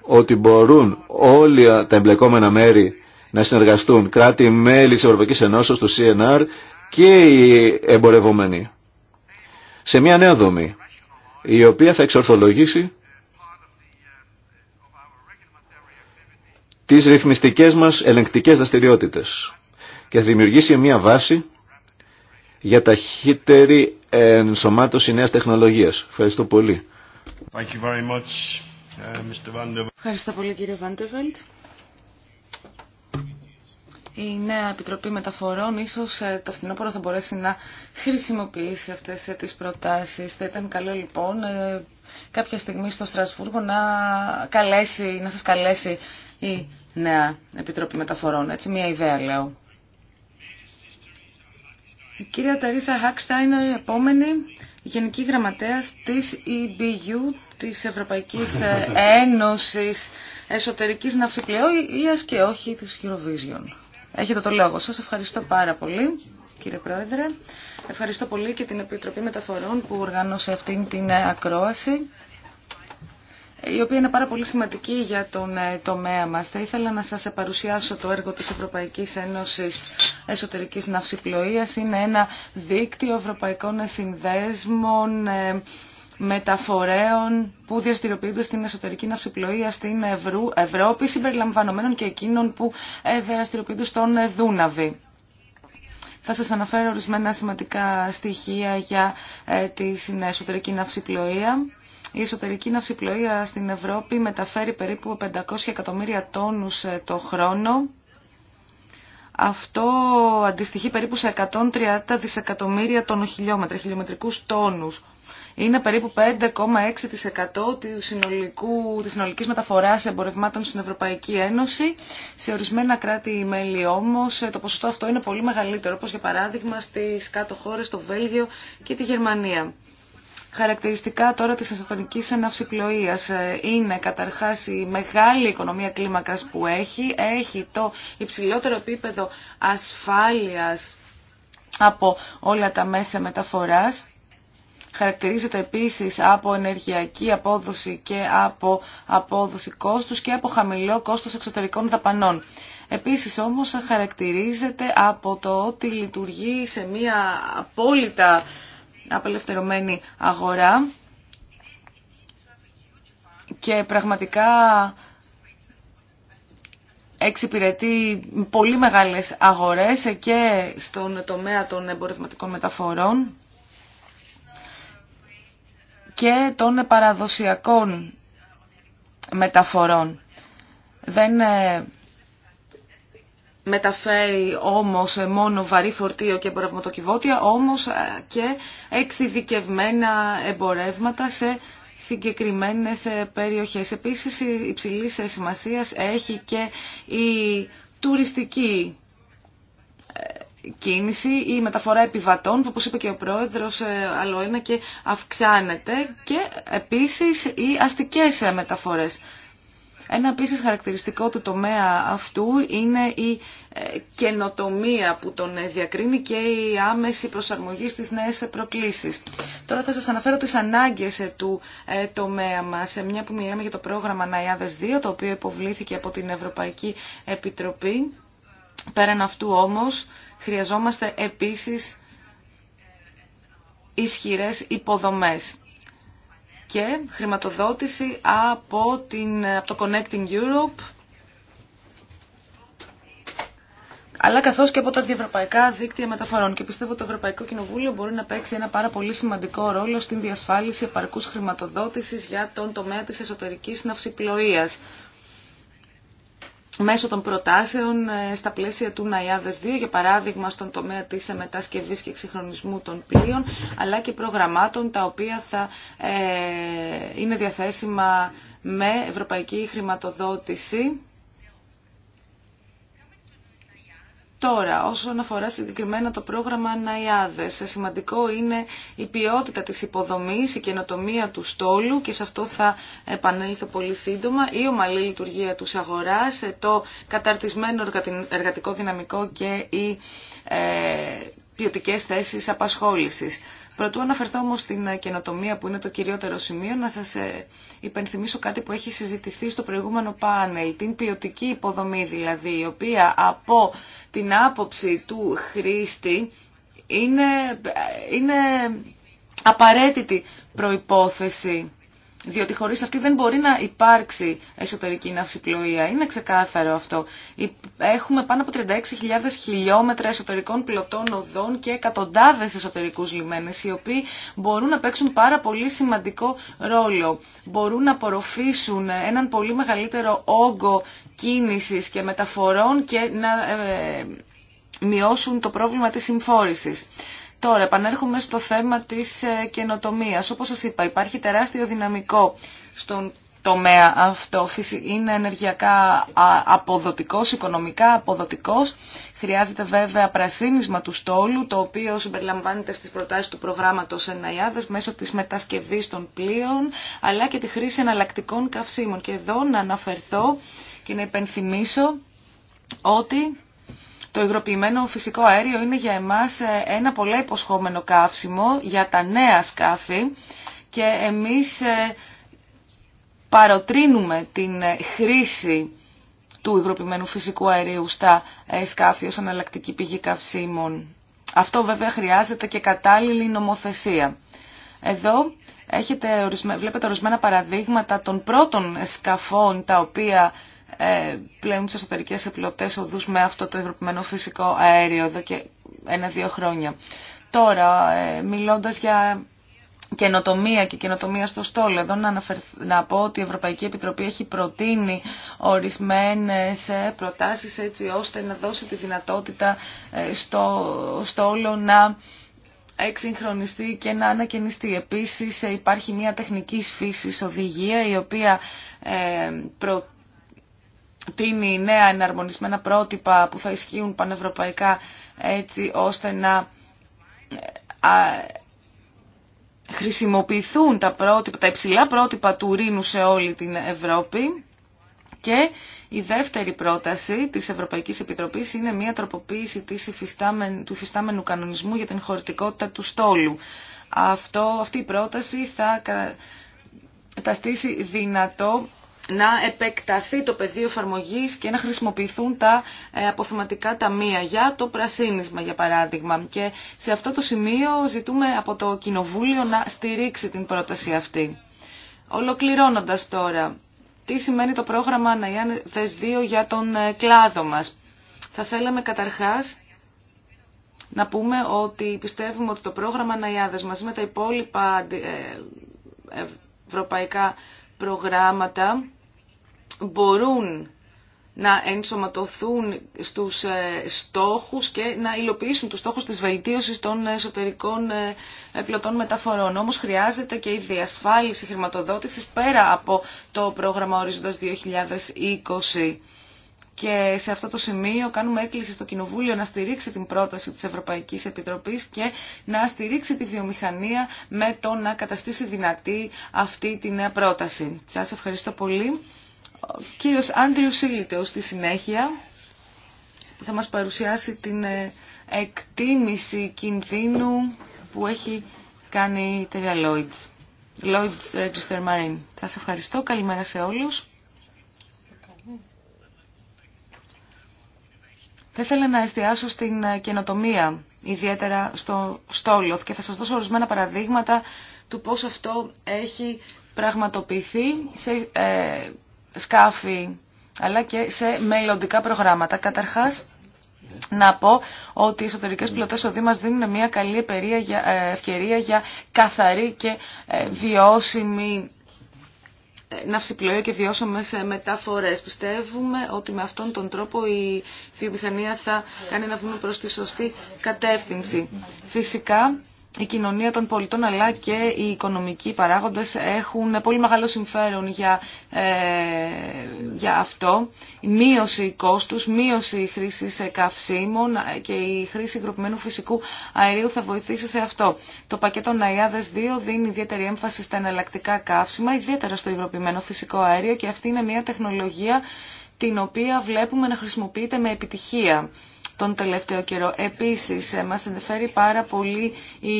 ότι μπορούν όλα τα εμπλεκόμενα μέρη να συνεργαστούν κράτη-μέλη της Ευρωπαϊκής Ενώσεως, του CNR και οι εμπορευόμενοι σε μια νέα δομή η οποία θα εξορθολογήσει τις ρυθμιστικές μας ελεγκτικές δραστηριότητε και θα δημιουργήσει μια βάση για ταχύτερη ενσωμάτωση νέας τεχνολογίας. Ευχαριστώ πολύ. Uh, Ευχαριστώ πολύ κύριε Βάντεβελτ η νέα Επιτροπή Μεταφορών ίσως ε, το φθινόπωρο θα μπορέσει να χρησιμοποιήσει αυτές ε, τις προτάσεις. Θα ήταν καλό λοιπόν ε, κάποια στιγμή στο Στρασβούργο να, καλέσει, να σας καλέσει η νέα Επιτροπή Μεταφορών. Έτσι μια ιδέα λέω. Η κυρία Τερίσα Χάκστα είναι η επόμενη Γενική Γραμματέας της EBU, της Ευρωπαϊκής Ένωσης Εσωτερικής Ναυσιπλαιοίας και όχι της Eurovision. Έχετε το λόγο. Σας ευχαριστώ πάρα πολύ, κύριε Πρόεδρε. Ευχαριστώ πολύ και την Επιτροπή Μεταφορών που οργάνωσε αυτήν την ε, ακρόαση η οποία είναι πάρα πολύ σημαντική για τον ε, τομέα μας. Θα ήθελα να σας παρουσιάσω το έργο της Ευρωπαϊκής Ένωσης Εσωτερικής Ναυσιπλοείας. Είναι ένα δίκτυο ευρωπαϊκών συνδέσμων ε, μεταφορέων που διαστηριοποιούνται στην εσωτερική ναυσιπλοεία στην Ευρώπη, συμπεριλαμβανομένων και εκείνων που ε, δραστηριοποιούνται στον ε, Δούναβη. Θα σας αναφέρω ορισμένα σημαντικά στοιχεία για ε, την εσωτερική ναυσιπλοεία. Η εσωτερική ναυσιπλοεία στην Ευρώπη μεταφέρει περίπου 500 εκατομμύρια τόνους το χρόνο. Αυτό αντιστοιχεί περίπου σε 130 δισεκατομμύρια χιλιόμετρα χιλιομετρικούς τόνους είναι περίπου 5,6% της συνολικής μεταφοράς εμπορευμάτων στην Ευρωπαϊκή Ένωση. Σε ορισμένα κράτη-μέλη όμως το ποσοστό αυτό είναι πολύ μεγαλύτερο, όπως για παράδειγμα στις κάτω χώρες, το Βέλγιο και τη Γερμανία. Χαρακτηριστικά τώρα της αστατονικής αναυσιπλοείας ε, είναι καταρχάς η μεγάλη οικονομία κλίμακας που έχει. Έχει το υψηλότερο επίπεδο ασφάλειας από όλα τα μέσα μεταφοράς Χαρακτηρίζεται επίσης από ενεργειακή απόδοση και από απόδοση κόστους και από χαμηλό κόστος εξωτερικών δαπανών. Επίσης όμως χαρακτηρίζεται από το ότι λειτουργεί σε μια απόλυτα απελευθερωμένη αγορά και πραγματικά εξυπηρετεί πολύ μεγάλες αγορές και στον τομέα των εμπορευματικών μεταφορών και των παραδοσιακών μεταφορών. Δεν ε, μεταφέρει όμως μόνο βαρύ φορτίο και εμπορευματοκιβώτια, όμως ε, και εξειδικευμένα εμπορεύματα σε συγκεκριμένες ε, περιοχές. Επίσης υψηλής σημασία έχει και η τουριστική κίνηση, η μεταφορά επιβατών, που όπως είπε και ο πρόεδρος, ε, άλλο και αυξάνεται, και επίσης οι αστικές ε, μεταφορές. Ένα επίσης χαρακτηριστικό του τομέα αυτού είναι η ε, καινοτομία που τον διακρίνει και η άμεση προσαρμογή στις νέες προκλήσεις. Τώρα θα σας αναφέρω τις ανάγκες του τομέα μας. Μια που μιλάμε για το πρόγραμμα ΝΑΙΑΔΕΣ 2, το οποίο υποβλήθηκε από την Ευρωπαϊκή Επιτροπή Πέραν αυτού όμως χρειαζόμαστε επίσης ισχυρές υποδομές και χρηματοδότηση από, την, από το Connecting Europe αλλά καθώς και από τα διευρωπαϊκά δίκτυα μεταφορών. Και πιστεύω ότι το Ευρωπαϊκό Κοινοβούλιο μπορεί να παίξει ένα πάρα πολύ σημαντικό ρόλο στην διασφάλιση επαρκούς χρηματοδότησης για τον τομέα της εσωτερικής ναυσιπλοείας μέσω των προτάσεων ε, στα πλαίσια του ΝΑΙΑΔΕΣ 2, για παράδειγμα στον τομέα της μετάσκευή και εξυγχρονισμού των πλοίων, αλλά και προγραμμάτων τα οποία θα ε, είναι διαθέσιμα με ευρωπαϊκή χρηματοδότηση Τώρα, όσον αφορά συγκεκριμένα το πρόγραμμα ΝΑΙΑΔΕΣ, σημαντικό είναι η ποιότητα της υποδομής, η καινοτομία του στόλου και σε αυτό θα επανέλθω πολύ σύντομα, η ομαλή λειτουργία του αγοράς, ε, το καταρτισμένο εργατικό δυναμικό και οι ε, ποιοτικές θέσεις απασχόλησης. Πρωτού αναφερθώ όμω στην καινοτομία που είναι το κυριότερο σημείο, να σας ε, υπενθυμίσω κάτι που έχει συζητηθεί στο προηγούμενο πάνελ, την ποιοτική υποδομή δηλαδή, η οποία από την άποψη του χρήστη είναι, ε, είναι απαραίτητη προϋπόθεση διότι χωρίς αυτή δεν μπορεί να υπάρξει εσωτερική ναυσιπλοεία. Είναι ξεκάθαρο αυτό. Έχουμε πάνω από 36.000 χιλιόμετρα εσωτερικών πλωτών οδών και εκατοντάδε εσωτερικούς λιμένες, οι οποίοι μπορούν να παίξουν πάρα πολύ σημαντικό ρόλο. Μπορούν να απορροφήσουν έναν πολύ μεγαλύτερο όγκο κίνηση και μεταφορών και να ε, μειώσουν το πρόβλημα της συμφόρησης. Τώρα, επανέρχομαι στο θέμα της ε, καινοτομίας. Όπως σας είπα, υπάρχει τεράστιο δυναμικό στον τομέα αυτό. Είναι ενεργειακά αποδοτικός, οικονομικά αποδοτικός. Χρειάζεται βέβαια πρασίνισμα του στόλου, το οποίο συμπεριλαμβάνεται στις προτάσεις του προγράμματος Εναϊάδες μέσω της μετασκευής των πλοίων, αλλά και τη χρήση εναλλακτικών καυσίμων. Και εδώ να αναφερθώ και να υπενθυμίσω ότι το υγροποιημένο φυσικό αέριο είναι για εμάς ε, ένα πολύ υποσχόμενο καύσιμο για τα νέα σκάφη και εμείς ε, παροτρύνουμε την ε, χρήση του υγροποιημένου φυσικού αερίου στα σκάφη ως αναλλακτική πηγή καυσίμων. Αυτό βέβαια χρειάζεται και κατάλληλη νομοθεσία. Εδώ έχετε, βλέπετε ορισμένα παραδείγματα των πρώτων σκαφών τα οποία ε, πλέον τι εσωτερικέ επιλωτές οδούς με αυτό το ευρωπημένο φυσικό αέριο εδώ και ένα-δύο χρόνια. Τώρα, ε, μιλώντας για καινοτομία και καινοτομία στο στόλο, εδώ να, να πω ότι η Ευρωπαϊκή Επιτροπή έχει προτείνει ορισμένες ε, προτάσεις έτσι ώστε να δώσει τη δυνατότητα στο στόλο να εξυγχρονιστεί και να ανακαινιστεί. Επίσης υπάρχει μια τεχνικής φύσης οδηγία η οποία προτείνει τίνει νέα εναρμονισμένα πρότυπα που θα ισχύουν πανευρωπαϊκά έτσι ώστε να ε, χρησιμοποιηθούν τα, πρότυπα, τα υψηλά πρότυπα του ρήνου σε όλη την Ευρώπη και η δεύτερη πρόταση της Ευρωπαϊκής Επιτροπής είναι μια τροποποίηση της υφιστάμεν, του φυστάμενου κανονισμού για την χωρητικότητα του στόλου. Αυτό, αυτή η πρόταση θα στήσει δυνατό να επεκταθεί το πεδίο εφαρμογή και να χρησιμοποιηθούν τα ε, αποθεματικά ταμεία για το πρασίνισμα για παράδειγμα. Και σε αυτό το σημείο ζητούμε από το Κοινοβούλιο να στηρίξει την πρόταση αυτή. Ολοκληρώνοντας τώρα, τι σημαίνει το πρόγραμμα Αναϊάνδες 2 για τον ε, κλάδο μας. Θα θέλαμε καταρχάς να πούμε ότι πιστεύουμε ότι το πρόγραμμα Ναϊάδες μαζί με τα υπόλοιπα ε, ευρωπαϊκά προγράμματα μπορούν να ενσωματωθούν στους ε, στόχους και να υλοποιήσουν τους στόχους της βελτίωσης των εσωτερικών ε, ε, πλωτών μεταφορών. Όμως χρειάζεται και η διασφάλιση χρηματοδότησης πέρα από το πρόγραμμα Ορίζοντας 2020. Και σε αυτό το σημείο κάνουμε έκκληση στο Κοινοβούλιο να στηρίξει την πρόταση της Ευρωπαϊκής Επιτροπής και να στηρίξει τη βιομηχανία με το να καταστήσει δυνατή αυτή τη νέα πρόταση. Σας ευχαριστώ πολύ κύριος Άντριου Σίλιτεο στη συνέχεια θα μας παρουσιάσει την ε, εκτίμηση κινδύνου που έχει κάνει η εταιρεία Lloyds. Lloyds Register Marine. Σας ευχαριστώ. Καλημέρα σε όλους. Θα ήθελα να εστιάσω στην ε, καινοτομία, ιδιαίτερα στο Στόλοφ και θα σας δώσω ορισμένα παραδείγματα του πώς αυτό έχει πραγματοποιηθεί σε ε, σκάφη αλλά και σε μελλοντικά προγράμματα. Καταρχάς, να πω ότι οι εσωτερικές πλωτές οδοί μας δίνουν μια καλή ευκαιρία για ε, καθαρή και ε, βιώσιμη ε, ναυσιπλοεία και βιώσιμε μεταφορές. Πιστεύουμε ότι με αυτόν τον τρόπο η βιομηχανία θα κάνει να βγούμε προς τη σωστή κατεύθυνση. Φυσικά, η κοινωνία των πολιτών αλλά και οι οικονομικοί παράγοντες έχουν πολύ μεγάλο συμφέρον για, ε, για αυτό. Η μείωση κόστους, μείωση χρήσης καυσίμων και η χρήση υγροπημένου φυσικού αερίου θα βοηθήσει σε αυτό. Το πακέτο Ναϊάδες 2 δίνει ιδιαίτερη έμφαση στα εναλλακτικά καύσιμα, ιδιαίτερα στο υγροποιημένο φυσικό αέριο και αυτή είναι μια τεχνολογία την οποία βλέπουμε να χρησιμοποιείται με επιτυχία τον τελευταίο καιρό. Επίσης, ε, μας ενδιαφέρει πάρα πολύ η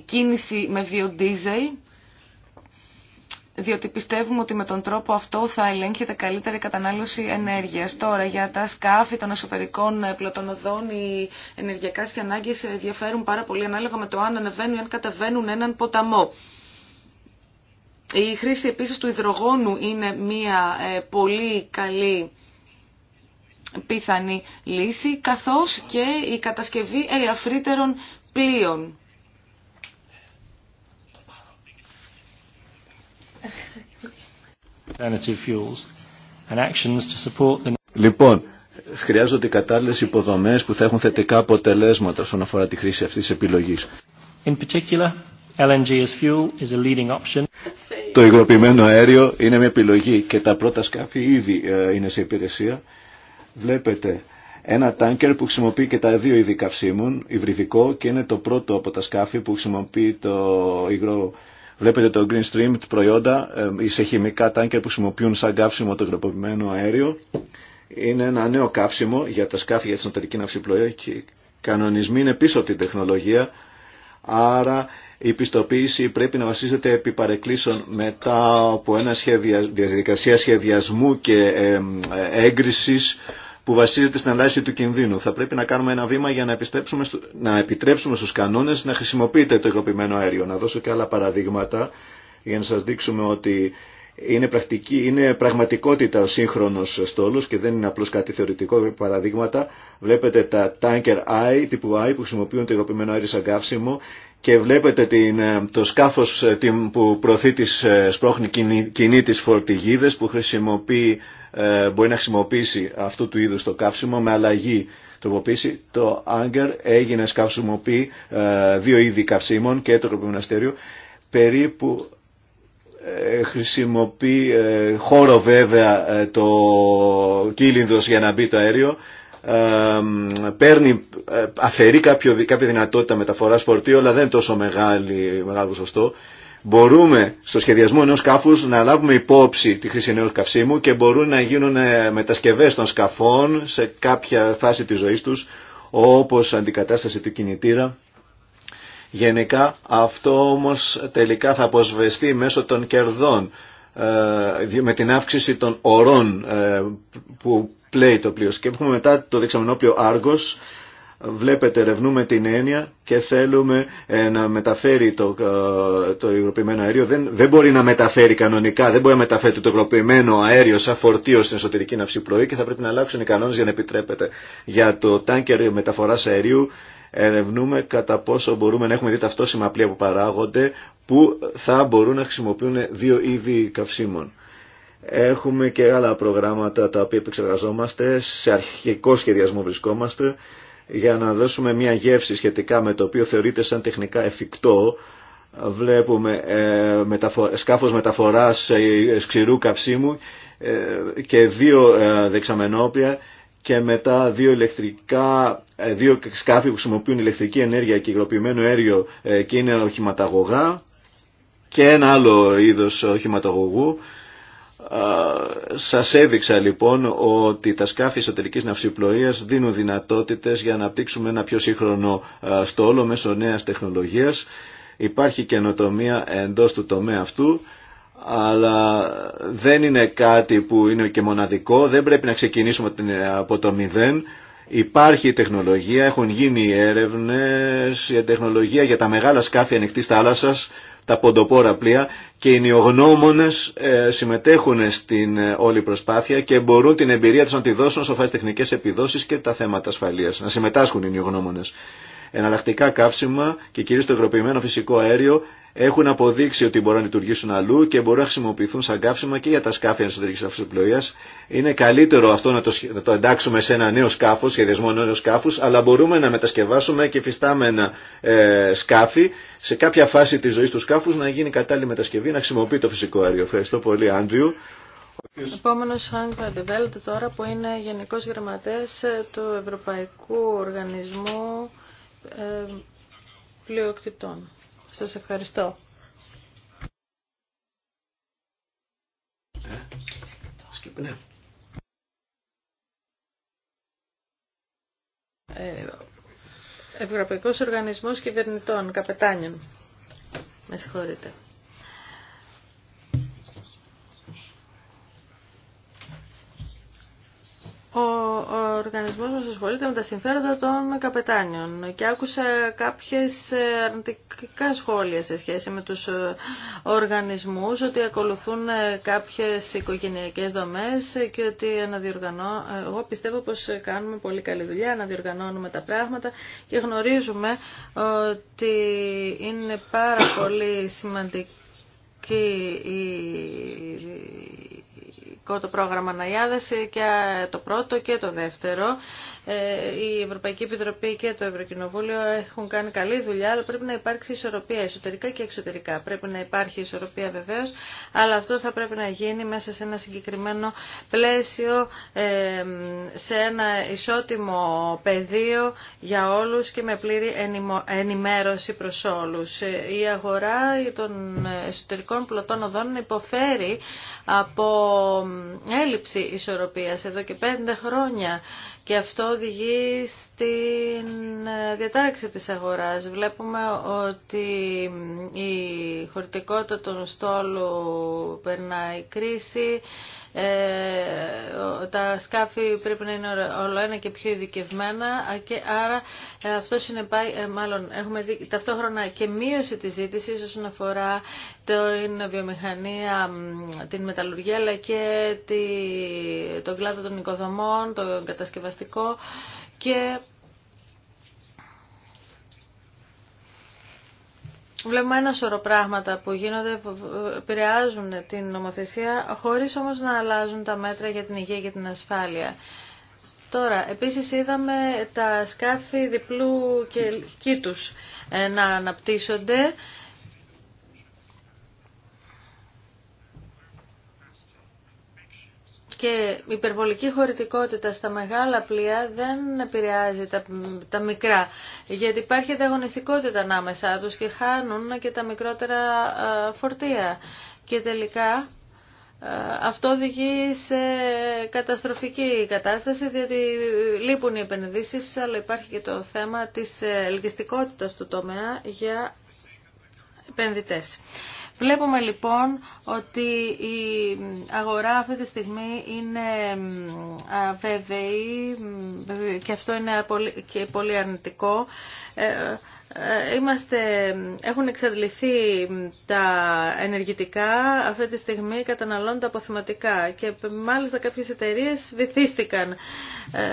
κίνηση με βιοντίζελ, διότι πιστεύουμε ότι με τον τρόπο αυτό θα ελέγχεται καλύτερη κατανάλωση ενέργειας. Τώρα, για τα σκάφη των εσωτερικών ε, πλωτονοδών, οι ενεργειακές και ανάγκες ε, διαφέρουν πάρα πολύ ανάλογα με το αν ανεβαίνουν ή αν κατεβαίνουν έναν ποταμό. Η χρήση επίσης του υδρογόνου είναι μια πολύ καλή πιθανή λύση, καθώς και η κατασκευή ελαφρύτερων πλοίων. Λοιπόν, χρειάζονται κατάλληλες υποδομές που θα έχουν θετικά αποτελέσματα όσον αφορά τη χρήση αυτής της επιλογής. Το υγροποιημένο αέριο είναι μια επιλογή και τα πρώτα σκάφη ήδη ε, είναι σε υπηρεσία Βλέπετε ένα τάνκερ που χρησιμοποιεί και τα δύο είδη καυσίμων, υβριδικό και είναι το πρώτο από τα σκάφη που χρησιμοποιεί το υγρό. Βλέπετε το Green Stream προϊόντα σε χημικά τάνκερ που χρησιμοποιούν σαν καύσιμο το υγροποιημένο αέριο. Είναι ένα νέο καύσιμο για τα σκάφη για την εσωτερική ναυσιπλοεία και οι κανονισμοί είναι πίσω από την τεχνολογία. Άρα η πιστοποίηση πρέπει να βασίζεται επί παρεκκλήσεων μετά από ένα σχεδια... διαδικασία σχεδιασμού και έγκρισης που βασίζεται στην ανάλυση του κινδύνου. Θα πρέπει να κάνουμε ένα βήμα για να, να επιτρέψουμε στους κανόνες να χρησιμοποιείτε το υγροποιημένο αέριο. Να δώσω και άλλα παραδείγματα για να σας δείξουμε ότι είναι, πρακτική, είναι πραγματικότητα ο σύγχρονος στόλος και δεν είναι απλώς κάτι θεωρητικό. Παραδείγματα βλέπετε τα tanker I, τύπου I που χρησιμοποιούν το υγροποιημένο αέριο σαν καύσιμο και βλέπετε την, ε, το σκάφος ε, που προωθεί τις ε, σπρώχνει κινή, κινή τις φορτηγίδες που χρησιμοποιεί ε, μπορεί να χρησιμοποιήσει αυτού του είδους το καύσιμο με αλλαγή τροποποίηση. Το Άγγερ έγινε ε, δύο είδη καυσίμων και το Ευρωπαϊκό Περίπου ε, χρησιμοποιεί ε, χώρο βέβαια το κύλινδρος για να μπει το αέριο παίρνει, αφαιρεί κάποιο, κάποια δυνατότητα μεταφοράς φορτίου αλλά δεν είναι τόσο μεγάλη, μεγάλο ποσοστό μπορούμε στο σχεδιασμό ενός σκάφους να λάβουμε υπόψη τη χρήση νέου καυσίμου και μπορούν να γίνουν ε, μετασκευές των σκαφών σε κάποια φάση της ζωής τους όπως αντικατάσταση του κινητήρα. Γενικά αυτό όμως τελικά θα αποσβεστεί μέσω των κερδών ε, με την αύξηση των ορών ε, που πλέει το πλοίο. Και έχουμε μετά το δεξαμενόπλιο Άργος βλέπετε ερευνούμε την έννοια και θέλουμε ε, να μεταφέρει το, ε, το υγροποιημένο αέριο. Δεν, δεν μπορεί να μεταφέρει κανονικά, δεν μπορεί να μεταφέρει το υγροποιημένο αέριο σαν φορτίο στην εσωτερική πλοή και θα πρέπει να αλλάξουν οι κανόνες για να επιτρέπεται. Για το τάνκερ μεταφοράς αερίου ερευνούμε κατά πόσο μπορούμε να έχουμε δει ταυτόσιμα πλοία που παράγονται που θα μπορούν να χρησιμοποιούν δύο είδη καυσίμων. Έχουμε και άλλα προγράμματα τα οποία επεξεργαζόμαστε, σε αρχικό σχεδιασμό βρισκόμαστε για να δώσουμε μια γεύση σχετικά με το οποίο θεωρείται σαν τεχνικά εφικτό βλέπουμε ε, μεταφο σκάφος μεταφοράς ε, ξηρού καυσίμου ε, και δύο ε, δεξαμενόπια και μετά δύο, ηλεκτρικά, ε, δύο σκάφη που χρησιμοποιούν ηλεκτρική ενέργεια και υγροποιημένο αέριο και είναι οχηματαγωγά και ένα άλλο είδος οχηματαγωγού σας έδειξα λοιπόν ότι τα σκάφη εσωτερικής ναυσιπλοείας δίνουν δυνατότητες για να αναπτύξουμε ένα πιο σύγχρονο στόλο μέσω νέας τεχνολογίας. Υπάρχει καινοτομία εντός του τομέα αυτού αλλά δεν είναι κάτι που είναι και μοναδικό, δεν πρέπει να ξεκινήσουμε από το μηδέν. Υπάρχει τεχνολογία, έχουν γίνει έρευνε έρευνες, η τεχνολογία για τα μεγάλα σκάφη ανοιχτής θάλασσας τα ποντοπόρα πλοία και οι νιογνώμονες ε, συμμετέχουν στην ε, όλη προσπάθεια και μπορούν την εμπειρία τους να τη δώσουν φάση τεχνικές επιδόσεις και τα θέματα ασφαλείας. Να συμμετάσχουν οι νιογνώμονες. Εναλλακτικά καύσιμα και κυρίως το υγροποιημένο φυσικό αέριο έχουν αποδείξει ότι μπορούν να λειτουργήσουν αλλού και μπορούν να χρησιμοποιηθούν σαν καύσιμα και για τα σκάφη εσωτερική αυτοπλοεία. Είναι καλύτερο αυτό να το, να το εντάξουμε σε ένα νέο σκάφο, σχεδιασμό νέου σκάφου, αλλά μπορούμε να μετασκευάσουμε και φυστάμενα ε, σκάφη σε κάποια φάση τη ζωή του σκάφου να γίνει κατάλληλη μετασκευή, να χρησιμοποιεί το φυσικό αέριο. Ευχαριστώ πολύ, Άντριου. Επόμενο Χάνκ Βαντεβέλτ τώρα που είναι Γενικό Γραμματέα ε, του Ευρωπαϊκού Οργανισμού ε, Πλειοκτητών. Σας ευχαριστώ. Ε, ναι. ε, Ευρωπαϊκός Οργανισμός Κυβερνητών, Καπετάνιων. Με συγχωρείτε. ο, ο οργανισμός μας ασχολείται με τα συμφέροντα των καπετάνιων και άκουσα κάποιες ε, αρνητικά σχόλια σε σχέση με τους ε, οργανισμούς ότι ακολουθούν ε, κάποιες οικογενειακές δομές και ότι αναδιοργανώ... εγώ πιστεύω πως κάνουμε πολύ καλή δουλειά, αναδιοργανώνουμε τα πράγματα και γνωρίζουμε ότι είναι πάρα πολύ σημαντική η ευρωπαϊκό το πρόγραμμα Ναϊάδας και το πρώτο και το δεύτερο. Ε, η Ευρωπαϊκή Επιτροπή και το Ευρωκοινοβούλιο έχουν κάνει καλή δουλειά, αλλά πρέπει να υπάρξει ισορροπία εσωτερικά και εξωτερικά. Πρέπει να υπάρχει ισορροπία βεβαίως, αλλά αυτό θα πρέπει να γίνει μέσα σε ένα συγκεκριμένο πλαίσιο, ε, σε ένα ισότιμο πεδίο για όλους και με πλήρη ενημέρωση προς όλους. Ε, η αγορά των εσωτερικών πλωτών οδών υποφέρει από έλλειψη ισορροπίας εδώ και πέντε χρόνια και αυτό οδηγεί στην ε, διατάραξη της αγοράς. Βλέπουμε ότι η χωρητικότητα των στόλου περνάει κρίση, ε, τα σκάφη πρέπει να είναι όλο ένα και πιο ειδικευμένα και άρα ε, αυτό συνεπάει, ε, μάλλον έχουμε δει ταυτόχρονα και μείωση της ζήτησης όσον αφορά την βιομηχανία, την μεταλλουργία αλλά και τη, τον κλάδο των οικοδομών, τον κατασκευαστικό και Βλέπουμε ένα σωρό πράγματα που γίνονται, επηρεάζουν την νομοθεσία, χωρίς όμως να αλλάζουν τα μέτρα για την υγεία και την ασφάλεια. Τώρα, επίσης είδαμε τα σκάφη διπλού και κήτους ε, να αναπτύσσονται και υπερβολική χωρητικότητα στα μεγάλα πλοία δεν επηρεάζει τα, μικρά, γιατί υπάρχει ανταγωνιστικότητα ανάμεσά τους και χάνουν και τα μικρότερα φορτία. Και τελικά αυτό οδηγεί σε καταστροφική κατάσταση, διότι λείπουν οι επενδύσεις, αλλά υπάρχει και το θέμα της ε, ελκυστικότητας του τομέα για επενδυτές. Βλέπουμε λοιπόν ότι η αγορά αυτή τη στιγμή είναι βέβαιη και αυτό είναι και πολύ αρνητικό. Ε, ε, είμαστε, έχουν εξαντληθεί τα ενεργητικά, αυτή τη στιγμή καταναλώνουν τα αποθυματικά και μάλιστα κάποιες εταιρείες βυθίστηκαν. Ε,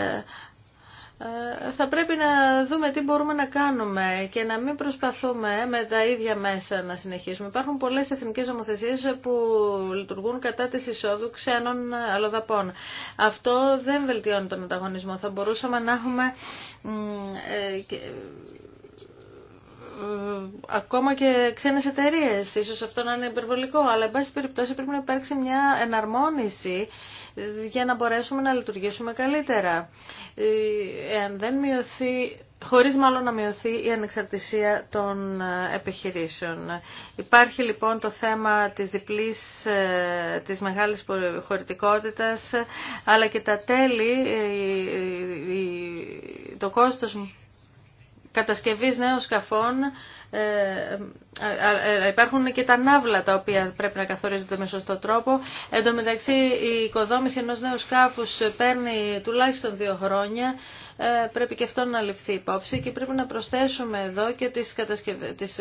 ε, θα πρέπει να δούμε τι μπορούμε να κάνουμε και να μην προσπαθούμε με τα ίδια μέσα να συνεχίσουμε. Υπάρχουν πολλές εθνικές ομοθεσίε που λειτουργούν κατά της εισόδου ξένων αλλοδαπών. Αυτό δεν βελτιώνει τον ανταγωνισμό. Θα μπορούσαμε να έχουμε ε, ε, ακόμα και ξένες εταιρείε. Ίσως αυτό να είναι υπερβολικό, αλλά εν πάση περιπτώσει πρέπει να υπάρξει μια εναρμόνιση για να μπορέσουμε να λειτουργήσουμε καλύτερα. Ε, εάν δεν μειωθεί χωρίς μάλλον να μειωθεί η ανεξαρτησία των ε, επιχειρήσεων. Υπάρχει λοιπόν το θέμα της διπλής, της μεγάλης χωρητικότητας, αλλά και τα τέλη, το κόστος κατασκευής νέων σκαφών ε, ε, ε, υπάρχουν και τα ναύλα τα οποία πρέπει να καθορίζονται με σωστό τρόπο. Εν τω μεταξύ η οικοδόμηση ενός νέου σκάφους παίρνει τουλάχιστον δύο χρόνια. πρέπει και αυτό να ληφθεί υπόψη και πρέπει να προσθέσουμε εδώ και τις, κατασκευ... τις,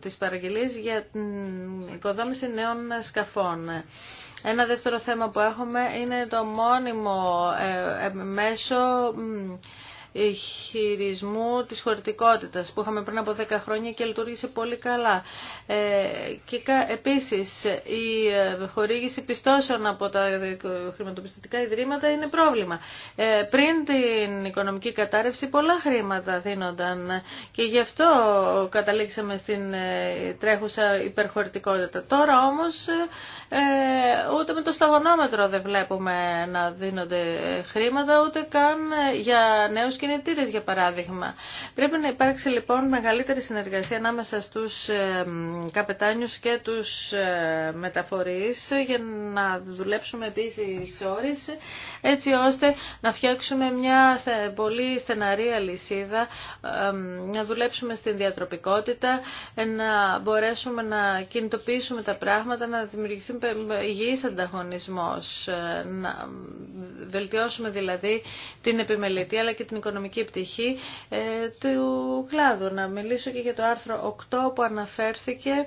τις παραγγελίες για την οικοδόμηση νέων σκαφών. Ένα δεύτερο θέμα που έχουμε είναι το μόνιμο μέσο χειρισμού της χωρητικότητας που είχαμε πριν από 10 χρόνια και λειτουργήσε πολύ καλά. Ε, και επίσης η ε, χορήγηση πιστώσεων από τα χρηματοπιστωτικά ιδρύματα είναι πρόβλημα. Ε, πριν την οικονομική κατάρρευση πολλά χρήματα δίνονταν και γι' αυτό καταλήξαμε στην τρέχουσα υπερχωρητικότητα. Τώρα όμως ούτε με το σταγονόμετρο δεν βλέπουμε να δίνονται χρήματα ούτε καν για νέους κινητήρες για παράδειγμα. Πρέπει να υπάρξει λοιπόν μεγαλύτερη συνεργασία ανάμεσα στους καπετάνιους και τους ε, μεταφορείς για να δουλέψουμε επίση όρει, έτσι ώστε να φτιάξουμε μια πολύ στεναρή αλυσίδα, να δουλέψουμε στην διατροπικότητα, ε, να μπορέσουμε να κινητοποιήσουμε τα πράγματα, να δημιουργηθεί υγιής ανταγωνισμός, ε, να βελτιώσουμε δηλαδή την επιμελητή αλλά και την οικονομική οικονομική πτυχή ε, του κλάδου. Να μιλήσω και για το άρθρο 8 που αναφέρθηκε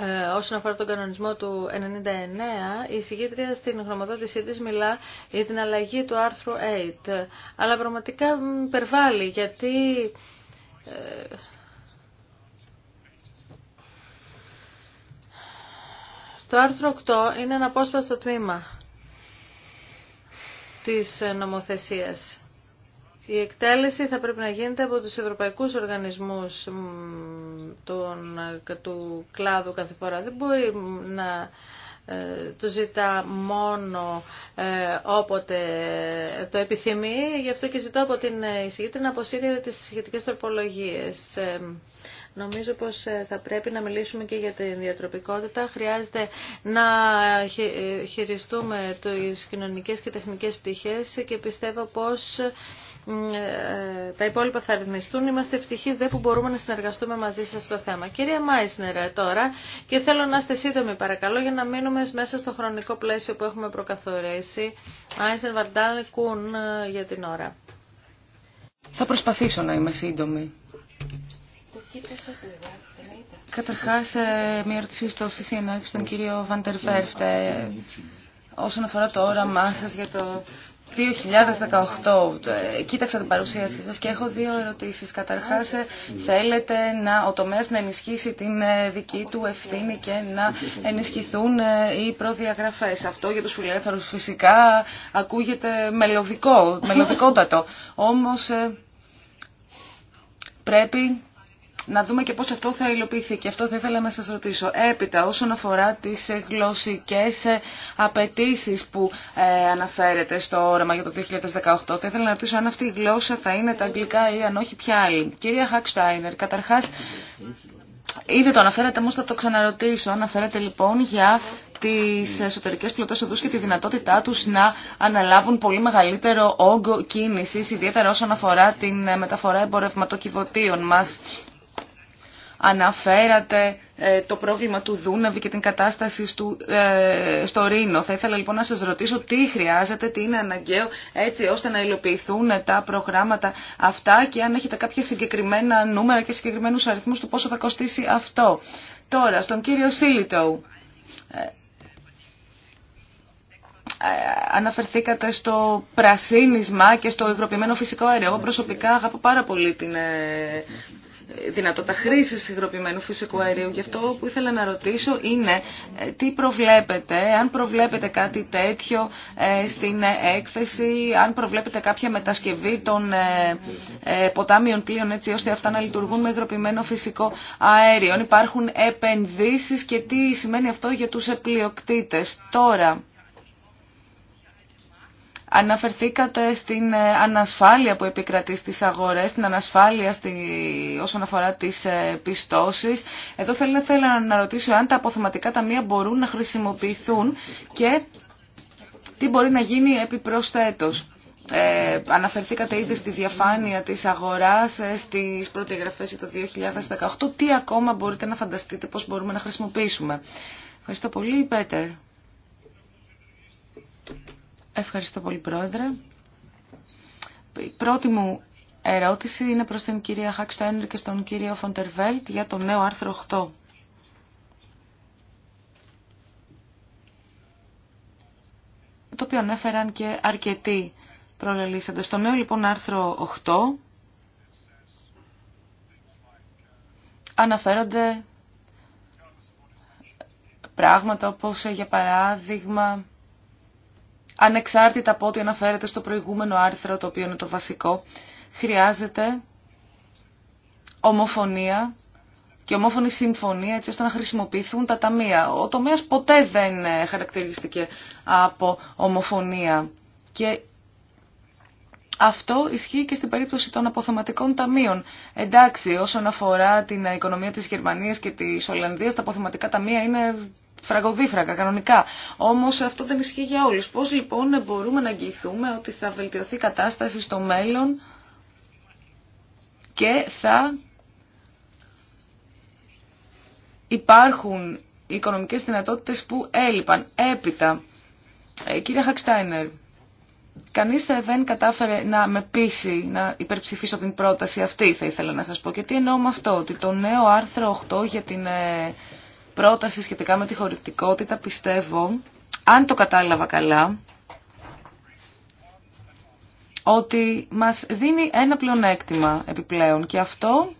ε, όσον αφορά τον κανονισμό του 99, η συγκήτρια στην χρωματότησή της μιλά για την αλλαγή του άρθρου 8. Αλλά πραγματικά υπερβάλλει, γιατί... Ε, το άρθρο 8 είναι ένα απόσπαστο τμήμα της ε, νομοθεσίας. Η εκτέλεση θα πρέπει να γίνεται από τους ευρωπαϊκούς οργανισμούς ε, του κλάδου κάθε φορά. Δεν μπορεί να ε, το ζητά μόνο όποτε το επιθυμεί. Γι' αυτό και ζητώ από την εισηγήτρια να αποσύρει τις σχετικές τροπολογίες. Νομίζω πως ε, θα πρέπει να μιλήσουμε και για την διατροπικότητα. Χρειάζεται να χειριστούμε τις κοινωνικές και τεχνικές πτυχές και πιστεύω πως ε, τα υπόλοιπα θα ρυθμιστούν. Είμαστε ευτυχεί δεν που μπορούμε να συνεργαστούμε μαζί σε αυτό το θέμα. Κυρία Μάισνερ, ε, τώρα, και θέλω να είστε σύντομοι παρακαλώ για να μείνουμε μέσα στο χρονικό πλαίσιο που έχουμε προκαθορίσει. Μάισνερ Βαρντάλ Κούν για την ώρα. Θα προσπαθήσω να είμαι σύντομη. Καταρχάς, ε, μια ερώτηση στο και στον κύριο Βαντερβέρφτε όσον αφορά το όραμά σας για το 2018. Ε, κοίταξα την παρουσίασή σας και έχω δύο ερωτήσεις. Καταρχάς, ε, θέλετε να, ο τομέας να ενισχύσει την δική του ευθύνη και να ενισχυθούν οι προδιαγραφές. Αυτό για τους φιλελεύθερους φυσικά ακούγεται μελωδικό, μελωδικότατο. Όμως πρέπει να δούμε και πώς αυτό θα υλοποιηθεί. Και αυτό θα ήθελα να σας ρωτήσω. Έπειτα, όσον αφορά τις γλωσσικές ε, απαιτήσει που ε, αναφέρεται στο όραμα για το 2018, θα ήθελα να ρωτήσω αν αυτή η γλώσσα θα είναι τα αγγλικά ή αν όχι ποια άλλη. Κυρία Χακστάινερ, καταρχάς, ήδη το αναφέρατε, όμως θα το ξαναρωτήσω. Αναφέρατε λοιπόν για τις εσωτερικές πλωτές οδούς και τη δυνατότητά τους να αναλάβουν πολύ μεγαλύτερο όγκο κίνηση, ιδιαίτερα όσον αφορά την ε, μεταφορά εμπορευματοκιβωτίων. Μας αναφέρατε ε, το πρόβλημα του Δούναβη και την κατάσταση ε, στο Ρήνο. Θα ήθελα λοιπόν να σας ρωτήσω τι χρειάζεται, τι είναι αναγκαίο έτσι ώστε να υλοποιηθούν τα προγράμματα αυτά και αν έχετε κάποια συγκεκριμένα νούμερα και συγκεκριμένους αριθμούς του πόσο θα κοστίσει αυτό. Τώρα, στον κύριο Σίλιτοου. Ε, αναφερθήκατε στο πρασίνισμα και στο υγροποιημένο φυσικό αέριο. Εγώ προσωπικά αγαπώ πάρα πολύ την δυνατότητα χρήση υγροποιημένου φυσικού αερίου. Γι' αυτό που ήθελα να ρωτήσω είναι ε, τι προβλέπετε, αν προβλέπετε κάτι τέτοιο ε, στην έκθεση, αν προβλέπετε κάποια μετασκευή των ε, ποτάμιων πλοίων έτσι ώστε αυτά να λειτουργούν με υγροποιημένο φυσικό αέριο. Υπάρχουν επενδύσεις και τι σημαίνει αυτό για τους επλειοκτήτες. Τώρα, Αναφερθήκατε στην ε, ανασφάλεια που επικρατεί στις αγορές, στην ανασφάλεια στη... όσον αφορά τις ε, πιστώσεις. Εδώ θέλω, θέλω να ρωτήσω αν τα αποθεματικά ταμεία μπορούν να χρησιμοποιηθούν και τι μπορεί να γίνει επιπροσθέτω. Ε, αναφερθήκατε ήδη στη διαφάνεια της αγοράς, ε, στις πρώτες για το 2018. Τι ακόμα μπορείτε να φανταστείτε πώς μπορούμε να χρησιμοποιήσουμε. Ευχαριστώ πολύ, Πέτερ. Ευχαριστώ πολύ, Πρόεδρε. Η πρώτη μου ερώτηση είναι προς την κυρία Χακστάινερ και στον κύριο Φοντερβέλτ για το νέο άρθρο 8. το οποίο ανέφεραν και αρκετοί προλαλήσαντες. Στο νέο λοιπόν άρθρο 8 αναφέρονται πράγματα όπως για παράδειγμα ανεξάρτητα από ό,τι αναφέρεται στο προηγούμενο άρθρο, το οποίο είναι το βασικό, χρειάζεται ομοφωνία και ομόφωνη συμφωνία έτσι ώστε να χρησιμοποιηθούν τα ταμεία. Ο τομέας ποτέ δεν ε, χαρακτηρίστηκε από ομοφωνία και αυτό ισχύει και στην περίπτωση των αποθεματικών ταμείων. Εντάξει, όσον αφορά την οικονομία της Γερμανίας και της Ολλανδίας, τα αποθεματικά ταμεία είναι φραγοδίφρακα κανονικά. Όμως αυτό δεν ισχύει για όλους. Πώς λοιπόν μπορούμε να αγγιηθούμε ότι θα βελτιωθεί η κατάσταση στο μέλλον και θα υπάρχουν οικονομικές δυνατότητες που έλειπαν. Έπειτα, κύριε Χακστάινερ, Κανείς δεν κατάφερε να με πείσει να υπερψηφίσω την πρόταση αυτή, θα ήθελα να σας πω. Και τι εννοώ με αυτό, ότι το νέο άρθρο 8 για την ε, πρόταση σχετικά με τη χωρητικότητα πιστεύω, αν το κατάλαβα καλά, ότι μας δίνει ένα πλεονέκτημα επιπλέον και αυτό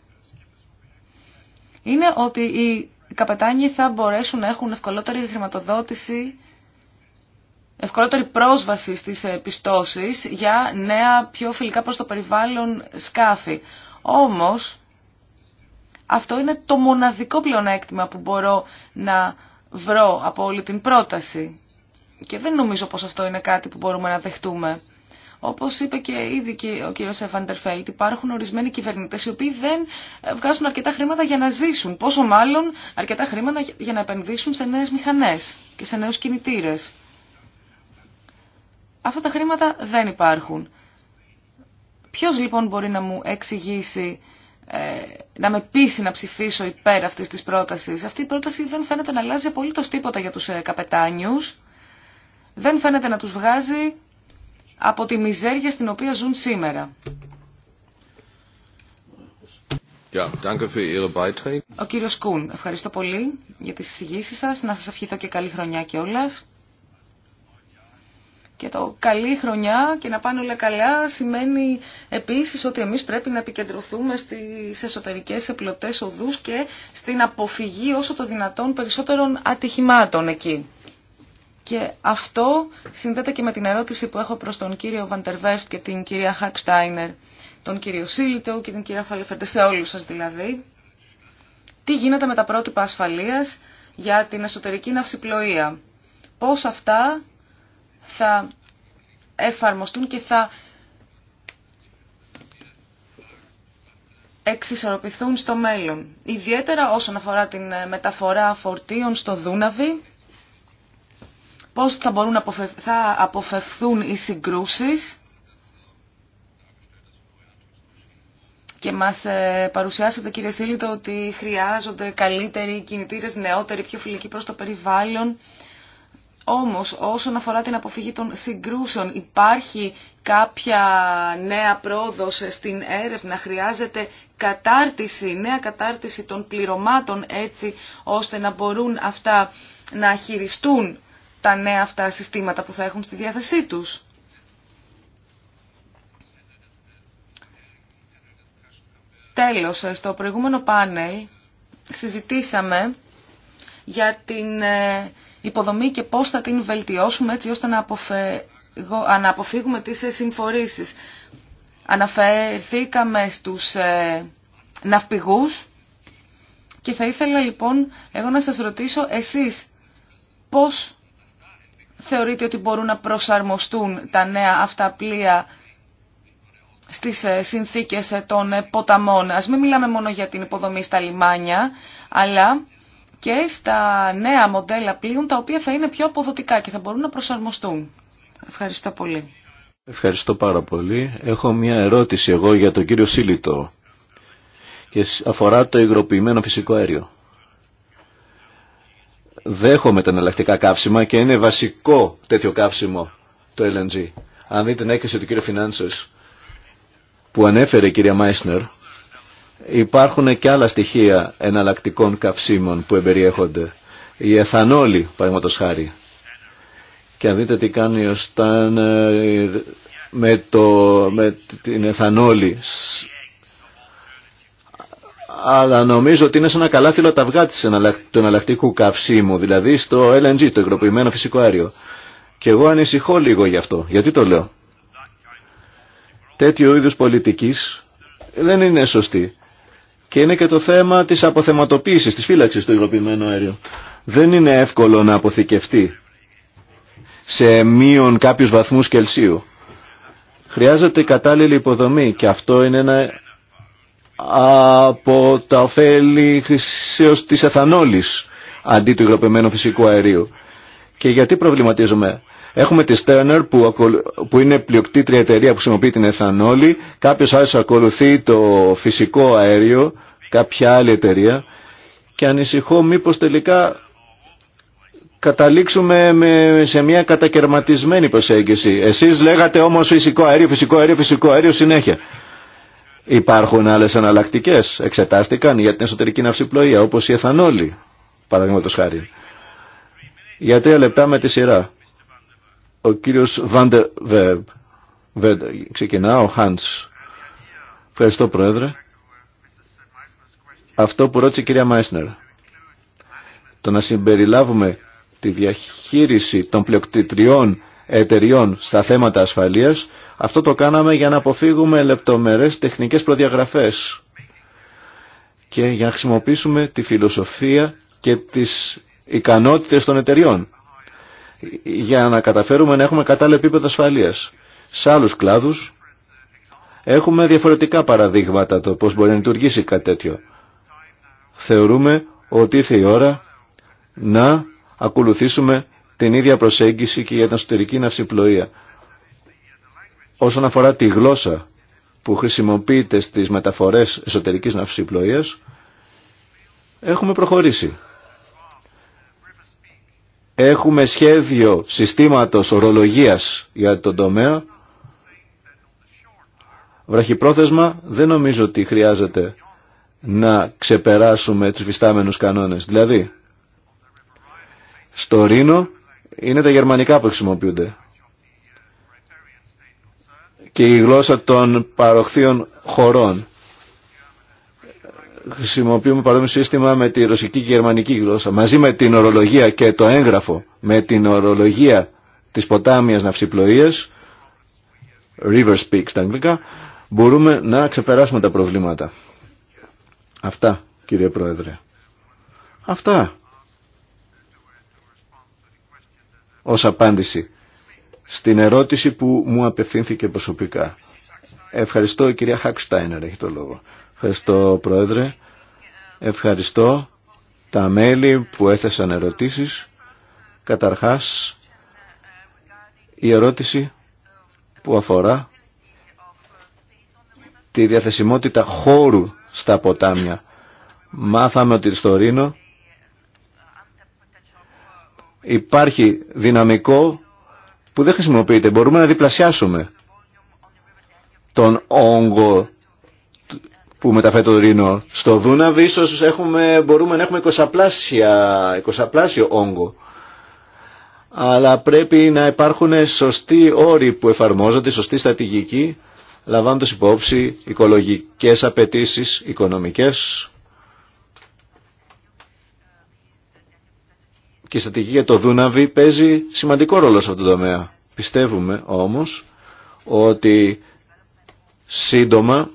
είναι ότι οι καπετάνιοι θα μπορέσουν να έχουν ευκολότερη χρηματοδότηση ευκολότερη πρόσβαση στις ε, πιστώσεις για νέα πιο φιλικά προς το περιβάλλον σκάφη. Όμως, αυτό είναι το μοναδικό πλεονέκτημα που μπορώ να βρω από όλη την πρόταση. Και δεν νομίζω πως αυτό είναι κάτι που μπορούμε να δεχτούμε. Όπως είπε και ήδη ο κύριος Εφαντερφέλτ, υπάρχουν ορισμένοι κυβερνητές οι οποίοι δεν ε, βγάζουν αρκετά χρήματα για να ζήσουν, πόσο μάλλον αρκετά χρήματα για να επενδύσουν σε νέες μηχανές και σε νέους κινητήρες. Αυτά τα χρήματα δεν υπάρχουν. Ποιος λοιπόν μπορεί να μου εξηγήσει, ε, να με πείσει να ψηφίσω υπέρ αυτής της πρότασης. Αυτή η πρόταση δεν φαίνεται να αλλάζει απολύτως τίποτα για τους ε, καπετάνιους. Δεν φαίνεται να τους βγάζει από τη μιζέρια στην οποία ζουν σήμερα. Ο κύριος Κούν, ευχαριστώ πολύ για τις εισηγήσεις σας. Να σας ευχηθώ και καλή χρονιά όλας. Και το καλή χρονιά και να πάνε όλα καλά σημαίνει επίσης ότι εμείς πρέπει να επικεντρωθούμε στις εσωτερικές επιλωτές οδούς και στην αποφυγή όσο το δυνατόν περισσότερων ατυχημάτων εκεί. Και αυτό συνδέεται και με την ερώτηση που έχω προς τον κύριο Βαντερβέρτ και την κυρία Χακστάινερ, τον κύριο Σίλιτο και την κυρία Φαλεφέρτε, σε όλους σας δηλαδή. Τι γίνεται με τα πρότυπα ασφαλείας για την εσωτερική ναυσιπλοεία. Πώς αυτά θα εφαρμοστούν και θα εξισορροπηθούν στο μέλλον. Ιδιαίτερα όσον αφορά την ε, μεταφορά φορτίων στο Δούναβι, πώς θα, μπορούν θα αποφευθούν οι συγκρούσεις και μας ε, παρουσιάσατε κύριε Σίλητο ότι χρειάζονται καλύτεροι κινητήρες, νεότεροι, πιο φιλικοί προς το περιβάλλον όμως όσον αφορά την αποφυγή των συγκρούσεων υπάρχει κάποια νέα πρόοδος στην έρευνα, χρειάζεται κατάρτιση, νέα κατάρτιση των πληρωμάτων έτσι ώστε να μπορούν αυτά να χειριστούν τα νέα αυτά συστήματα που θα έχουν στη διάθεσή τους. Τέλος, στο προηγούμενο πάνελ συζητήσαμε για την ε, υποδομή και πώς θα την βελτιώσουμε έτσι ώστε να, να αποφύγουμε τις ε, συμφορήσεις. Αναφερθήκαμε στους ε, ναυπηγούς και θα ήθελα λοιπόν εγώ να σας ρωτήσω εσείς πώς θεωρείτε ότι μπορούν να προσαρμοστούν τα νέα αυτά πλοία στις ε, συνθήκες των ποταμών. Ας μην μιλάμε μόνο για την υποδομή στα λιμάνια, αλλά και στα νέα μοντέλα πλοίων τα οποία θα είναι πιο αποδοτικά και θα μπορούν να προσαρμοστούν. Ευχαριστώ πολύ. Ευχαριστώ πάρα πολύ. Έχω μια ερώτηση εγώ για τον κύριο Σίλιτο και αφορά το υγροποιημένο φυσικό αέριο. Δέχομαι τα εναλλακτικά καύσιμα και είναι βασικό τέτοιο καύσιμο το LNG. Αν δείτε την έκθεση του κύριου Φινάνσες που ανέφερε η κυρία Μάισνερ Υπάρχουν και άλλα στοιχεία εναλλακτικών καυσίμων που εμπεριέχονται. Η εθανόλη, παραδείγματο χάρη. Και αν δείτε τι κάνει ο Σταν ε, με, το, με την εθανόλη. Αλλά νομίζω ότι είναι σαν ένα καλάθιλο τα αυγά της του εναλλακτικού καυσίμου, δηλαδή στο LNG, το υγροποιημένο φυσικό αέριο. Και εγώ ανησυχώ λίγο γι' αυτό. Γιατί το λέω. Τέτοιου είδους πολιτικής δεν είναι σωστή. Και είναι και το θέμα της αποθεματοποίησης, της φύλαξης του υγροποιημένου αέριου. Δεν είναι εύκολο να αποθηκευτεί σε μείον κάποιους βαθμούς Κελσίου. Χρειάζεται κατάλληλη υποδομή και αυτό είναι ένα από τα ωφέλη χρυσέως της εθανόλης αντί του υγροποιημένου φυσικού αερίου. Και γιατί προβληματίζομαι. Έχουμε τη Στέρνερ που είναι πλειοκτήτρια εταιρεία που χρησιμοποιεί την εθανόλη. Κάποιος άλλος ακολουθεί το φυσικό αέριο, κάποια άλλη εταιρεία. Και ανησυχώ μήπως τελικά καταλήξουμε σε μια κατακαιρματισμένη προσέγγιση. Εσείς λέγατε όμως φυσικό αέριο, φυσικό αέριο, φυσικό αέριο συνέχεια. Υπάρχουν άλλες εναλλακτικέ, εξετάστηκαν για την εσωτερική ναυσιπλοεία όπως η εθανόλη, παραδείγματος χάρη. Για τρία λεπτά με τη σειρά. Ο κύριος Βάντερ Βερμπ, Ξεκινά ο Χάντς. Ευχαριστώ Πρόεδρε. Αυτό που ρώτησε η κυρία Μάισνερ. Το να συμπεριλάβουμε τη διαχείριση των πλειοκτητριών εταιριών στα θέματα ασφαλείας, αυτό το κάναμε για να αποφύγουμε λεπτομερές τεχνικές προδιαγραφές και για να χρησιμοποιήσουμε τη φιλοσοφία και τις ικανότητες των εταιριών για να καταφέρουμε να έχουμε κατάλληλο επίπεδο ασφαλείας. Σε άλλους κλάδους έχουμε διαφορετικά παραδείγματα το πώς μπορεί να λειτουργήσει κάτι τέτοιο. Θεωρούμε ότι ήρθε η ώρα να ακολουθήσουμε την ίδια προσέγγιση και για την εσωτερική ναυσιπλοεία. Όσον αφορά τη γλώσσα που χρησιμοποιείται στις μεταφορές εσωτερικής ναυσιπλοείας, έχουμε προχωρήσει. Έχουμε σχέδιο συστήματος ορολογίας για τον τομέα. Βραχυπρόθεσμα δεν νομίζω ότι χρειάζεται να ξεπεράσουμε τους φυστάμενους κανόνες. Δηλαδή, στο Ρήνο είναι τα γερμανικά που χρησιμοποιούνται και η γλώσσα των παροχθείων χωρών χρησιμοποιούμε παρόμοιο σύστημα με τη ρωσική και γερμανική γλώσσα. Μαζί με την ορολογία και το έγγραφο, με την ορολογία της ποτάμιας ναυσιπλοείας, river speak στα αγγλικά, μπορούμε να ξεπεράσουμε τα προβλήματα. Αυτά, κύριε Πρόεδρε. Αυτά. Ως απάντηση στην ερώτηση που μου απευθύνθηκε προσωπικά. Ευχαριστώ, η κυρία Χακστάινερ έχει το λόγο. Ευχαριστώ Πρόεδρε. Ευχαριστώ τα μέλη που έθεσαν ερωτήσεις. Καταρχάς, η ερώτηση που αφορά τη διαθεσιμότητα χώρου στα ποτάμια. Μάθαμε ότι στο Ρήνο υπάρχει δυναμικό που δεν χρησιμοποιείται. Μπορούμε να διπλασιάσουμε τον όγκο που μεταφέρει το Ρήνο. Στο Δούναβι ίσως έχουμε, μπορούμε να έχουμε 20 πλάσια, 20 όγκο. Αλλά πρέπει να υπάρχουν σωστοί όροι που εφαρμόζονται, σωστή στρατηγική, λαμβάνοντας υπόψη οικολογικές απαιτήσεις, οικονομικές. Και η στρατηγική για το Δούναβι παίζει σημαντικό ρόλο σε αυτό το τομέα. Πιστεύουμε όμως ότι σύντομα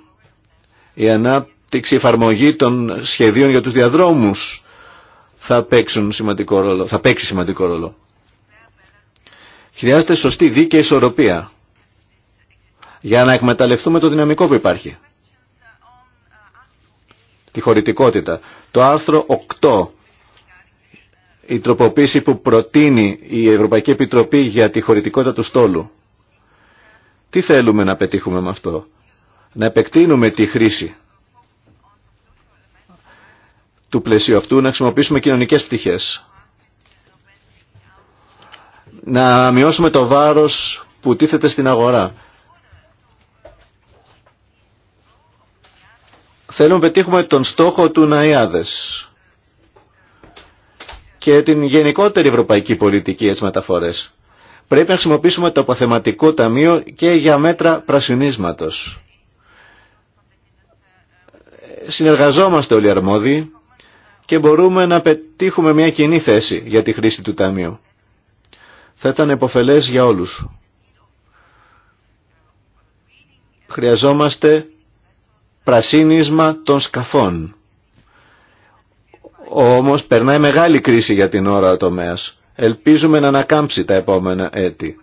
η ανάπτυξη εφαρμογή των σχεδίων για τους διαδρόμους θα, παίξουν σημαντικό ρόλο, θα παίξει σημαντικό ρόλο. Χρειάζεται σωστή δίκαιη ισορροπία για να εκμεταλλευτούμε το δυναμικό που υπάρχει. Τη χωρητικότητα. Το άρθρο 8, η τροποποίηση που προτείνει η Ευρωπαϊκή Επιτροπή για τη χωρητικότητα του στόλου. Τι θέλουμε να πετύχουμε με αυτό να επεκτείνουμε τη χρήση του πλαισίου αυτού, να χρησιμοποιήσουμε κοινωνικές πτυχές. Να μειώσουμε το βάρος που τίθεται στην αγορά. Θέλουμε να πετύχουμε τον στόχο του Ναϊάδες και την γενικότερη ευρωπαϊκή πολιτική έτσι μεταφορές. Πρέπει να χρησιμοποιήσουμε το αποθεματικό ταμείο και για μέτρα πρασινίσματος συνεργαζόμαστε όλοι αρμόδιοι και μπορούμε να πετύχουμε μια κοινή θέση για τη χρήση του Ταμείου. Θα ήταν επωφελές για όλους. Χρειαζόμαστε πρασίνισμα των σκαφών. Όμως περνάει μεγάλη κρίση για την ώρα ο τομέας. Ελπίζουμε να ανακάμψει τα επόμενα έτη.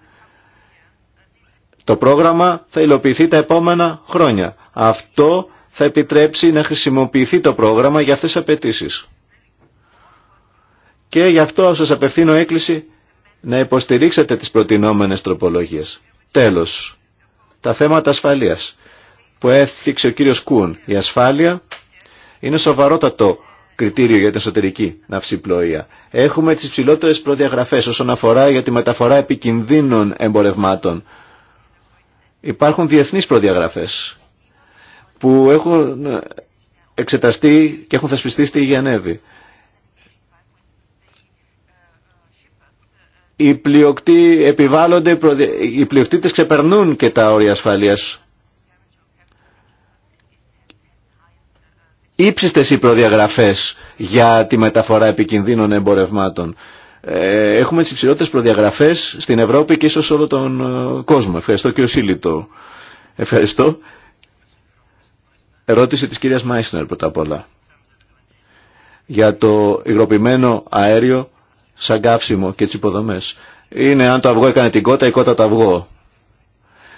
Το πρόγραμμα θα υλοποιηθεί τα επόμενα χρόνια. Αυτό θα επιτρέψει να χρησιμοποιηθεί το πρόγραμμα για αυτές τις απαιτήσει. Και γι' αυτό σας απευθύνω έκκληση να υποστηρίξετε τις προτινόμενες τροπολογίες. Τέλος, τα θέματα ασφαλείας που έθιξε ο κύριος Κούν. Η ασφάλεια είναι σοβαρότατο κριτήριο για την εσωτερική ναυσιπλοεία. Έχουμε τις ψηλότερες προδιαγραφές όσον αφορά για τη μεταφορά επικινδύνων εμπορευμάτων. Υπάρχουν διεθνείς προδιαγραφές που έχουν ναι, εξεταστεί και έχουν θεσπιστεί στη Γενέβη. Οι πλειοκτοί επιβάλλονται, οι πλειοκτήτες ξεπερνούν και τα όρια ασφαλείας. Ήψιστες οι προδιαγραφές για τη μεταφορά επικινδύνων εμπορευμάτων. Ε, έχουμε τις υψηλότερες προδιαγραφές στην Ευρώπη και ίσως όλο τον ε, κόσμο. Ευχαριστώ κύριο Σύλλητο. Ευχαριστώ. Ερώτηση της κυρίας Μάισνερ πρώτα απ' όλα. Για το υγροποιημένο αέριο σαν καύσιμο και τις υποδομές. Είναι αν το αυγό έκανε την κότα, η κότα το αυγό.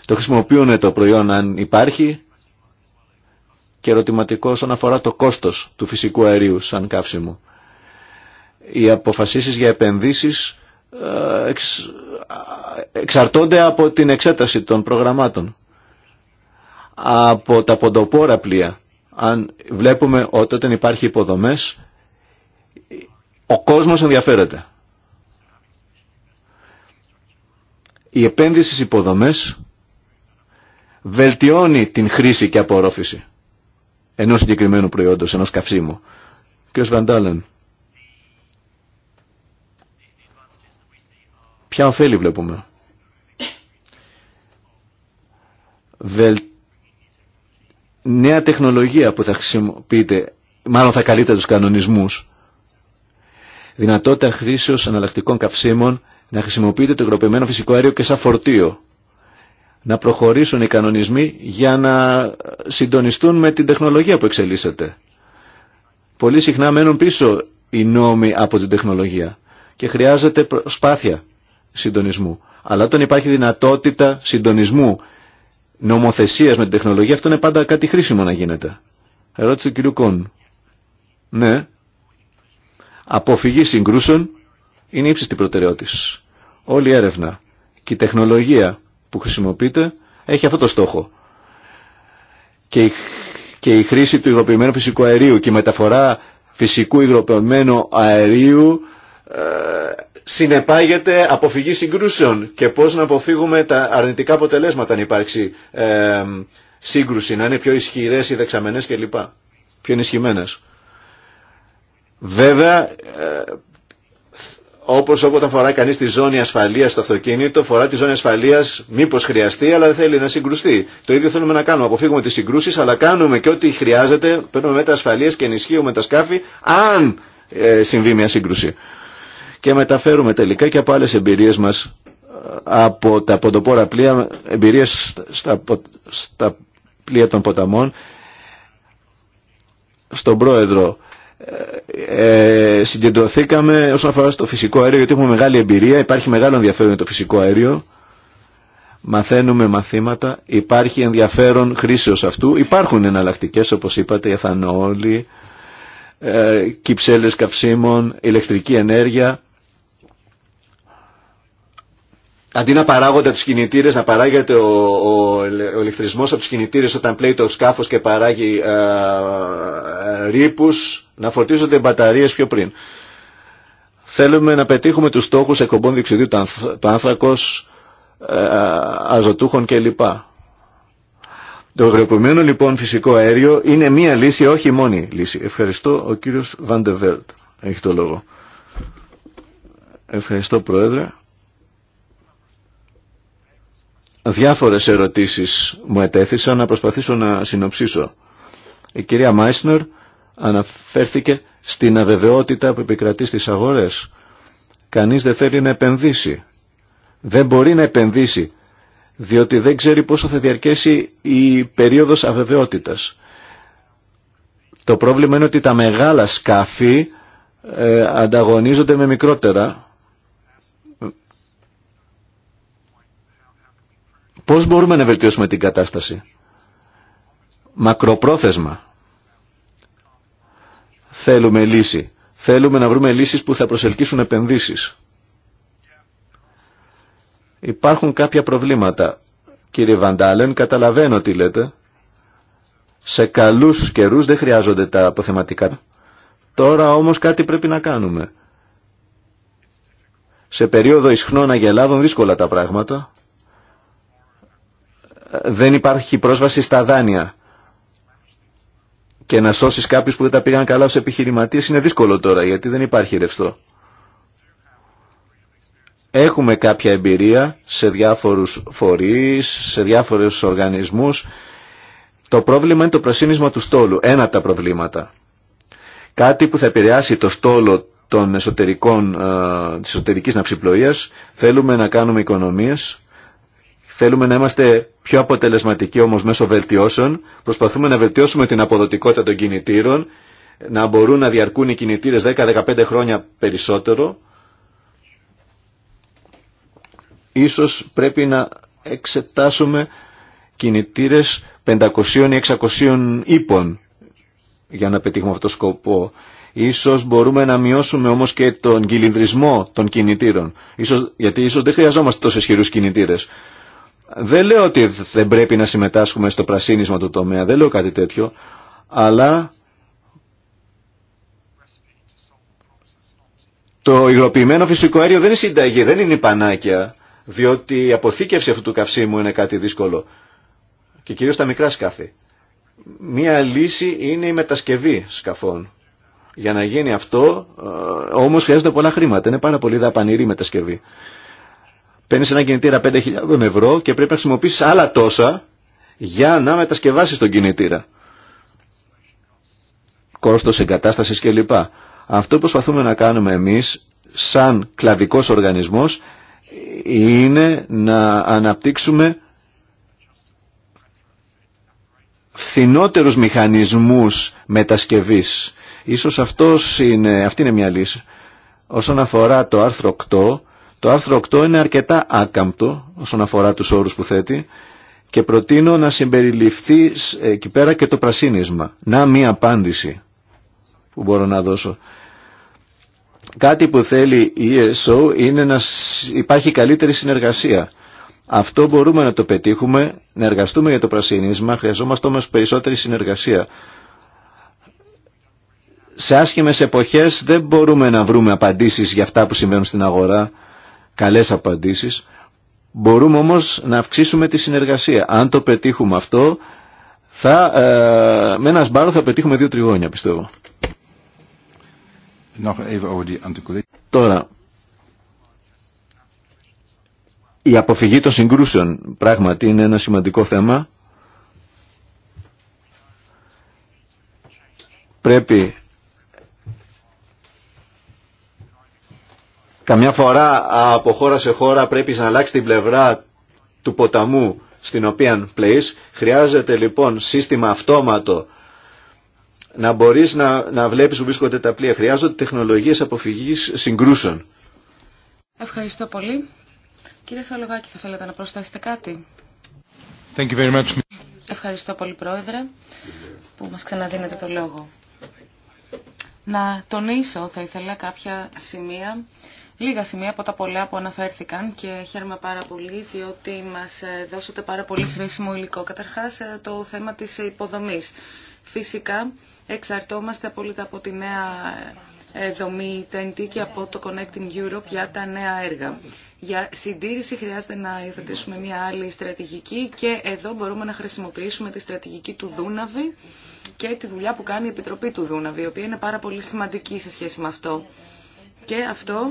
Το χρησιμοποιούν το προϊόν αν υπάρχει και ερωτηματικό όσον αφορά το κόστος του φυσικού αερίου σαν καύσιμο. Οι αποφασίσεις για επενδύσεις ε, εξαρτώνται από την εξέταση των προγραμμάτων από τα ποντοπόρα πλοία. Αν βλέπουμε ότι όταν υπάρχει υποδομές, ο κόσμος ενδιαφέρεται. Η επένδυση στις υποδομές βελτιώνει την χρήση και απορρόφηση ενός συγκεκριμένου προϊόντος, ενός καυσίμου. ως Βαντάλεν, ποια ωφέλη βλέπουμε. Βελτιώνει νέα τεχνολογία που θα χρησιμοποιείτε, μάλλον θα καλείτε τους κανονισμούς, δυνατότητα χρήσεως αναλλακτικών καυσίμων να χρησιμοποιείτε το υγροποιημένο φυσικό αέριο και σαν φορτίο. Να προχωρήσουν οι κανονισμοί για να συντονιστούν με την τεχνολογία που εξελίσσεται. Πολύ συχνά μένουν πίσω οι νόμοι από την τεχνολογία και χρειάζεται προσπάθεια συντονισμού. Αλλά όταν υπάρχει δυνατότητα συντονισμού Νομοθεσία με την τεχνολογία, αυτό είναι πάντα κάτι χρήσιμο να γίνεται. Ερώτηση του κ. Κον. Ναι. Αποφυγή συγκρούσεων είναι ύψιστη προτεραιότητα. Όλη η έρευνα και η τεχνολογία που χρησιμοποιείται έχει αυτό το στόχο. Και η, και η χρήση του υγροποιημένου φυσικού αερίου και η μεταφορά φυσικού υγροποιημένου αερίου ε, συνεπάγεται αποφυγή συγκρούσεων και πώς να αποφύγουμε τα αρνητικά αποτελέσματα αν υπάρξει ε, σύγκρουση, να είναι πιο ισχυρές οι δεξαμενές κλπ. Πιο ενισχυμένες. Βέβαια, ε, όπως όποτε φοράει κανείς τη ζώνη ασφαλείας στο αυτοκίνητο, φορά τη ζώνη ασφαλείας μήπως χρειαστεί, αλλά δεν θέλει να συγκρουστεί. Το ίδιο θέλουμε να κάνουμε, αποφύγουμε τις συγκρούσεις, αλλά κάνουμε και ό,τι χρειάζεται, παίρνουμε μέτρα ασφαλείας και ενισχύουμε τα σκάφη, αν ε, συμβεί μια σύγκρουση και μεταφέρουμε τελικά και από άλλες εμπειρίες μας ε, από τα ποντοπόρα πλοία, εμπειρίες στα, στα πλοία των ποταμών στον πρόεδρο ε, ε, συγκεντρωθήκαμε όσον αφορά στο φυσικό αέριο γιατί έχουμε μεγάλη εμπειρία, υπάρχει μεγάλο ενδιαφέρον για το φυσικό αέριο μαθαίνουμε μαθήματα, υπάρχει ενδιαφέρον χρήσεως αυτού, υπάρχουν εναλλακτικέ, όπως είπατε, εθανόλοι, ε, κυψέλες καυσίμων, ηλεκτρική ενέργεια Αντί να παράγονται από του κινητήρε, να παράγεται ο, ο, ηλεκτρισμό από του κινητήρες όταν πλέει το σκάφος και παράγει ε, ε, ρήπου, να φορτίζονται μπαταρίες πιο πριν. Θέλουμε να πετύχουμε τους στόχους εκπομπών διεξουδίου του άνθρακο, ε, αζωτούχων κλπ. Το αγροποιημένο λοιπόν φυσικό αέριο είναι μία λύση, όχι μόνη λύση. Ευχαριστώ ο κύριος Βαντεβέλτ. Έχει το λόγο. Ευχαριστώ Πρόεδρε. Διάφορες ερωτήσεις μου ετέθησαν να προσπαθήσω να συνοψίσω. Η κυρία Μάισνερ αναφέρθηκε στην αβεβαιότητα που επικρατεί στις αγορές. Κανείς δεν θέλει να επενδύσει. Δεν μπορεί να επενδύσει, διότι δεν ξέρει πόσο θα διαρκέσει η περίοδος αβεβαιότητας. Το πρόβλημα είναι ότι τα μεγάλα σκάφη ε, ανταγωνίζονται με μικρότερα Πώς μπορούμε να βελτιώσουμε την κατάσταση. Μακροπρόθεσμα. Θέλουμε λύση. Θέλουμε να βρούμε λύσεις που θα προσελκύσουν επενδύσεις. Υπάρχουν κάποια προβλήματα. Κύριε Βαντάλεν, καταλαβαίνω τι λέτε. Σε καλούς καιρούς δεν χρειάζονται τα αποθεματικά. Τώρα όμως κάτι πρέπει να κάνουμε. Σε περίοδο ισχνών αγελάδων δύσκολα τα πράγματα δεν υπάρχει πρόσβαση στα δάνεια και να σώσεις κάποιους που δεν τα πήγαν καλά ως επιχειρηματίες είναι δύσκολο τώρα γιατί δεν υπάρχει ρευστό. Έχουμε κάποια εμπειρία σε διάφορους φορείς, σε διάφορους οργανισμούς. Το πρόβλημα είναι το προσύνισμα του στόλου. Ένα από τα προβλήματα. Κάτι που θα επηρεάσει το στόλο των εσωτερικών, ε, της εσωτερικής Θέλουμε να κάνουμε οικονομίες Θέλουμε να είμαστε πιο αποτελεσματικοί όμως μέσω βελτιώσεων. Προσπαθούμε να βελτιώσουμε την αποδοτικότητα των κινητήρων, να μπορούν να διαρκούν οι κινητήρες 10-15 χρόνια περισσότερο. Ίσως πρέπει να εξετάσουμε κινητήρες 500 ή 600 ύπων για να πετύχουμε αυτόν τον σκοπό. Ίσως μπορούμε να μειώσουμε όμως και τον κυλινδρισμό των κινητήρων. Ίσως, γιατί ίσως δεν χρειαζόμαστε τόσο ισχυρού κινητήρες. Δεν λέω ότι δεν πρέπει να συμμετάσχουμε στο πρασίνισμα του τομέα, δεν λέω κάτι τέτοιο, αλλά το υγροποιημένο φυσικό αέριο δεν είναι συνταγή, δεν είναι η πανάκια, διότι η αποθήκευση αυτού του καυσίμου είναι κάτι δύσκολο. Και κυρίως τα μικρά σκάφη. Μία λύση είναι η μετασκευή σκαφών. Για να γίνει αυτό ε, όμως χρειάζονται πολλά χρήματα. Είναι πάρα πολύ δαπανηρή μετασκευή παίρνει ένα κινητήρα 5.000 ευρώ και πρέπει να χρησιμοποιήσει άλλα τόσα για να μετασκευάσει τον κινητήρα. Κόστο εγκατάσταση κλπ. Αυτό που προσπαθούμε να κάνουμε εμεί, σαν κλαδικό οργανισμό, είναι να αναπτύξουμε φθηνότερους μηχανισμούς μετασκευής. Ίσως αυτή είναι μια λύση. Όσον αφορά το άρθρο 8, το άρθρο 8 είναι αρκετά άκαμπτο όσον αφορά τους όρους που θέτει και προτείνω να συμπεριληφθεί εκεί πέρα και το πρασίνισμα. Να μία απάντηση που μπορώ να δώσω. Κάτι που θέλει η ESO είναι να υπάρχει καλύτερη συνεργασία. Αυτό μπορούμε να το πετύχουμε, να εργαστούμε για το πρασίνισμα, χρειαζόμαστε όμως περισσότερη συνεργασία. Σε άσχημες εποχές δεν μπορούμε να βρούμε απαντήσεις για αυτά που συμβαίνουν στην αγορά καλές απαντήσεις. Μπορούμε όμως να αυξήσουμε τη συνεργασία. Αν το πετύχουμε αυτό, θα, ε, με ένα σπάρο θα πετύχουμε δύο τριγώνια, πιστεύω. Τώρα, η αποφυγή των συγκρούσεων πράγματι είναι ένα σημαντικό θέμα. Πρέπει Καμιά φορά από χώρα σε χώρα πρέπει να αλλάξει την πλευρά του ποταμού στην οποία πλέεις. Χρειάζεται λοιπόν σύστημα αυτόματο να μπορείς να, να βλέπεις που βρίσκονται τα πλοία. Χρειάζονται τεχνολογίες αποφυγής συγκρούσεων. Ευχαριστώ πολύ. Κύριε Θεολογάκη, θα θέλετε να προσθέσετε κάτι. Thank you very much. Ευχαριστώ πολύ, Πρόεδρε, που μας ξαναδίνετε το λόγο. Να τονίσω, θα ήθελα, κάποια σημεία λίγα σημεία από τα πολλά που αναφέρθηκαν και χαίρομαι πάρα πολύ διότι μας ε, δώσατε πάρα πολύ χρήσιμο υλικό. Καταρχάς ε, το θέμα της υποδομής. Φυσικά εξαρτώμαστε απόλυτα από τη νέα ε, δομή TNT και από το Connecting Europe για τα νέα έργα. Για συντήρηση χρειάζεται να υιοθετήσουμε μια άλλη στρατηγική και εδώ μπορούμε να χρησιμοποιήσουμε τη στρατηγική του Δούναβη και τη δουλειά που κάνει η Επιτροπή του Δούναβη, η οποία είναι πάρα πολύ σημαντική σε σχέση με αυτό. Και αυτό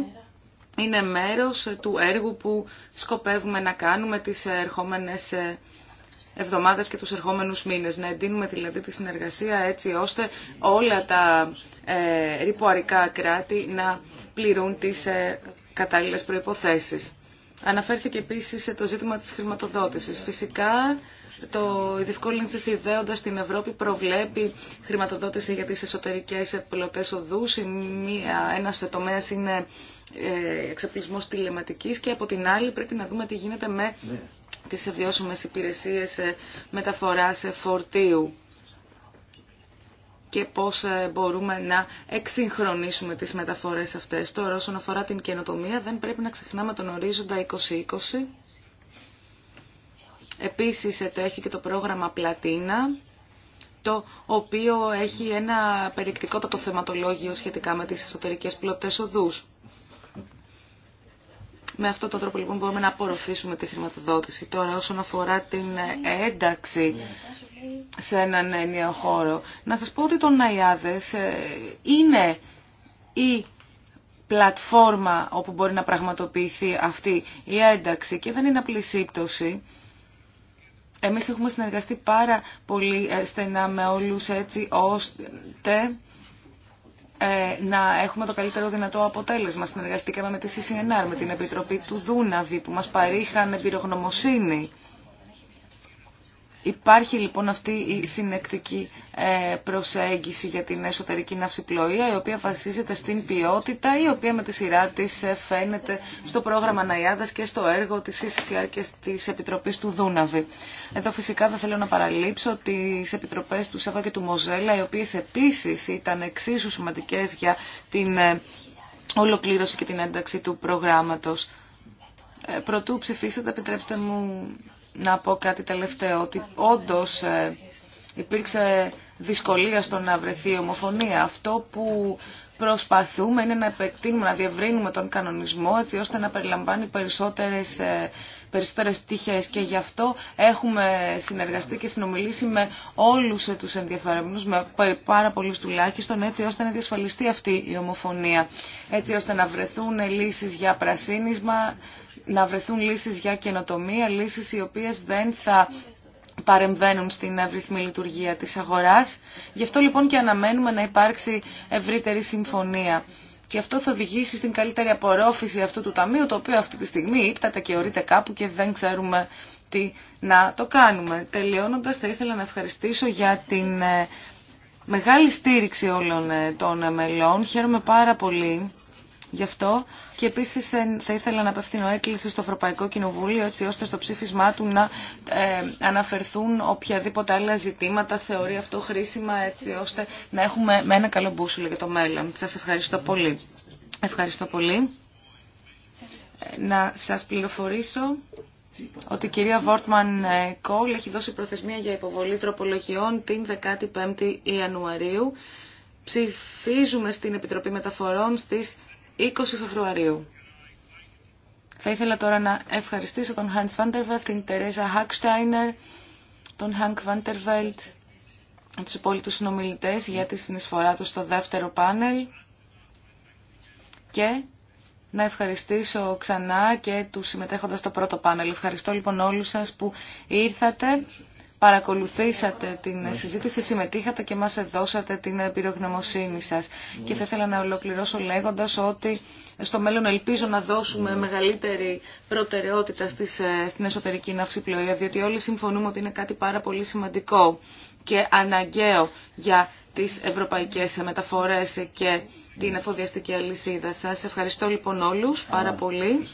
είναι μέρος του έργου που σκοπεύουμε να κάνουμε τις ερχόμενες ε, εβδομάδες και τους ερχόμενους μήνες. Να εντείνουμε δηλαδή τη συνεργασία έτσι ώστε όλα τα ε, ρηποαρικά κράτη να πληρούν τις ε, κατάλληλες προϋποθέσεις. Αναφέρθηκε επίσης ε, το ζήτημα της χρηματοδότησης. Φυσικά το, η διευκόλυνση στην στην Ευρώπη προβλέπει χρηματοδότηση για τις εσωτερικές πλωτές οδούς. Μία, ένας τομέας είναι ε, εξοπλισμός τηλεματικής και από την άλλη πρέπει να δούμε τι γίνεται με ναι. τις βιώσιμες υπηρεσίες ε, μεταφοράς ε, φορτίου και πώς μπορούμε να εξυγχρονίσουμε τις μεταφορές αυτές. Τώρα όσον αφορά την καινοτομία δεν πρέπει να ξεχνάμε τον ορίζοντα 2020. Επίσης τρέχει και το πρόγραμμα Πλατίνα, το οποίο έχει ένα περιεκτικότατο θεματολόγιο σχετικά με τις εσωτερικές πλωτές οδούς. Με αυτόν τον τρόπο λοιπόν μπορούμε να απορροφήσουμε τη χρηματοδότηση. Τώρα όσον αφορά την ε, ένταξη σε έναν ενιαίο χώρο, να σας πω ότι το ΝΑΙΑΔΕΣ ε, είναι η πλατφόρμα όπου μπορεί να πραγματοποιηθεί αυτή η ένταξη και δεν είναι απλή σύπτωση. Εμείς έχουμε συνεργαστεί πάρα πολύ ε, στενά με όλους έτσι ώστε ε, να έχουμε το καλύτερο δυνατό αποτέλεσμα. Συνεργαστήκαμε με τη CCNR, με την Επιτροπή του Δούναβη που μας παρήχαν εμπειρογνωμοσύνη Υπάρχει λοιπόν αυτή η συνεκτική ε, προσέγγιση για την εσωτερική ναυσιπλοεία η οποία βασίζεται στην ποιότητα η οποία με τη σειρά της ε, φαίνεται στο πρόγραμμα Ναϊάδα και στο έργο τη CCCR και τη Επιτροπή του Δούναβη. Εδώ φυσικά δεν θέλω να παραλείψω τι επιτροπέ του ΣΕΒΑ και του Μοζέλα οι οποίε επίση ήταν εξίσου σημαντικέ για την ε, ολοκλήρωση και την ένταξη του προγράμματος. Πρωτού ψηφίσετε, επιτρέψτε μου να πω κάτι τελευταίο, ότι όντως ε, υπήρξε δυσκολία στο να βρεθεί ομοφωνία. Αυτό που προσπαθούμε είναι να επεκτείνουμε, να διευρύνουμε τον κανονισμό έτσι ώστε να περιλαμβάνει περισσότερες, ε, περισσότερες και γι' αυτό έχουμε συνεργαστεί και συνομιλήσει με όλους ε, τους ενδιαφερόμενους, με πάρα πολλούς τουλάχιστον έτσι ώστε να διασφαλιστεί αυτή η ομοφωνία, έτσι ώστε να βρεθούν λύσεις για πρασίνισμα, να βρεθούν λύσεις για καινοτομία, λύσεις οι οποίες δεν θα παρεμβαίνουν στην εύρυθμη λειτουργία της αγοράς. Γι' αυτό λοιπόν και αναμένουμε να υπάρξει ευρύτερη συμφωνία. Και αυτό θα οδηγήσει στην καλύτερη απορρόφηση αυτού του ταμείου, το οποίο αυτή τη στιγμή ύπταται και ορείται κάπου και δεν ξέρουμε τι να το κάνουμε. Τελειώνοντας, θα ήθελα να ευχαριστήσω για την ε, μεγάλη στήριξη όλων ε, των μελών. Χαίρομαι πάρα πολύ γι' αυτό και επίση ε, θα ήθελα να απευθύνω έκκληση στο Ευρωπαϊκό Κοινοβούλιο έτσι ώστε στο ψήφισμά του να ε, αναφερθούν οποιαδήποτε άλλα ζητήματα θεωρεί αυτό χρήσιμα έτσι ώστε να έχουμε με ένα καλό μπούσουλο για το μέλλον. Σα ευχαριστώ πολύ. Ευχαριστώ πολύ. Ε, να σας πληροφορήσω ότι η κυρία Βόρτμαν Κόλ έχει δώσει προθεσμία για υποβολή τροπολογιών την 15η Ιανουαρίου. Ψηφίζουμε στην Επιτροπή Μεταφορών στις 20 Φεβρουαρίου. Θα ήθελα τώρα να ευχαριστήσω τον Hans van der την Τερέζα Hacksteiner, τον Hank van der Welt, τους υπόλοιπους συνομιλητές για τη συνεισφορά τους στο δεύτερο πάνελ και να ευχαριστήσω ξανά και τους συμμετέχοντας στο πρώτο πάνελ. Ευχαριστώ λοιπόν όλους σας που ήρθατε παρακολουθήσατε την συζήτηση, συμμετείχατε και μας δώσατε την πυρογνωμοσύνη σας. Και θα ήθελα να ολοκληρώσω λέγοντας ότι στο μέλλον ελπίζω να δώσουμε ναι. μεγαλύτερη προτεραιότητα στις, ε, στην εσωτερική πλοία, διότι όλοι συμφωνούμε ότι είναι κάτι πάρα πολύ σημαντικό και αναγκαίο για τις ευρωπαϊκές μεταφορές και την εφοδιαστική αλυσίδα σας. Ευχαριστώ λοιπόν όλους πάρα πολύ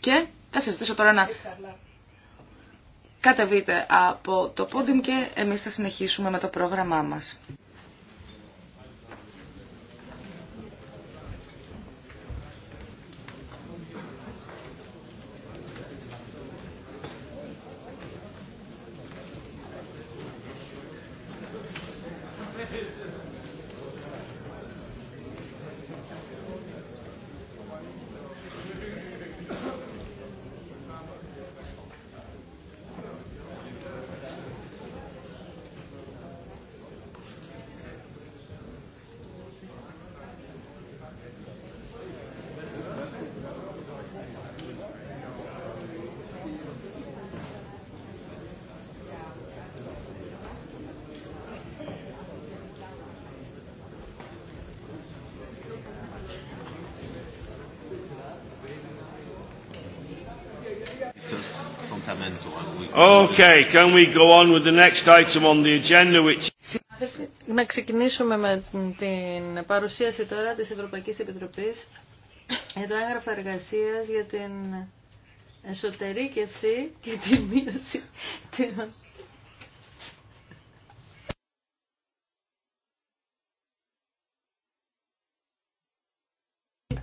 και θα συζητήσω τώρα κατεβείτε από το πόντιμ και εμείς θα συνεχίσουμε με το πρόγραμμά μας. Okay, can we go on with the next on the Να ξεκινήσουμε με την παρουσίαση τώρα της Ευρωπαϊκής Επιτροπής για το έγγραφο εργασίας για την εσωτερήκευση και τη μείωση των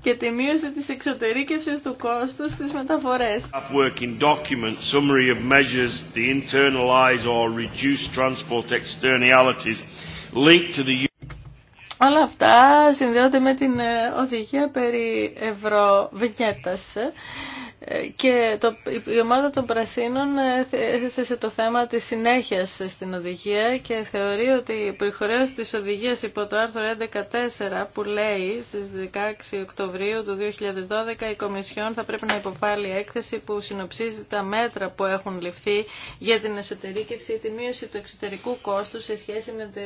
και τη μείωση της εξωτερήκευσης του κόστου στις μεταφορές. Όλα αυτά συνδέονται με την ε, οδηγία περί ευρωβινιέτας ε, και το, η ομάδα των Πρασίνων ε, έθεσε το θέμα της συνέχειας στην οδηγία και θεωρεί ότι η της οδηγίας υπό το άρθρο 11.4 που λέει στις 16 Οκτωβρίου του 2012 η Κομισιόν θα πρέπει να υποβάλει έκθεση που συνοψίζει τα μέτρα που έχουν ληφθεί για την εσωτερήκευση ή τη μείωση του εξωτερικού κόστου σε σχέση με το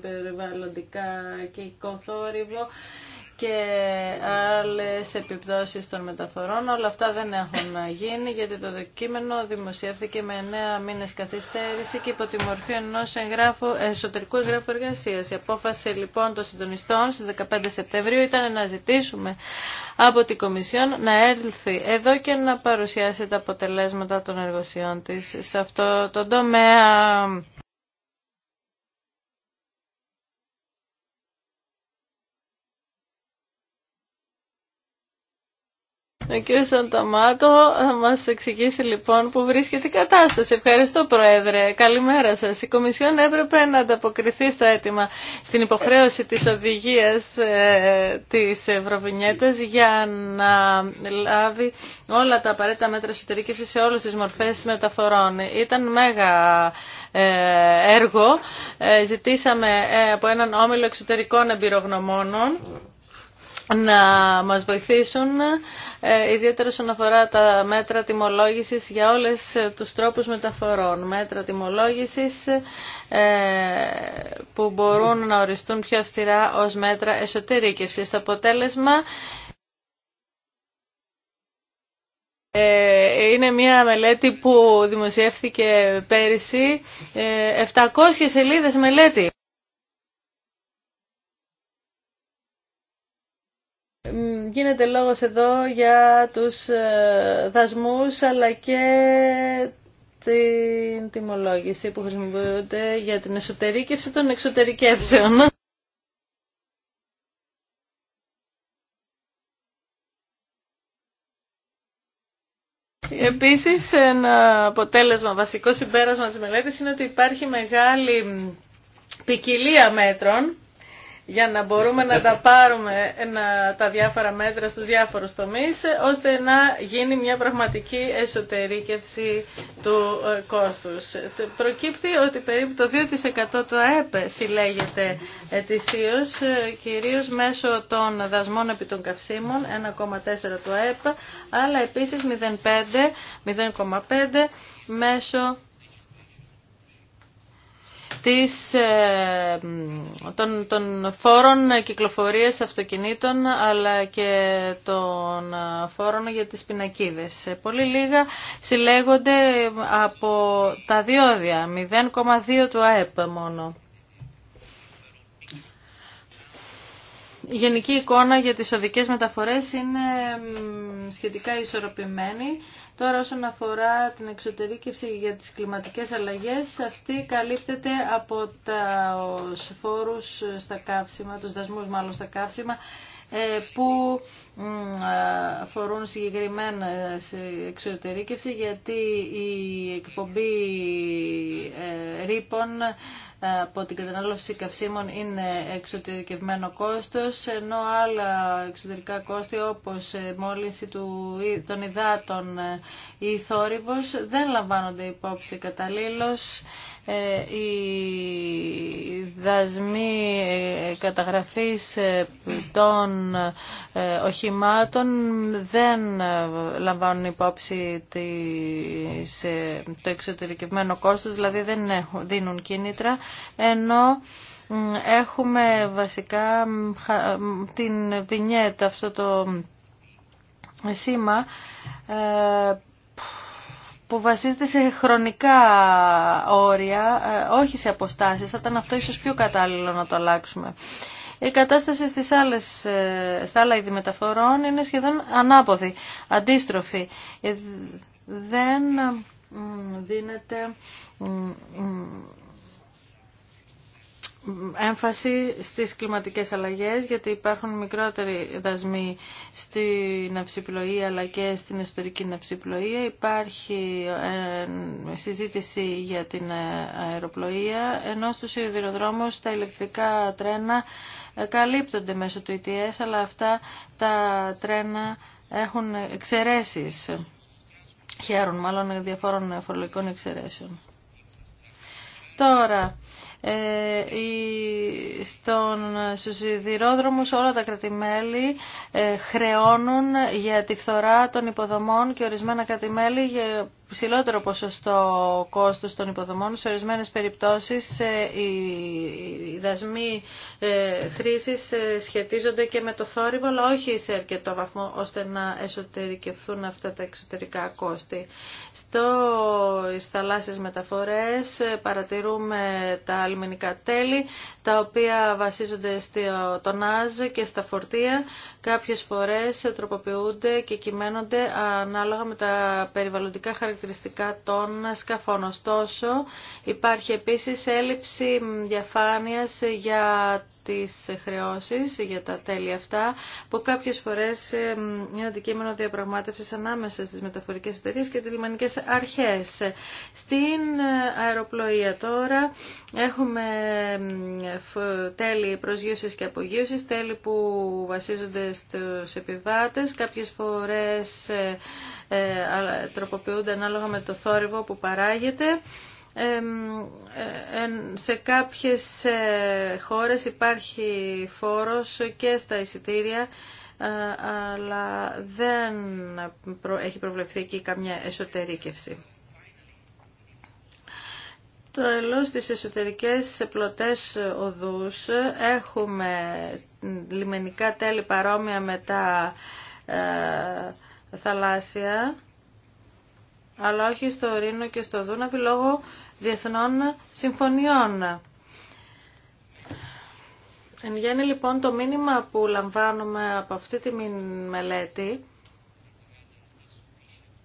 περιβαλλοντικά και οικοθόρυβο και άλλες επιπτώσεις των μεταφορών. Όλα αυτά δεν έχουν γίνει γιατί το δοκίμενο δημοσιεύθηκε με εννέα μήνες καθυστέρηση και υπό τη μορφή ενός εγγράφου, εσωτερικού εγγράφου εργασίας. Η απόφαση λοιπόν των συντονιστών στις 15 Σεπτεμβρίου ήταν να ζητήσουμε από την Κομισιόν να έρθει εδώ και να παρουσιάσει τα αποτελέσματα των εργασιών της σε αυτό το τομέα. Ο κ. Σανταμάτο θα μας εξηγήσει λοιπόν που βρίσκεται η κατάσταση. Ευχαριστώ Πρόεδρε. Καλημέρα σας. Η Κομισιόν έπρεπε να ανταποκριθεί στο αίτημα στην υποχρέωση τη οδηγίας ε, της για να λάβει όλα τα απαραίτητα μέτρα εσωτερική σε όλε τις μορφές μεταφορών. Ήταν μέγα ε, έργο. Ε, ζητήσαμε ε, από έναν όμιλο εξωτερικών εμπειρογνωμόνων να μας βοηθήσουν, ε, ιδιαίτερα όσον αφορά τα μέτρα τιμολόγησης για όλες ε, τους τρόπους μεταφορών. Μέτρα τιμολόγησης ε, που μπορούν να οριστούν πιο αυστηρά ως μέτρα εσωτερήκευσης. Το αποτέλεσμα είναι μια μελέτη που δημοσιεύθηκε πέρυσι, 700 σελίδες μελέτη. γίνεται λόγος εδώ για τους ε, δασμούς αλλά και την τιμολόγηση που χρησιμοποιούνται για την εσωτερήκευση των εξωτερικεύσεων. Επίσης, ένα αποτέλεσμα, βασικό συμπέρασμα της μελέτης είναι ότι υπάρχει μεγάλη ποικιλία μέτρων για να μπορούμε να τα πάρουμε τα διάφορα μέτρα στους διάφορους τομείς ώστε να γίνει μια πραγματική εσωτερήκευση του ε, κόστους. Προκύπτει ότι περίπου το 2% του ΑΕΠ συλλέγεται ετησίως ε, κυρίως μέσω των δασμών επί των καυσίμων 1,4 του ΑΕΠ αλλά επίσης 0,5 μέσω της, ε, των, των φόρων κυκλοφορίας αυτοκινήτων αλλά και των ε, φόρων για τις πινακίδες. Ε, πολύ λίγα συλλέγονται από τα διόδια, 0,2 του ΑΕΠ μόνο. Η γενική εικόνα για τις οδικές μεταφορές είναι σχετικά ισορροπημένη Τώρα όσον αφορά την εξωτερήκευση για τις κλιματικές αλλαγές, αυτή καλύπτεται από τα φόρους στα καύσιμα, τους δασμούς μάλλον στα καύσιμα, ε, που αφορούν συγκεκριμένα σε εξωτερήκευση γιατί η εκπομπή ε, ρήπων από την κατανάλωση καυσίμων είναι εξωτερικευμένο κόστος, ενώ άλλα εξωτερικά κόστη όπως ε, μόλυνση του, των υδάτων ε, ή θόρυβος δεν λαμβάνονται υπόψη καταλήλως ε, οι δασμοί ε, καταγραφής ε, των οχημάτων δεν λαμβάνουν υπόψη το εξωτερικευμένο κόστος, δηλαδή δεν δίνουν κίνητρα, ενώ έχουμε βασικά την βινιέτα, αυτό το σήμα που βασίζεται σε χρονικά όρια, ε, όχι σε αποστάσεις. Θα ήταν αυτό ίσως πιο κατάλληλο να το αλλάξουμε. Η κατάσταση στις άλλες, ε, στα άλλα είδη μεταφορών είναι σχεδόν ανάποδη, αντίστροφη. Ε, δεν δίνεται έμφαση στις κλιματικές αλλαγές γιατί υπάρχουν μικρότεροι δασμοί στην ναυσιπλοΐα, αλλά και στην εσωτερική ναυσιπλοΐα Υπάρχει ε, συζήτηση για την ε, αεροπλοεία ενώ στους σιδηροδρόμους τα ηλεκτρικά τρένα ε, καλύπτονται μέσω του ETS αλλά αυτά τα τρένα έχουν εξαιρέσεις, χαίρουν μάλλον διαφόρων φορολογικών εξαιρέσεων. Τώρα, ε, στον, στους όλα τα κρατημέλη ε, χρεώνουν για τη φθορά των υποδομών και ορισμένα κρατημέλη για υψηλότερο ποσοστό κόστος των υποδομών. Σε ορισμένες περιπτώσεις ε, οι δασμοί ε, χρήσης ε, σχετίζονται και με το θόρυβο, αλλά όχι σε αρκετό βαθμό ώστε να εσωτερικευθούν αυτά τα εξωτερικά κόστη. Στο θαλάσσιες μεταφορές παρατηρούμε τα αλμυνικά τέλη, τα οποία βασίζονται στο ΝΑΖ και στα φορτία. Κάποιες φορές τροποποιούνται και κυμαίνονται ανάλογα με τα περιβαλλοντικά χαρακτηριστικά χαρακτηριστικά των σκαφών. Ωστόσο, υπάρχει επίσης έλλειψη διαφάνειας για τις χρεώσεις για τα τέλη αυτά που κάποιες φορές ε, είναι αντικείμενο διαπραγμάτευσης ανάμεσα στις μεταφορικές εταιρείες και τις λιμανικές αρχές. Στην ε, αεροπλοεία τώρα έχουμε τέλη προσγείωσης και απογείωσης, τέλη που βασίζονται στους επιβάτες, κάποιες φορές ε, τροποποιούνται ανάλογα με το θόρυβο που παράγεται σε κάποιες ε, χώρες υπάρχει φόρος και στα εισιτήρια ε, αλλά δεν έχει προβλεφθεί και καμιά εσωτερήκευση. Τέλος, στις εσωτερικές πλωτές οδούς έχουμε λιμενικά τέλη παρόμοια με τα ε, θαλάσσια αλλά όχι στο Ρήνο και στο Δούναβι λόγω διεθνών συμφωνιών. Εν γέννη λοιπόν το μήνυμα που λαμβάνουμε από αυτή τη μελέτη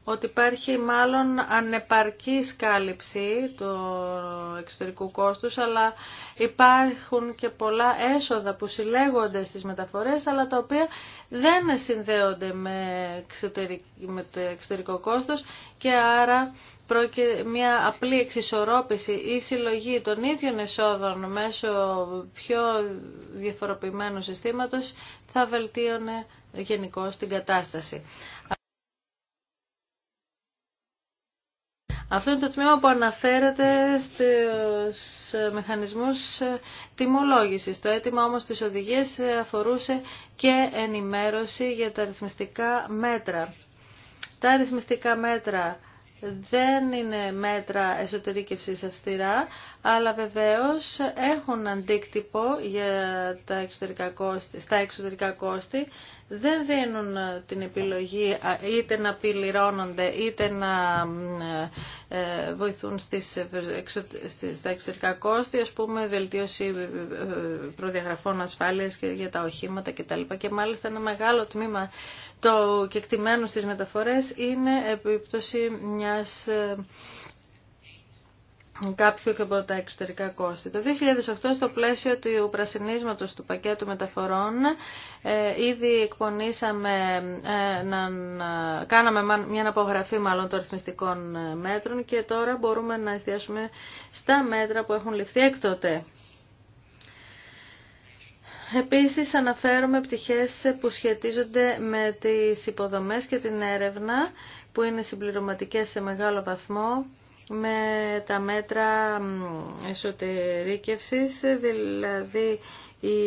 ότι υπάρχει μάλλον ανεπαρκή σκάλυψη του εξωτερικού κόστους, αλλά υπάρχουν και πολλά έσοδα που συλλέγονται στις μεταφορές, αλλά τα οποία δεν συνδέονται με, με το εξωτερικό κόστος και άρα μια απλή εξισορρόπηση ή συλλογή των ίδιων εσόδων μέσω πιο διαφοροποιημένου συστήματος θα βελτίωνε γενικώ την κατάσταση. Αυτό είναι το τμήμα που αναφέρεται στους μηχανισμούς τιμολόγησης. Το αίτημα όμως της οδηγίας αφορούσε και ενημέρωση για τα ρυθμιστικά μέτρα. Τα αριθμιστικά μέτρα δεν είναι μέτρα εσωτερικευσής αυστηρά, αλλά βεβαίως έχουν αντίκτυπο για τα εξωτερικά κόστη, στα εξωτερικά κόστη, δεν δίνουν την επιλογή είτε να πληρώνονται είτε να ε, βοηθούν στις, στα εξωτερικά κόστη, ας πούμε βελτίωση ε, ε, προδιαγραφών ασφάλειας και για τα οχήματα κτλ. Και μάλιστα ένα μεγάλο τμήμα το κεκτημένο στις μεταφορές είναι επίπτωση μιας ε, κάποιου και από τα εξωτερικά κόστη. Το 2008 στο πλαίσιο του πρασινίσματος του πακέτου μεταφορών ε, ήδη εκπονήσαμε, να, κάναμε μια απογραφή μάλλον των ρυθμιστικών ε, μέτρων και τώρα μπορούμε να εστιάσουμε στα μέτρα που έχουν ληφθεί έκτοτε. Επίσης αναφέρομαι πτυχές που σχετίζονται με τις υποδομές και την έρευνα που είναι συμπληρωματικές σε μεγάλο βαθμό με τα μέτρα εσωτερήκευσης, δηλαδή η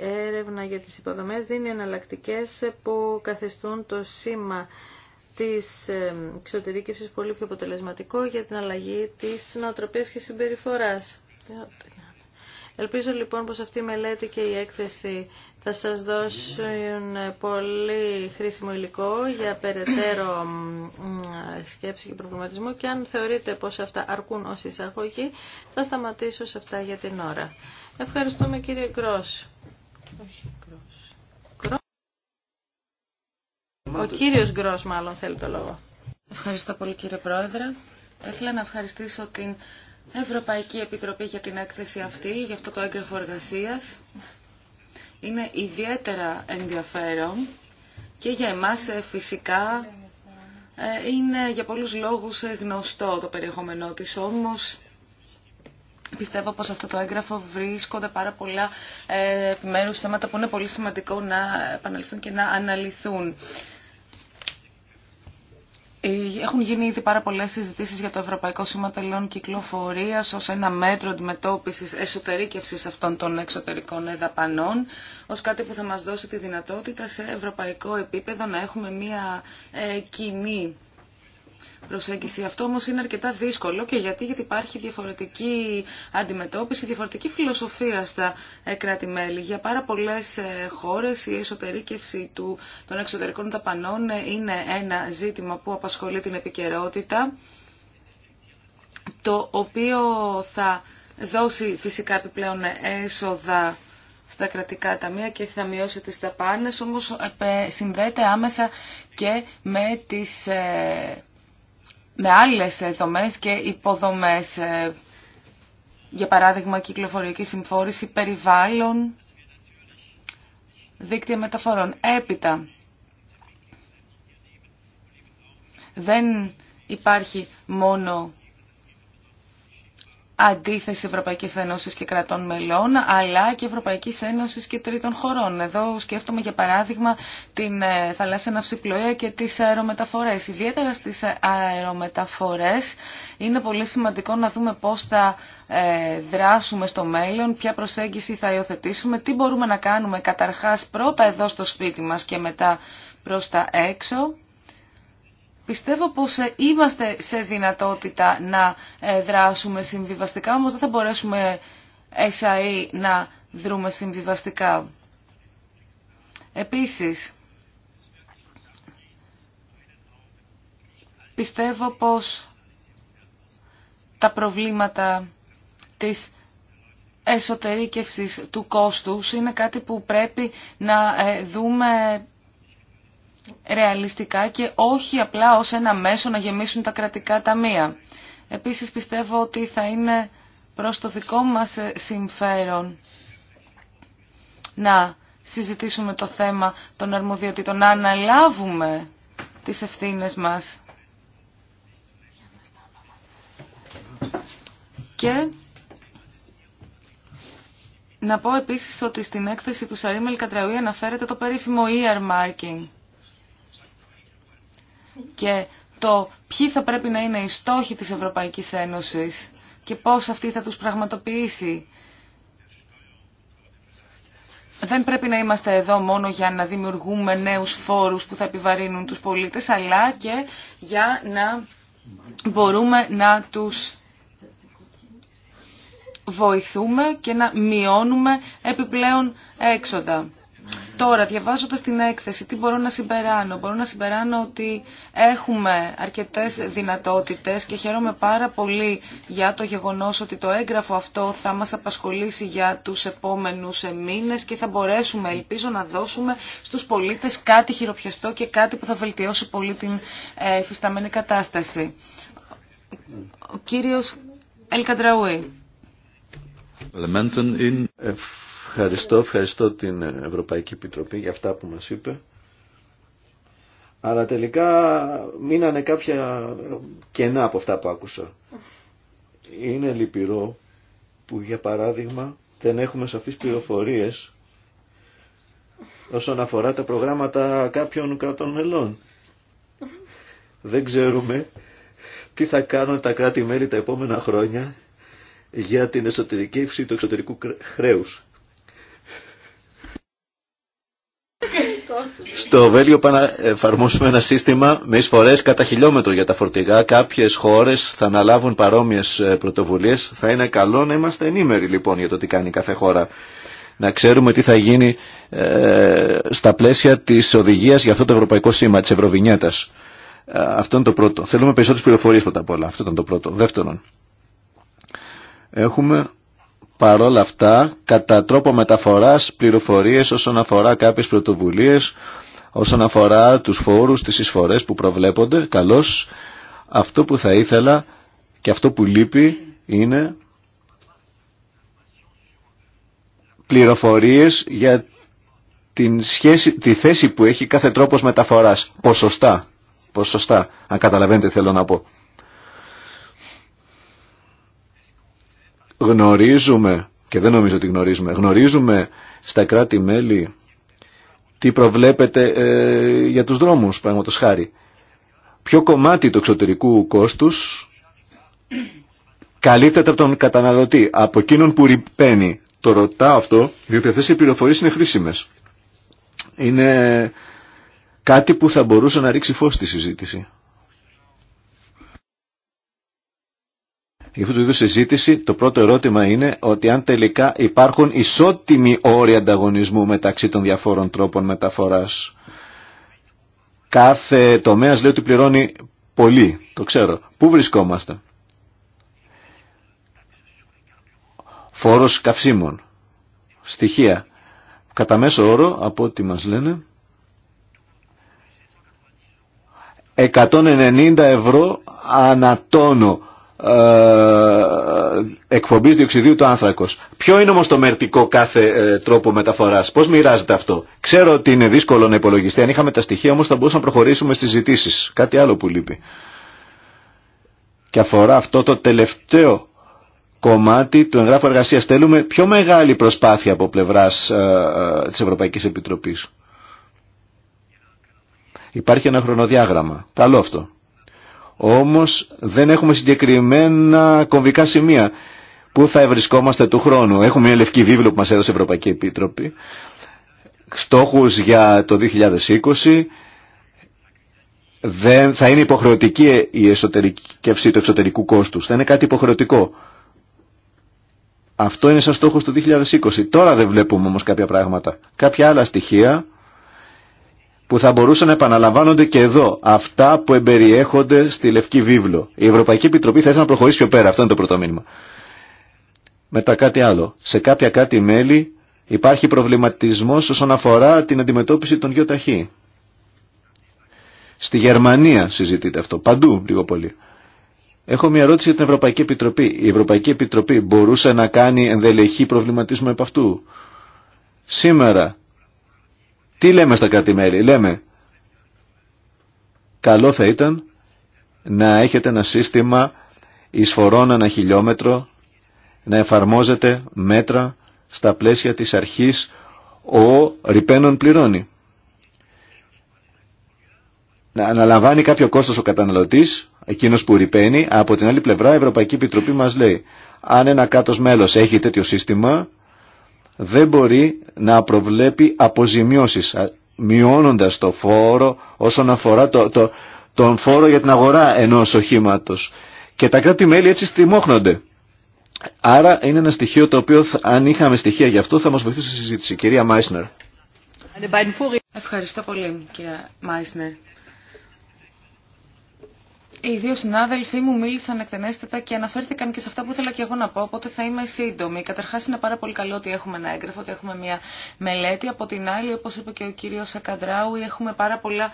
έρευνα για τις υποδομές δίνει εναλλακτικέ που καθιστούν το σήμα της ε, εξωτερήκευσης πολύ πιο αποτελεσματικό για την αλλαγή της νοοτροπίας και συμπεριφοράς. Ελπίζω λοιπόν πως αυτή η μελέτη και η έκθεση θα σας δώσουν πολύ χρήσιμο υλικό για περαιτέρω σκέψη και προβληματισμό και αν θεωρείτε πως αυτά αρκούν ως εισαγωγή θα σταματήσω σε αυτά για την ώρα. Ευχαριστούμε κύριε Γκρός. Όχι, Ο κύριος Γκρός μάλλον θέλει το λόγο. Ευχαριστώ πολύ κύριε Πρόεδρε. Θα ήθελα να ευχαριστήσω την Ευρωπαϊκή Επιτροπή για την έκθεση αυτή, για αυτό το έγγραφο εργασίας. Είναι ιδιαίτερα ενδιαφέρον και για εμάς ε, φυσικά ε, είναι για πολλούς λόγους ε, γνωστό το περιεχόμενό της, όμως πιστεύω πως αυτό το έγγραφο βρίσκονται πάρα πολλά επιμέρους θέματα που είναι πολύ σημαντικό να επαναληφθούν και να αναλυθούν. Ε, έχουν γίνει ήδη πάρα πολλές συζητήσεις για το Ευρωπαϊκό Σήμα Τελών Κυκλοφορίας ως ένα μέτρο αντιμετώπισης εσωτερήκευσης αυτών των εξωτερικών δαπανών, ως κάτι που θα μας δώσει τη δυνατότητα σε ευρωπαϊκό επίπεδο να έχουμε μια ε, κοινή προσέγγιση. Αυτό όμως είναι αρκετά δύσκολο και γιατί, γιατί υπάρχει διαφορετική αντιμετώπιση, διαφορετική φιλοσοφία στα κράτη-μέλη. Για πάρα πολλές ε, χώρες η εσωτερήκευση του, των εξωτερικών ταπανών ε, είναι ένα ζήτημα που απασχολεί την επικαιρότητα, το οποίο θα δώσει φυσικά επιπλέον έσοδα στα κρατικά ταμεία και θα μειώσει τις ταπάνες, όμως ε, συνδέεται άμεσα και με τις με άλλες ε, δομές και υποδομές, ε, για παράδειγμα κυκλοφοριακή συμφόρηση, περιβάλλον, δίκτυα μεταφορών. Έπειτα, δεν υπάρχει μόνο αντίθεση Ευρωπαϊκής Ένωση και κρατών μελών, αλλά και Ευρωπαϊκής Ένωση και τρίτων χωρών. Εδώ σκέφτομαι για παράδειγμα την ε, θαλάσσια ναυσιπλοεία και τις αερομεταφορές. Ιδιαίτερα στι αερομεταφορές είναι πολύ σημαντικό να δούμε πώς θα ε, δράσουμε στο μέλλον, ποια προσέγγιση θα υιοθετήσουμε, τι μπορούμε να κάνουμε καταρχά πρώτα εδώ στο σπίτι μα και μετά προ τα έξω. Πιστεύω πως ε, είμαστε σε δυνατότητα να ε, δράσουμε συμβιβαστικά, όμως δεν θα μπορέσουμε SAE να δρούμε συμβιβαστικά. Επίσης, πιστεύω πως τα προβλήματα της εσωτερήκευσης του κόστους είναι κάτι που πρέπει να ε, δούμε ρεαλιστικά και όχι απλά ως ένα μέσο να γεμίσουν τα κρατικά ταμεία. Επίσης πιστεύω ότι θα είναι προς το δικό μας ε, συμφέρον να συζητήσουμε το θέμα των αρμοδιοτήτων, να αναλάβουμε τις ευθύνες μας. Και να πω επίσης ότι στην έκθεση του Σαρίμελ Κατραουή αναφέρεται το περίφημο earmarking και το ποιοι θα πρέπει να είναι οι στόχοι της Ευρωπαϊκής Ένωσης και πώς αυτή θα τους πραγματοποιήσει. Δεν πρέπει να είμαστε εδώ μόνο για να δημιουργούμε νέους φόρους που θα επιβαρύνουν τους πολίτες, αλλά και για να μπορούμε να τους βοηθούμε και να μειώνουμε επιπλέον έξοδα. Τώρα, διαβάζοντα την έκθεση, τι μπορώ να συμπεράνω. Μπορώ να συμπεράνω ότι έχουμε αρκετές δυνατότητες και χαίρομαι πάρα πολύ για το γεγονός ότι το έγγραφο αυτό θα μας απασχολήσει για τους επόμενους μήνε και θα μπορέσουμε, ελπίζω, να δώσουμε στους πολίτες κάτι χειροπιαστό και κάτι που θα βελτιώσει πολύ την εφισταμένη κατάσταση. Ο κύριος Ελκαντραούι. Ε, Ευχαριστώ, ευχαριστώ την Ευρωπαϊκή Επιτροπή για αυτά που μας είπε. Αλλά τελικά μείνανε κάποια κενά από αυτά που άκουσα. Είναι λυπηρό που για παράδειγμα δεν έχουμε σαφείς πληροφορίες όσον αφορά τα προγράμματα κάποιων κρατών μελών. Δεν ξέρουμε τι θα κάνουν τα κράτη-μέλη τα επόμενα χρόνια για την εσωτερική του εξωτερικού χρέους. Στο Βέλγιο να εφαρμόσουμε ένα σύστημα με εισφορές κατά χιλιόμετρο για τα φορτηγά. Κάποιες χώρες θα αναλάβουν παρόμοιες ε, πρωτοβουλίες. Θα είναι καλό να είμαστε ενήμεροι λοιπόν για το τι κάνει κάθε χώρα. Να ξέρουμε τι θα γίνει ε, στα πλαίσια της οδηγίας για αυτό το ευρωπαϊκό σήμα της Ευρωβινιέτας. Ε, αυτό είναι το πρώτο. Θέλουμε περισσότερες πληροφορίες πρώτα απ' όλα. Αυτό ήταν το πρώτο. Δεύτερον, έχουμε παρόλα αυτά κατά τρόπο μεταφοράς πληροφορίες όσον αφορά κάποιες πρωτοβουλίες, όσον αφορά τους φόρους, τις εισφορές που προβλέπονται, καλώς αυτό που θα ήθελα και αυτό που λείπει είναι πληροφορίες για την σχέση, τη θέση που έχει κάθε τρόπος μεταφοράς. Ποσοστά. Ποσοστά, αν καταλαβαίνετε θέλω να πω. γνωρίζουμε, και δεν νομίζω ότι γνωρίζουμε, γνωρίζουμε στα κράτη-μέλη τι προβλέπεται ε, για τους δρόμους, πράγματος χάρη. Ποιο κομμάτι του εξωτερικού κόστους καλύπτεται από τον καταναλωτή, από εκείνον που ρηπαίνει. Το ρωτάω αυτό, διότι αυτές οι πληροφορίες είναι χρήσιμες. Είναι κάτι που θα μπορούσε να ρίξει φως στη συζήτηση. για αυτού του είδου συζήτηση, το πρώτο ερώτημα είναι ότι αν τελικά υπάρχουν ισότιμοι όροι ανταγωνισμού μεταξύ των διαφόρων τρόπων μεταφοράς. Κάθε τομέας λέει ότι πληρώνει πολύ, το ξέρω. Πού βρισκόμαστε. Φόρος καυσίμων. Στοιχεία. Κατά μέσο όρο, από ό,τι μας λένε, 190 ευρώ ανατόνο ε, εκπομπής διοξιδίου του άνθρακος. Ποιο είναι όμως το μερτικό κάθε ε, τρόπο μεταφοράς, πώς μοιράζεται αυτό. Ξέρω ότι είναι δύσκολο να υπολογιστεί, αν είχαμε τα στοιχεία όμως θα μπορούσαμε να προχωρήσουμε στις ζητήσεις. Κάτι άλλο που λείπει. Και αφορά αυτό το τελευταίο κομμάτι του εγγράφου εργασίας. Θέλουμε πιο μεγάλη προσπάθεια από πλευράς ε, ε της Ευρωπαϊκής Επιτροπής. Υπάρχει ένα χρονοδιάγραμμα. Καλό αυτό. Όμως δεν έχουμε συγκεκριμένα κομβικά σημεία. Πού θα ευρισκόμαστε του χρόνου. Έχουμε μια λευκή βίβλο που μας έδωσε η Ευρωπαϊκή Επίτροπη. Στόχους για το 2020. Δεν θα είναι υποχρεωτική η εσωτερική του εξωτερικού κόστους. Θα είναι κάτι υποχρεωτικό. Αυτό είναι σαν στόχος του 2020. Τώρα δεν βλέπουμε όμως κάποια πράγματα. Κάποια άλλα στοιχεία που θα μπορούσαν να επαναλαμβάνονται και εδώ, αυτά που εμπεριέχονται στη Λευκή Βίβλο. Η Ευρωπαϊκή Επιτροπή θα ήθελε να προχωρήσει πιο πέρα, αυτό είναι το πρώτο μήνυμα. Μετά κάτι άλλο. Σε κάποια κάτι μέλη υπάρχει προβληματισμός όσον αφορά την αντιμετώπιση των ταχύ. Στη Γερμανία συζητείται αυτό, παντού λίγο πολύ. Έχω μια ερώτηση για την Ευρωπαϊκή Επιτροπή. Η Ευρωπαϊκή Επιτροπή μπορούσε να κάνει ενδελεχή προβληματισμό επ' αυτού. Σήμερα τι λέμε στα κάτι μελη Λέμε, καλό θα ήταν να έχετε ένα σύστημα εισφορών ανά χιλιόμετρο, να εφαρμόζετε μέτρα στα πλαίσια της αρχής ο ρηπαίνων πληρώνει. Να αναλαμβάνει κάποιο κόστος ο καταναλωτής, εκείνος που ρηπαίνει, από την άλλη πλευρά η Ευρωπαϊκή Επιτροπή μας λέει αν ένα κάτω μέλος έχει τέτοιο σύστημα δεν μπορεί να προβλέπει αποζημιώσεις, μειώνοντας το φόρο όσον αφορά το, τον φόρο για την αγορά ενός οχήματος. Και τα κράτη-μέλη έτσι στριμώχνονται. Άρα είναι ένα στοιχείο το οποίο αν είχαμε στοιχεία γι' αυτό θα μας βοηθούσε στη συζήτηση. Κυρία Μάισνερ. Ευχαριστώ πολύ κυρία Μάισνερ. Ε, οι δύο συνάδελφοί μου μίλησαν εκτενέστατα και αναφέρθηκαν και σε αυτά που ήθελα και εγώ να πω, οπότε θα είμαι σύντομη. Καταρχά, είναι πάρα πολύ καλό ότι έχουμε ένα έγγραφο, ότι έχουμε μια μελέτη. Από την άλλη, όπω είπε και ο κύριο Ακαντράου, έχουμε πάρα πολλά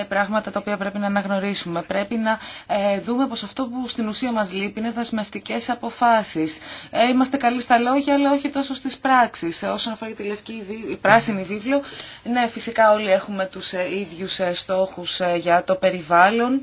ε, πράγματα τα οποία πρέπει να αναγνωρίσουμε. Πρέπει να ε, δούμε πω αυτό που στην ουσία μα λείπει είναι δασμευτικέ αποφάσει. Ε, είμαστε καλοί στα λόγια, αλλά όχι τόσο στι πράξει. όσον αφορά τη λευκή, η πράσινη βίβλο, ναι, φυσικά όλοι έχουμε του ίδιου στόχου για το περιβάλλον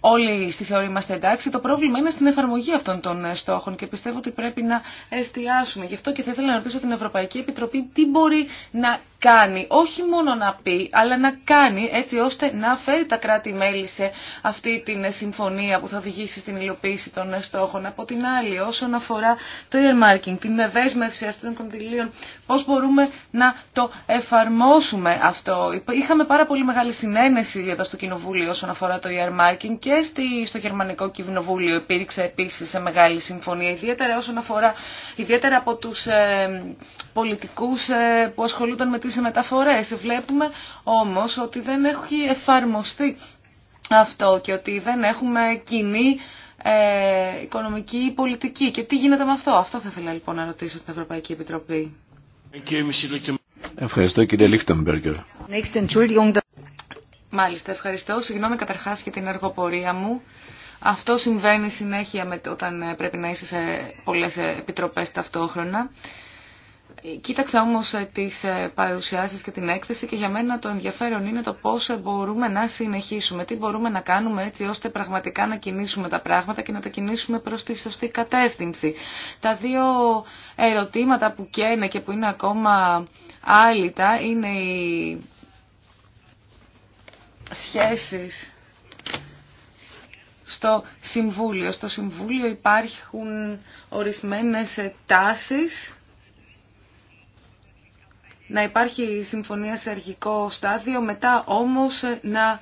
όλοι στη θεωρία είμαστε εντάξει. Το πρόβλημα είναι στην εφαρμογή αυτών των ε, στόχων και πιστεύω ότι πρέπει να εστιάσουμε. Γι' αυτό και θα ήθελα να ρωτήσω την Ευρωπαϊκή Επιτροπή τι μπορεί να κάνει, όχι μόνο να πει, αλλά να κάνει έτσι ώστε να φέρει τα κράτη-μέλη σε αυτή την ε, συμφωνία που θα οδηγήσει στην υλοποίηση των ε, στόχων. Από την άλλη, όσον αφορά το earmarking, την δέσμευση αυτών των κονδυλίων, Πώ μπορούμε να το εφαρμόσουμε αυτό. Είχαμε πάρα πολύ μεγάλη συνένεση εδώ στο Κοινοβούλιο όσον αφορά το earmarking και στη, στο Γερμανικό Κοινοβούλιο υπήρξε επίσης σε μεγάλη συμφωνία, ιδιαίτερα όσον αφορά, ιδιαίτερα από τους ε, πολιτικούς ε, που ασχολούνταν με τις μεταφορές. Βλέπουμε όμως ότι δεν έχει εφαρμοστεί αυτό και ότι δεν έχουμε κοινή ε, οικονομική πολιτική. Και τι γίνεται με αυτό. Αυτό θα ήθελα λοιπόν να ρωτήσω την Ευρωπαϊκή Επιτροπή. Ευχαριστώ κύριε Λίχτεμπεργκερ. Μάλιστα, ευχαριστώ. Συγγνώμη καταρχάς για την εργοπορία μου. Αυτό συμβαίνει συνέχεια με, όταν ε, πρέπει να είσαι σε πολλές ε, επιτροπές ταυτόχρονα. Κοίταξα όμως ε, τις παρουσιάσεις και την έκθεση και για μένα το ενδιαφέρον είναι το πώς μπορούμε να συνεχίσουμε, τι μπορούμε να κάνουμε έτσι ώστε πραγματικά να κινήσουμε τα πράγματα και να τα κινήσουμε προς τη σωστή κατεύθυνση. Τα δύο ερωτήματα που καίνε και που είναι ακόμα άλυτα είναι η σχέσεις στο Συμβούλιο. Στο Συμβούλιο υπάρχουν ορισμένες τάσεις. Να υπάρχει συμφωνία σε αρχικό στάδιο, μετά όμως να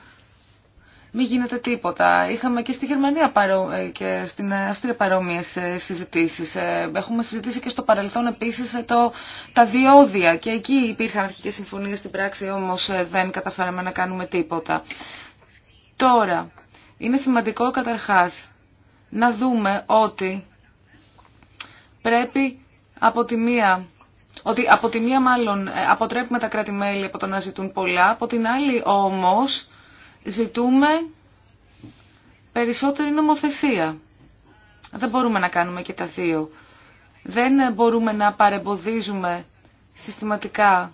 μη γίνεται τίποτα. Είχαμε και στη Γερμανία ε, και στην Αυστρία παρόμοιε ε, συζητήσεις. Ε, έχουμε συζητήσει και στο παρελθόν επίση το, τα διόδια και εκεί υπήρχαν αρχικέ συμφωνίε στην πράξη όμως δεν καταφέραμε να κάνουμε τίποτα. Τώρα, είναι σημαντικό καταρχάς να δούμε ότι πρέπει από τη μία ότι από τη μία μάλλον αποτρέπουμε τα κράτη-μέλη από το να ζητούν πολλά, από την άλλη όμως ζητούμε περισσότερη νομοθεσία. Δεν μπορούμε να κάνουμε και τα δύο. Δεν μπορούμε να παρεμποδίζουμε συστηματικά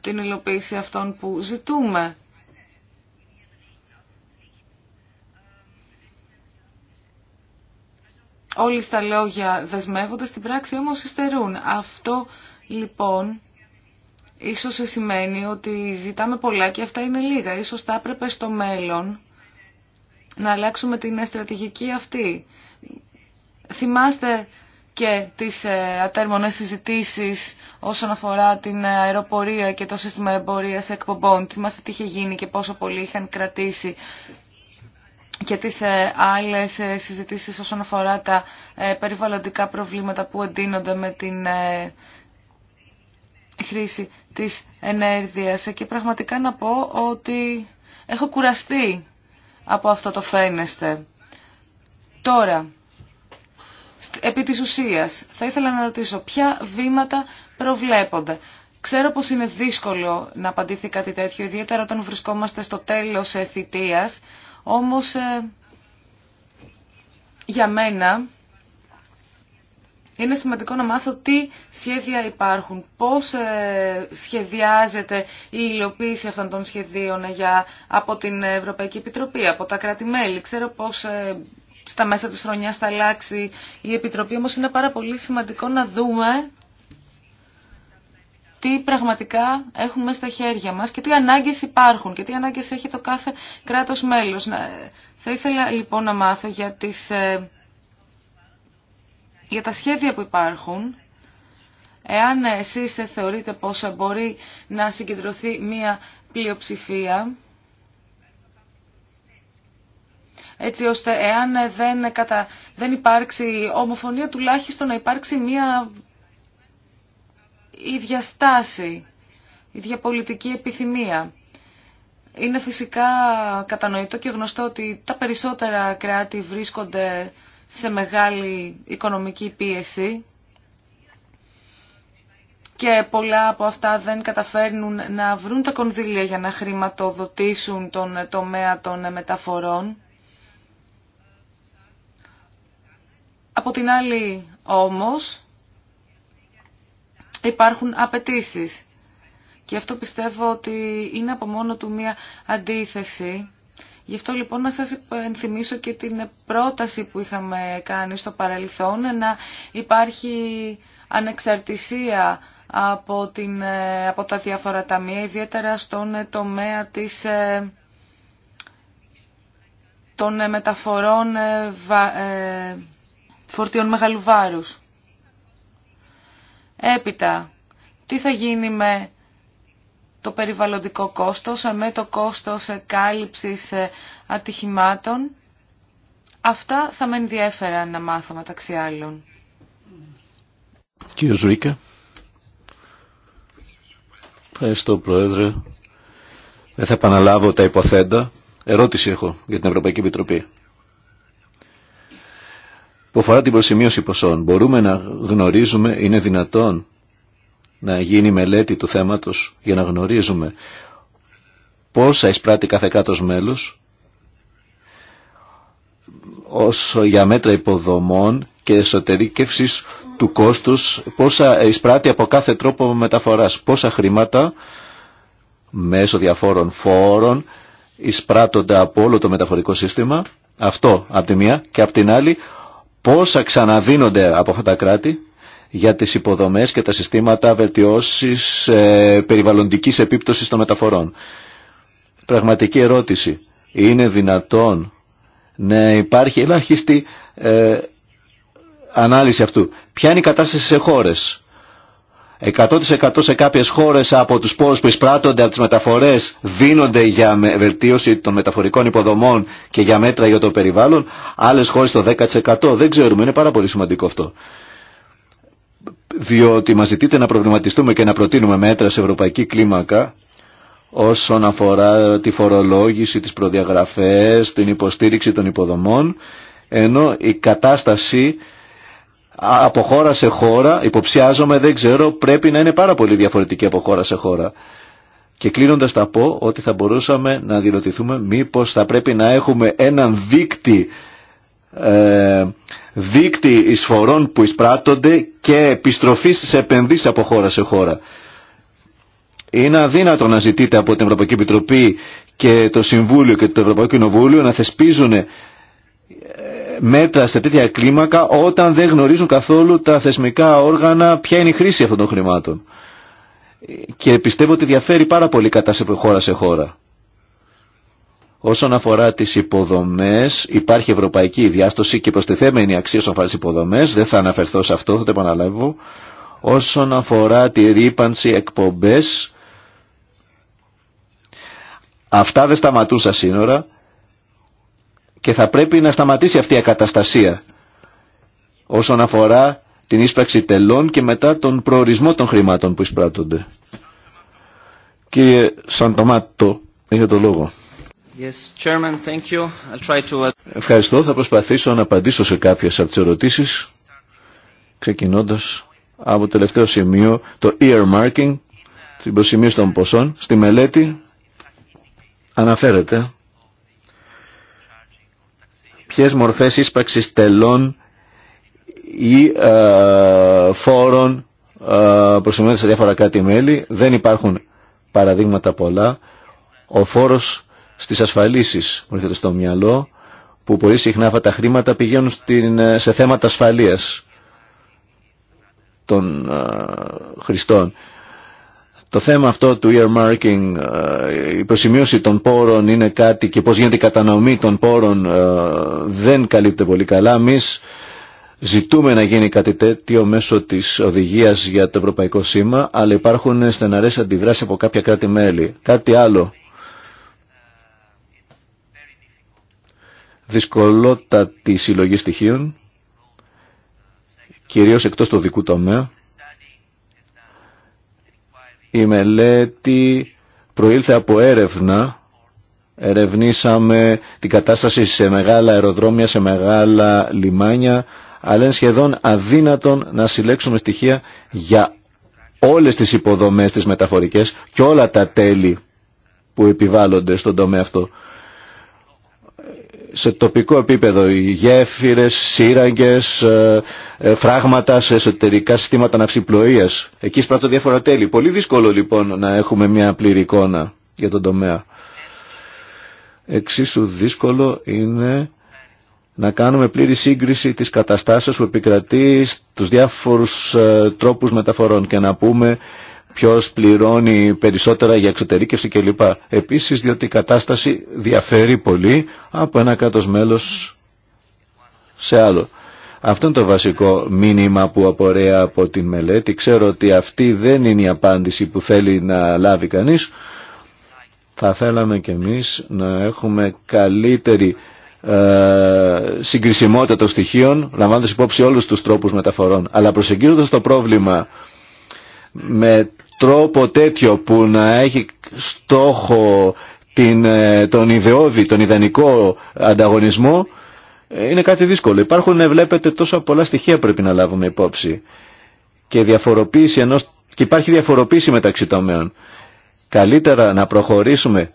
την υλοποίηση αυτών που ζητούμε. Όλοι στα λόγια δεσμεύονται, στην πράξη όμως υστερούν. Αυτό λοιπόν ίσως σημαίνει ότι ζητάμε πολλά και αυτά είναι λίγα. Ίσως θα έπρεπε στο μέλλον να αλλάξουμε την στρατηγική αυτή. Θυμάστε και τις ε, ατέρμονες συζητήσει όσον αφορά την αεροπορία και το σύστημα εμπορίας εκπομπών. Θυμάστε τι είχε γίνει και πόσο πολύ είχαν κρατήσει και τις ε, άλλες ε, συζητήσεις όσον αφορά τα περιβαλλοντικά προβλήματα που εντείνονται με την χρήση της ενέργειας και πραγματικά να πω ότι έχω κουραστεί από αυτό το φαίνεστε. Τώρα, επί της ουσίας, θα ήθελα να ρωτήσω ποια βήματα προβλέπονται. Ξέρω πως είναι δύσκολο να απαντήθει κάτι τέτοιο, ιδιαίτερα όταν βρισκόμαστε στο τέλος ε, θητείας, όμως ε, για μένα είναι σημαντικό να μάθω τι σχέδια υπάρχουν, πώς ε, σχεδιάζεται η υλοποίηση αυτών των σχεδίων ε, για, από την Ευρωπαϊκή Επιτροπή, από τα κράτη-μέλη. Ξέρω πώς ε, στα μέσα της χρονιάς θα αλλάξει η Επιτροπή, όμως είναι πάρα πολύ σημαντικό να δούμε τι πραγματικά έχουμε στα χέρια μας και τι ανάγκες υπάρχουν και τι ανάγκες έχει το κάθε κράτος μέλος. Θα ήθελα λοιπόν να μάθω για τις για τα σχέδια που υπάρχουν, εάν εσείς θεωρείτε πως μπορεί να συγκεντρωθεί μία πλειοψηφία, έτσι ώστε εάν δεν, κατα... δεν υπάρξει ομοφωνία τουλάχιστον να υπάρξει μία ίδια στάση, ίδια πολιτική επιθυμία. Είναι φυσικά κατανοητό και γνωστό ότι τα περισσότερα κράτη βρίσκονται σε μεγάλη οικονομική πίεση και πολλά από αυτά δεν καταφέρνουν να βρουν τα κονδύλια για να χρηματοδοτήσουν τον τομέα των μεταφορών. Από την άλλη όμως υπάρχουν απαιτήσει. Και αυτό πιστεύω ότι είναι από μόνο του μία αντίθεση Γι' αυτό λοιπόν να σας ενθυμίσω και την πρόταση που είχαμε κάνει στο παρελθόν να υπάρχει ανεξαρτησία από, την, ε, από τα διάφορα ταμεία, ιδιαίτερα στον τομέα της, ε, των μεταφορών ε, φορτίων μεγαλου βάρους. Έπειτα, τι θα γίνει με το περιβαλλοντικό κόστος, αμέ το κόστος ε, κάλυψης ε, ατυχημάτων. Αυτά θα με ενδιέφεραν να μάθω μεταξύ άλλων. Κύριε Ζουίκα. Ευχαριστώ Πρόεδρε. Δεν θα επαναλάβω τα υποθέντα. Ερώτηση έχω για την Ευρωπαϊκή Επιτροπή. Που αφορά την προσημείωση ποσών. Μπορούμε να γνωρίζουμε, είναι δυνατόν, να γίνει μελέτη του θέματος για να γνωρίζουμε πόσα εισπράττει κάθε κάτος μέλος όσο για μέτρα υποδομών και εσωτερικεύσης του κόστους, πόσα εισπράττει από κάθε τρόπο μεταφοράς, πόσα χρήματα μέσω διαφόρων φόρων εισπράττονται από όλο το μεταφορικό σύστημα, αυτό από τη μία και από την άλλη πόσα ξαναδίνονται από αυτά τα κράτη για τις υποδομές και τα συστήματα βελτιώσεις ε, περιβαλλοντικής επίπτωσης των μεταφορών. Πραγματική ερώτηση. Είναι δυνατόν να υπάρχει ελάχιστη ε, ανάλυση αυτού. Ποια είναι η κατάσταση σε χώρες. 100% σε κάποιες χώρες από τους πόρους που εισπράττονται από τις μεταφορές δίνονται για βελτίωση των μεταφορικών υποδομών και για μέτρα για το περιβάλλον. Άλλες χώρες το 10% δεν ξέρουμε. Είναι πάρα πολύ σημαντικό αυτό διότι μας ζητείτε να προβληματιστούμε και να προτείνουμε μέτρα σε ευρωπαϊκή κλίμακα όσον αφορά τη φορολόγηση, τις προδιαγραφές, την υποστήριξη των υποδομών, ενώ η κατάσταση από χώρα σε χώρα, υποψιάζομαι, δεν ξέρω, πρέπει να είναι πάρα πολύ διαφορετική από χώρα σε χώρα. Και κλείνοντας θα πω ότι θα μπορούσαμε να δηλωτηθούμε μήπως θα πρέπει να έχουμε έναν δίκτυ. Ε, δίκτυ εισφορών που εισπράττονται και επιστροφή σε επενδύσει από χώρα σε χώρα. Είναι αδύνατο να ζητείτε από την Ευρωπαϊκή Επιτροπή και το Συμβούλιο και το Ευρωπαϊκό Κοινοβούλιο να θεσπίζουν ε, μέτρα σε τέτοια κλίμακα όταν δεν γνωρίζουν καθόλου τα θεσμικά όργανα ποια είναι η χρήση αυτών των χρημάτων. Και πιστεύω ότι διαφέρει πάρα πολύ κατάσταση από χώρα σε χώρα. Όσον αφορά τι υποδομέ, υπάρχει ευρωπαϊκή διάστοση και προστιθέμενη αξία όσον αφορά τι υποδομέ. Δεν θα αναφερθώ σε αυτό, θα το επαναλάβω. Όσον αφορά τη ρήπανση εκπομπέ, αυτά δεν σταματούν στα σύνορα και θα πρέπει να σταματήσει αυτή η ακαταστασία όσον αφορά την ίσπραξη τελών και μετά τον προορισμό των χρημάτων που εισπράττονται. Κύριε Σαντομάτο, έχετε το λόγο. Ευχαριστώ. Θα προσπαθήσω να απαντήσω σε κάποιες από τις ερωτήσεις, ξεκινώντας από το τελευταίο σημείο, το earmarking, την προσημείωση των ποσών. Στη μελέτη αναφέρεται ποιες μορφές ίσπαξης τελών ή ε, φόρων ε, σε διάφορα κάτι μέλη. Δεν υπάρχουν παραδείγματα πολλά. Ο φόρος στις ασφαλίσεις που έρχεται στο μυαλό που πολύ συχνά αυτά τα χρήματα πηγαίνουν ε, σε θέματα ασφαλείας των ε, χρηστών. Το θέμα αυτό του earmarking, ε, η προσημείωση των πόρων είναι κάτι και πώς γίνεται η κατανομή των πόρων δεν καλύπτεται πολύ καλά. Εμεί ζητούμε να γίνει κάτι τέτοιο μέσω της οδηγίας για το ευρωπαϊκό σήμα, αλλά υπάρχουν στεναρές αντιδράσεις από κάποια κράτη-μέλη. Κάτι άλλο δυσκολότατη συλλογή στοιχείων, κυρίως εκτός του δικού τομέα. Η μελέτη προήλθε από έρευνα. Ερευνήσαμε την κατάσταση σε μεγάλα αεροδρόμια, σε μεγάλα λιμάνια, αλλά είναι σχεδόν αδύνατον να συλλέξουμε στοιχεία για όλες τις υποδομές τις μεταφορικές και όλα τα τέλη που επιβάλλονται στον τομέα αυτό σε τοπικό επίπεδο, οι γέφυρες, σύραγγες, ε, ε, φράγματα σε εσωτερικά συστήματα ναυσιπλοείας. Εκεί σπράττω διάφορα τέλη. Πολύ δύσκολο λοιπόν να έχουμε μια πλήρη εικόνα για τον τομέα. Εξίσου δύσκολο είναι να κάνουμε πλήρη σύγκριση της καταστάσεως που επικρατεί στους διάφορους ε, τρόπους μεταφορών και να πούμε ποιος πληρώνει περισσότερα για εξωτερήκευση κλπ. Επίσης διότι η κατάσταση διαφέρει πολύ από ένα κράτος μέλος σε άλλο. Αυτό είναι το βασικό μήνυμα που απορρέει από την μελέτη. Ξέρω ότι αυτή δεν είναι η απάντηση που θέλει να λάβει κανείς. Θα θέλαμε κι εμείς να έχουμε καλύτερη ε, συγκρισιμότητα των στοιχείων, λαμβάνοντας υπόψη όλους τους τρόπους μεταφορών. Αλλά προσεγγίζοντας το πρόβλημα με τρόπο τέτοιο που να έχει στόχο την, ε, τον ιδεώδη, τον ιδανικό ανταγωνισμό ε, είναι κάτι δύσκολο. Υπάρχουν, ε, βλέπετε, τόσα πολλά στοιχεία πρέπει να λάβουμε υπόψη και, διαφοροποίηση ενός, και υπάρχει διαφοροποίηση μεταξύ τομέων. Καλύτερα να προχωρήσουμε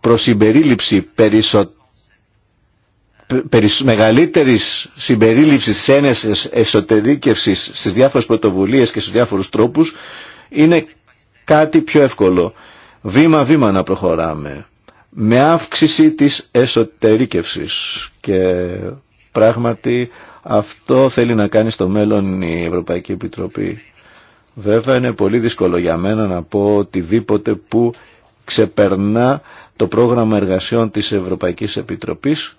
προς συμπερίληψη περισσότερων Μεγαλύτερη συμπερίληψης της ένεσης εσωτερήκευσης στις διάφορες πρωτοβουλίες και στους διάφορους τρόπους είναι κάτι πιο εύκολο. Βήμα-βήμα να προχωράμε. Με αύξηση της εσωτερήκευσης και πράγματι αυτό θέλει να κάνει στο μέλλον η Ευρωπαϊκή Επιτροπή. Βέβαια είναι πολύ δύσκολο για μένα να πω οτιδήποτε που ξεπερνά το πρόγραμμα εργασιών της Ευρωπαϊκής Επιτροπής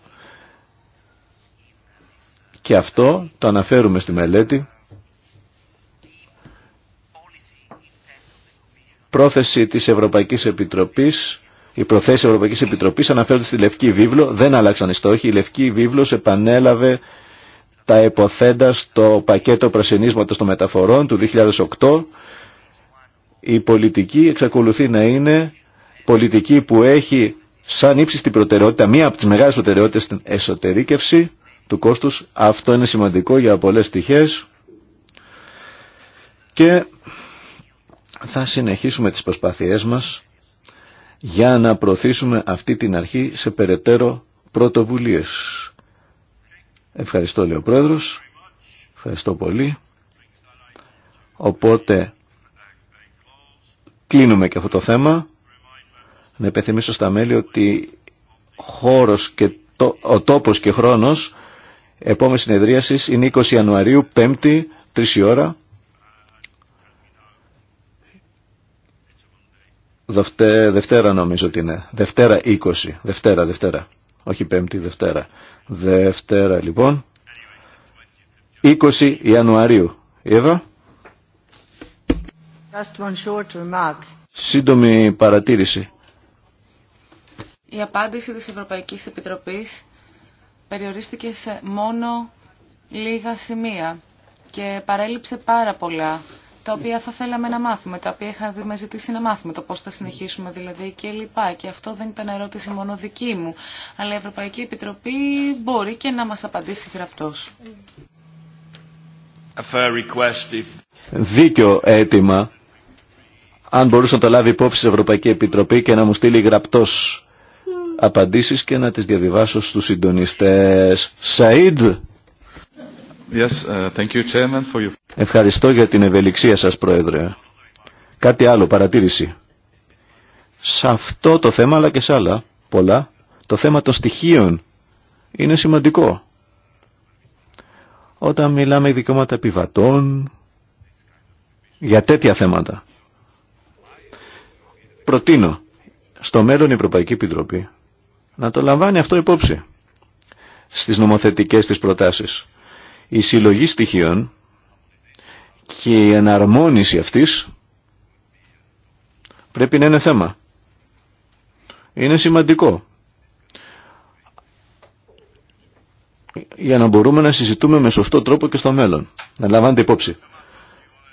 και αυτό το αναφέρουμε στη μελέτη. Πρόθεση της Ευρωπαϊκής Επιτροπής, οι προθέσεις Ευρωπαϊκής Επιτροπής αναφέρονται στη Λευκή Βίβλο, δεν άλλαξαν οι στόχοι. Η Λευκή Βίβλος επανέλαβε τα υποθέντα στο πακέτο πρασινίσματος των μεταφορών του 2008. Η πολιτική εξακολουθεί να είναι πολιτική που έχει σαν ύψιστη προτεραιότητα, μία από τις μεγάλες προτεραιότητες στην εσωτερήκευση του κόστους. Αυτό είναι σημαντικό για πολλές πτυχές και θα συνεχίσουμε τις προσπάθειές μας για να προωθήσουμε αυτή την αρχή σε περαιτέρω πρωτοβουλίες. Ευχαριστώ λέει ο Πρόεδρος. Ευχαριστώ πολύ. Οπότε κλείνουμε και αυτό το θέμα. Να υπενθυμίσω στα μέλη ότι χώρος και το, ο τόπος και χρόνος Επόμενη συνεδρίαση είναι 20 Ιανουαρίου, 5η, 3 η ώρα. Δευτέρα, νομίζω ότι είναι. Δευτέρα 20. Δευτέρα, Δευτέρα. Όχι Πέμπτη, Δευτέρα. Δευτέρα λοιπόν. 20 Ιανουαρίου. Εύα. Σύντομη παρατήρηση. Η απάντηση της Ευρωπαϊκής Επιτροπής περιορίστηκε σε μόνο λίγα σημεία και παρέλειψε πάρα πολλά τα οποία θα θέλαμε να μάθουμε, τα οποία είχαμε ζητήσει να μάθουμε, το πώς θα συνεχίσουμε δηλαδή και λοιπά. Και αυτό δεν ήταν ερώτηση μόνο δική μου, αλλά η Ευρωπαϊκή Επιτροπή μπορεί και να μας απαντήσει γραπτός. Δίκιο αίτημα, αν μπορούσε να το λάβει υπόψη η Ευρωπαϊκή Επιτροπή και να μου στείλει γραπτός απαντήσεις και να τις διαβιβάσω στους συντονιστές. Σαΐντ. Yes, uh, you, Ευχαριστώ για την ευελιξία σας, Πρόεδρε. Κάτι άλλο, παρατήρηση. Σε αυτό το θέμα, αλλά και σε άλλα πολλά, το θέμα των στοιχείων είναι σημαντικό. Όταν μιλάμε δικαιώματα επιβατών, για τέτοια θέματα. Προτείνω στο μέλλον η Ευρωπαϊκή Επιτροπή να το λαμβάνει αυτό υπόψη στις νομοθετικές της προτάσεις. Η συλλογή στοιχείων και η αναρμόνιση αυτής πρέπει να είναι θέμα. Είναι σημαντικό. για να μπορούμε να συζητούμε με σωστό τρόπο και στο μέλλον. Να λαμβάνετε υπόψη.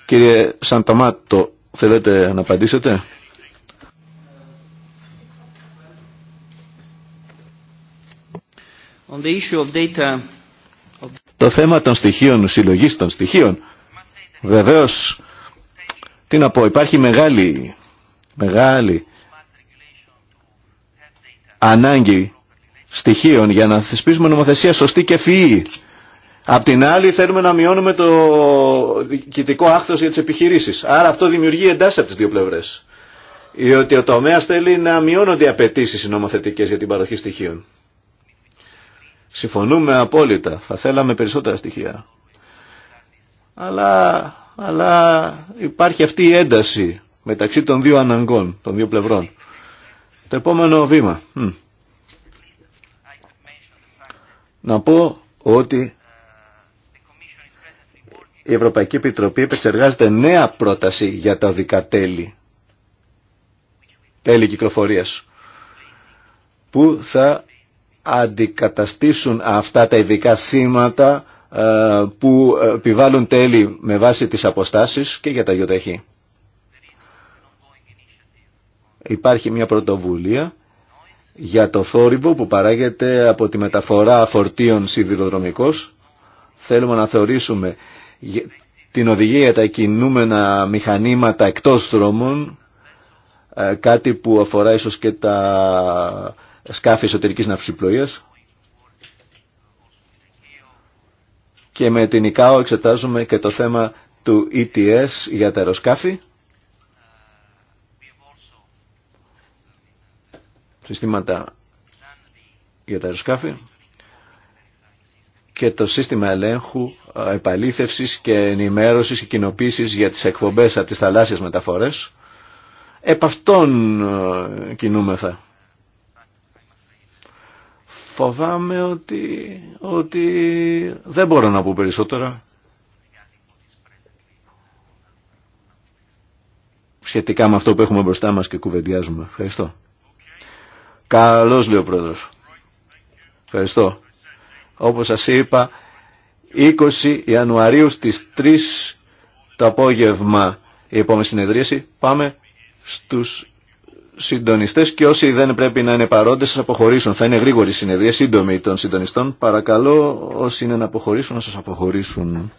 Κύριε Σανταμάτο, θέλετε να απαντήσετε. Το θέμα των στοιχείων, συλλογής των στοιχείων, βεβαίως, τι να πω, υπάρχει μεγάλη, μεγάλη ανάγκη στοιχείων για να θεσπίσουμε νομοθεσία σωστή και φυή. Απ' την άλλη θέλουμε να μειώνουμε το διοικητικό άχθος για τις επιχειρήσεις. Άρα αυτό δημιουργεί εντάσεις από τις δύο πλευρές. Διότι ο τομέας θέλει να μειώνονται οι απαιτήσει νομοθετικές για την παροχή στοιχείων. Συμφωνούμε απόλυτα. Θα θέλαμε περισσότερα στοιχεία. Αλλά, αλλά υπάρχει αυτή η ένταση μεταξύ των δύο αναγκών, των δύο πλευρών. Το επόμενο βήμα. Να πω ότι η Ευρωπαϊκή Επιτροπή επεξεργάζεται νέα πρόταση για τα οδικά τέλη, τέλη κυκλοφορίας, που θα αντικαταστήσουν αυτά τα ειδικά σήματα ε, που επιβάλλουν τέλη με βάση τις αποστάσεις και για τα γιοταχή. Υπάρχει μια πρωτοβουλία για το θόρυβο που παράγεται από τη μεταφορά φορτίων σιδηροδρομικός. Θέλουμε να θεωρήσουμε την οδηγία για τα κινούμενα μηχανήματα εκτός δρόμων ε, κάτι που αφορά ίσως και τα σκάφη εσωτερικής ναυσιπλοείας και με την ΙΚΑΟ εξετάζουμε και το θέμα του ETS για τα αεροσκάφη συστήματα για τα αεροσκάφη και το σύστημα ελέγχου, επαλήθευσης και ενημέρωσης και κοινοποίησης για τις εκπομπές από τις θαλάσσιες μεταφορές. Επ' αυτόν ε, κινούμεθα. Φοβάμαι ότι, ότι δεν μπορώ να πω περισσότερα. σχετικά με αυτό που έχουμε μπροστά μας και κουβεντιάζουμε. Ευχαριστώ. Καλώς λέει ο πρόεδρος. Ευχαριστώ. Όπως σας είπα, 20 Ιανουαρίου στις 3 το απόγευμα η επόμενη συνεδρίαση. Πάμε στους συντονιστές και όσοι δεν πρέπει να είναι παρόντες σα αποχωρήσουν. Θα είναι γρήγορη συνεδρία, σύντομη των συντονιστών. Παρακαλώ όσοι είναι να αποχωρήσουν να σας αποχωρήσουν.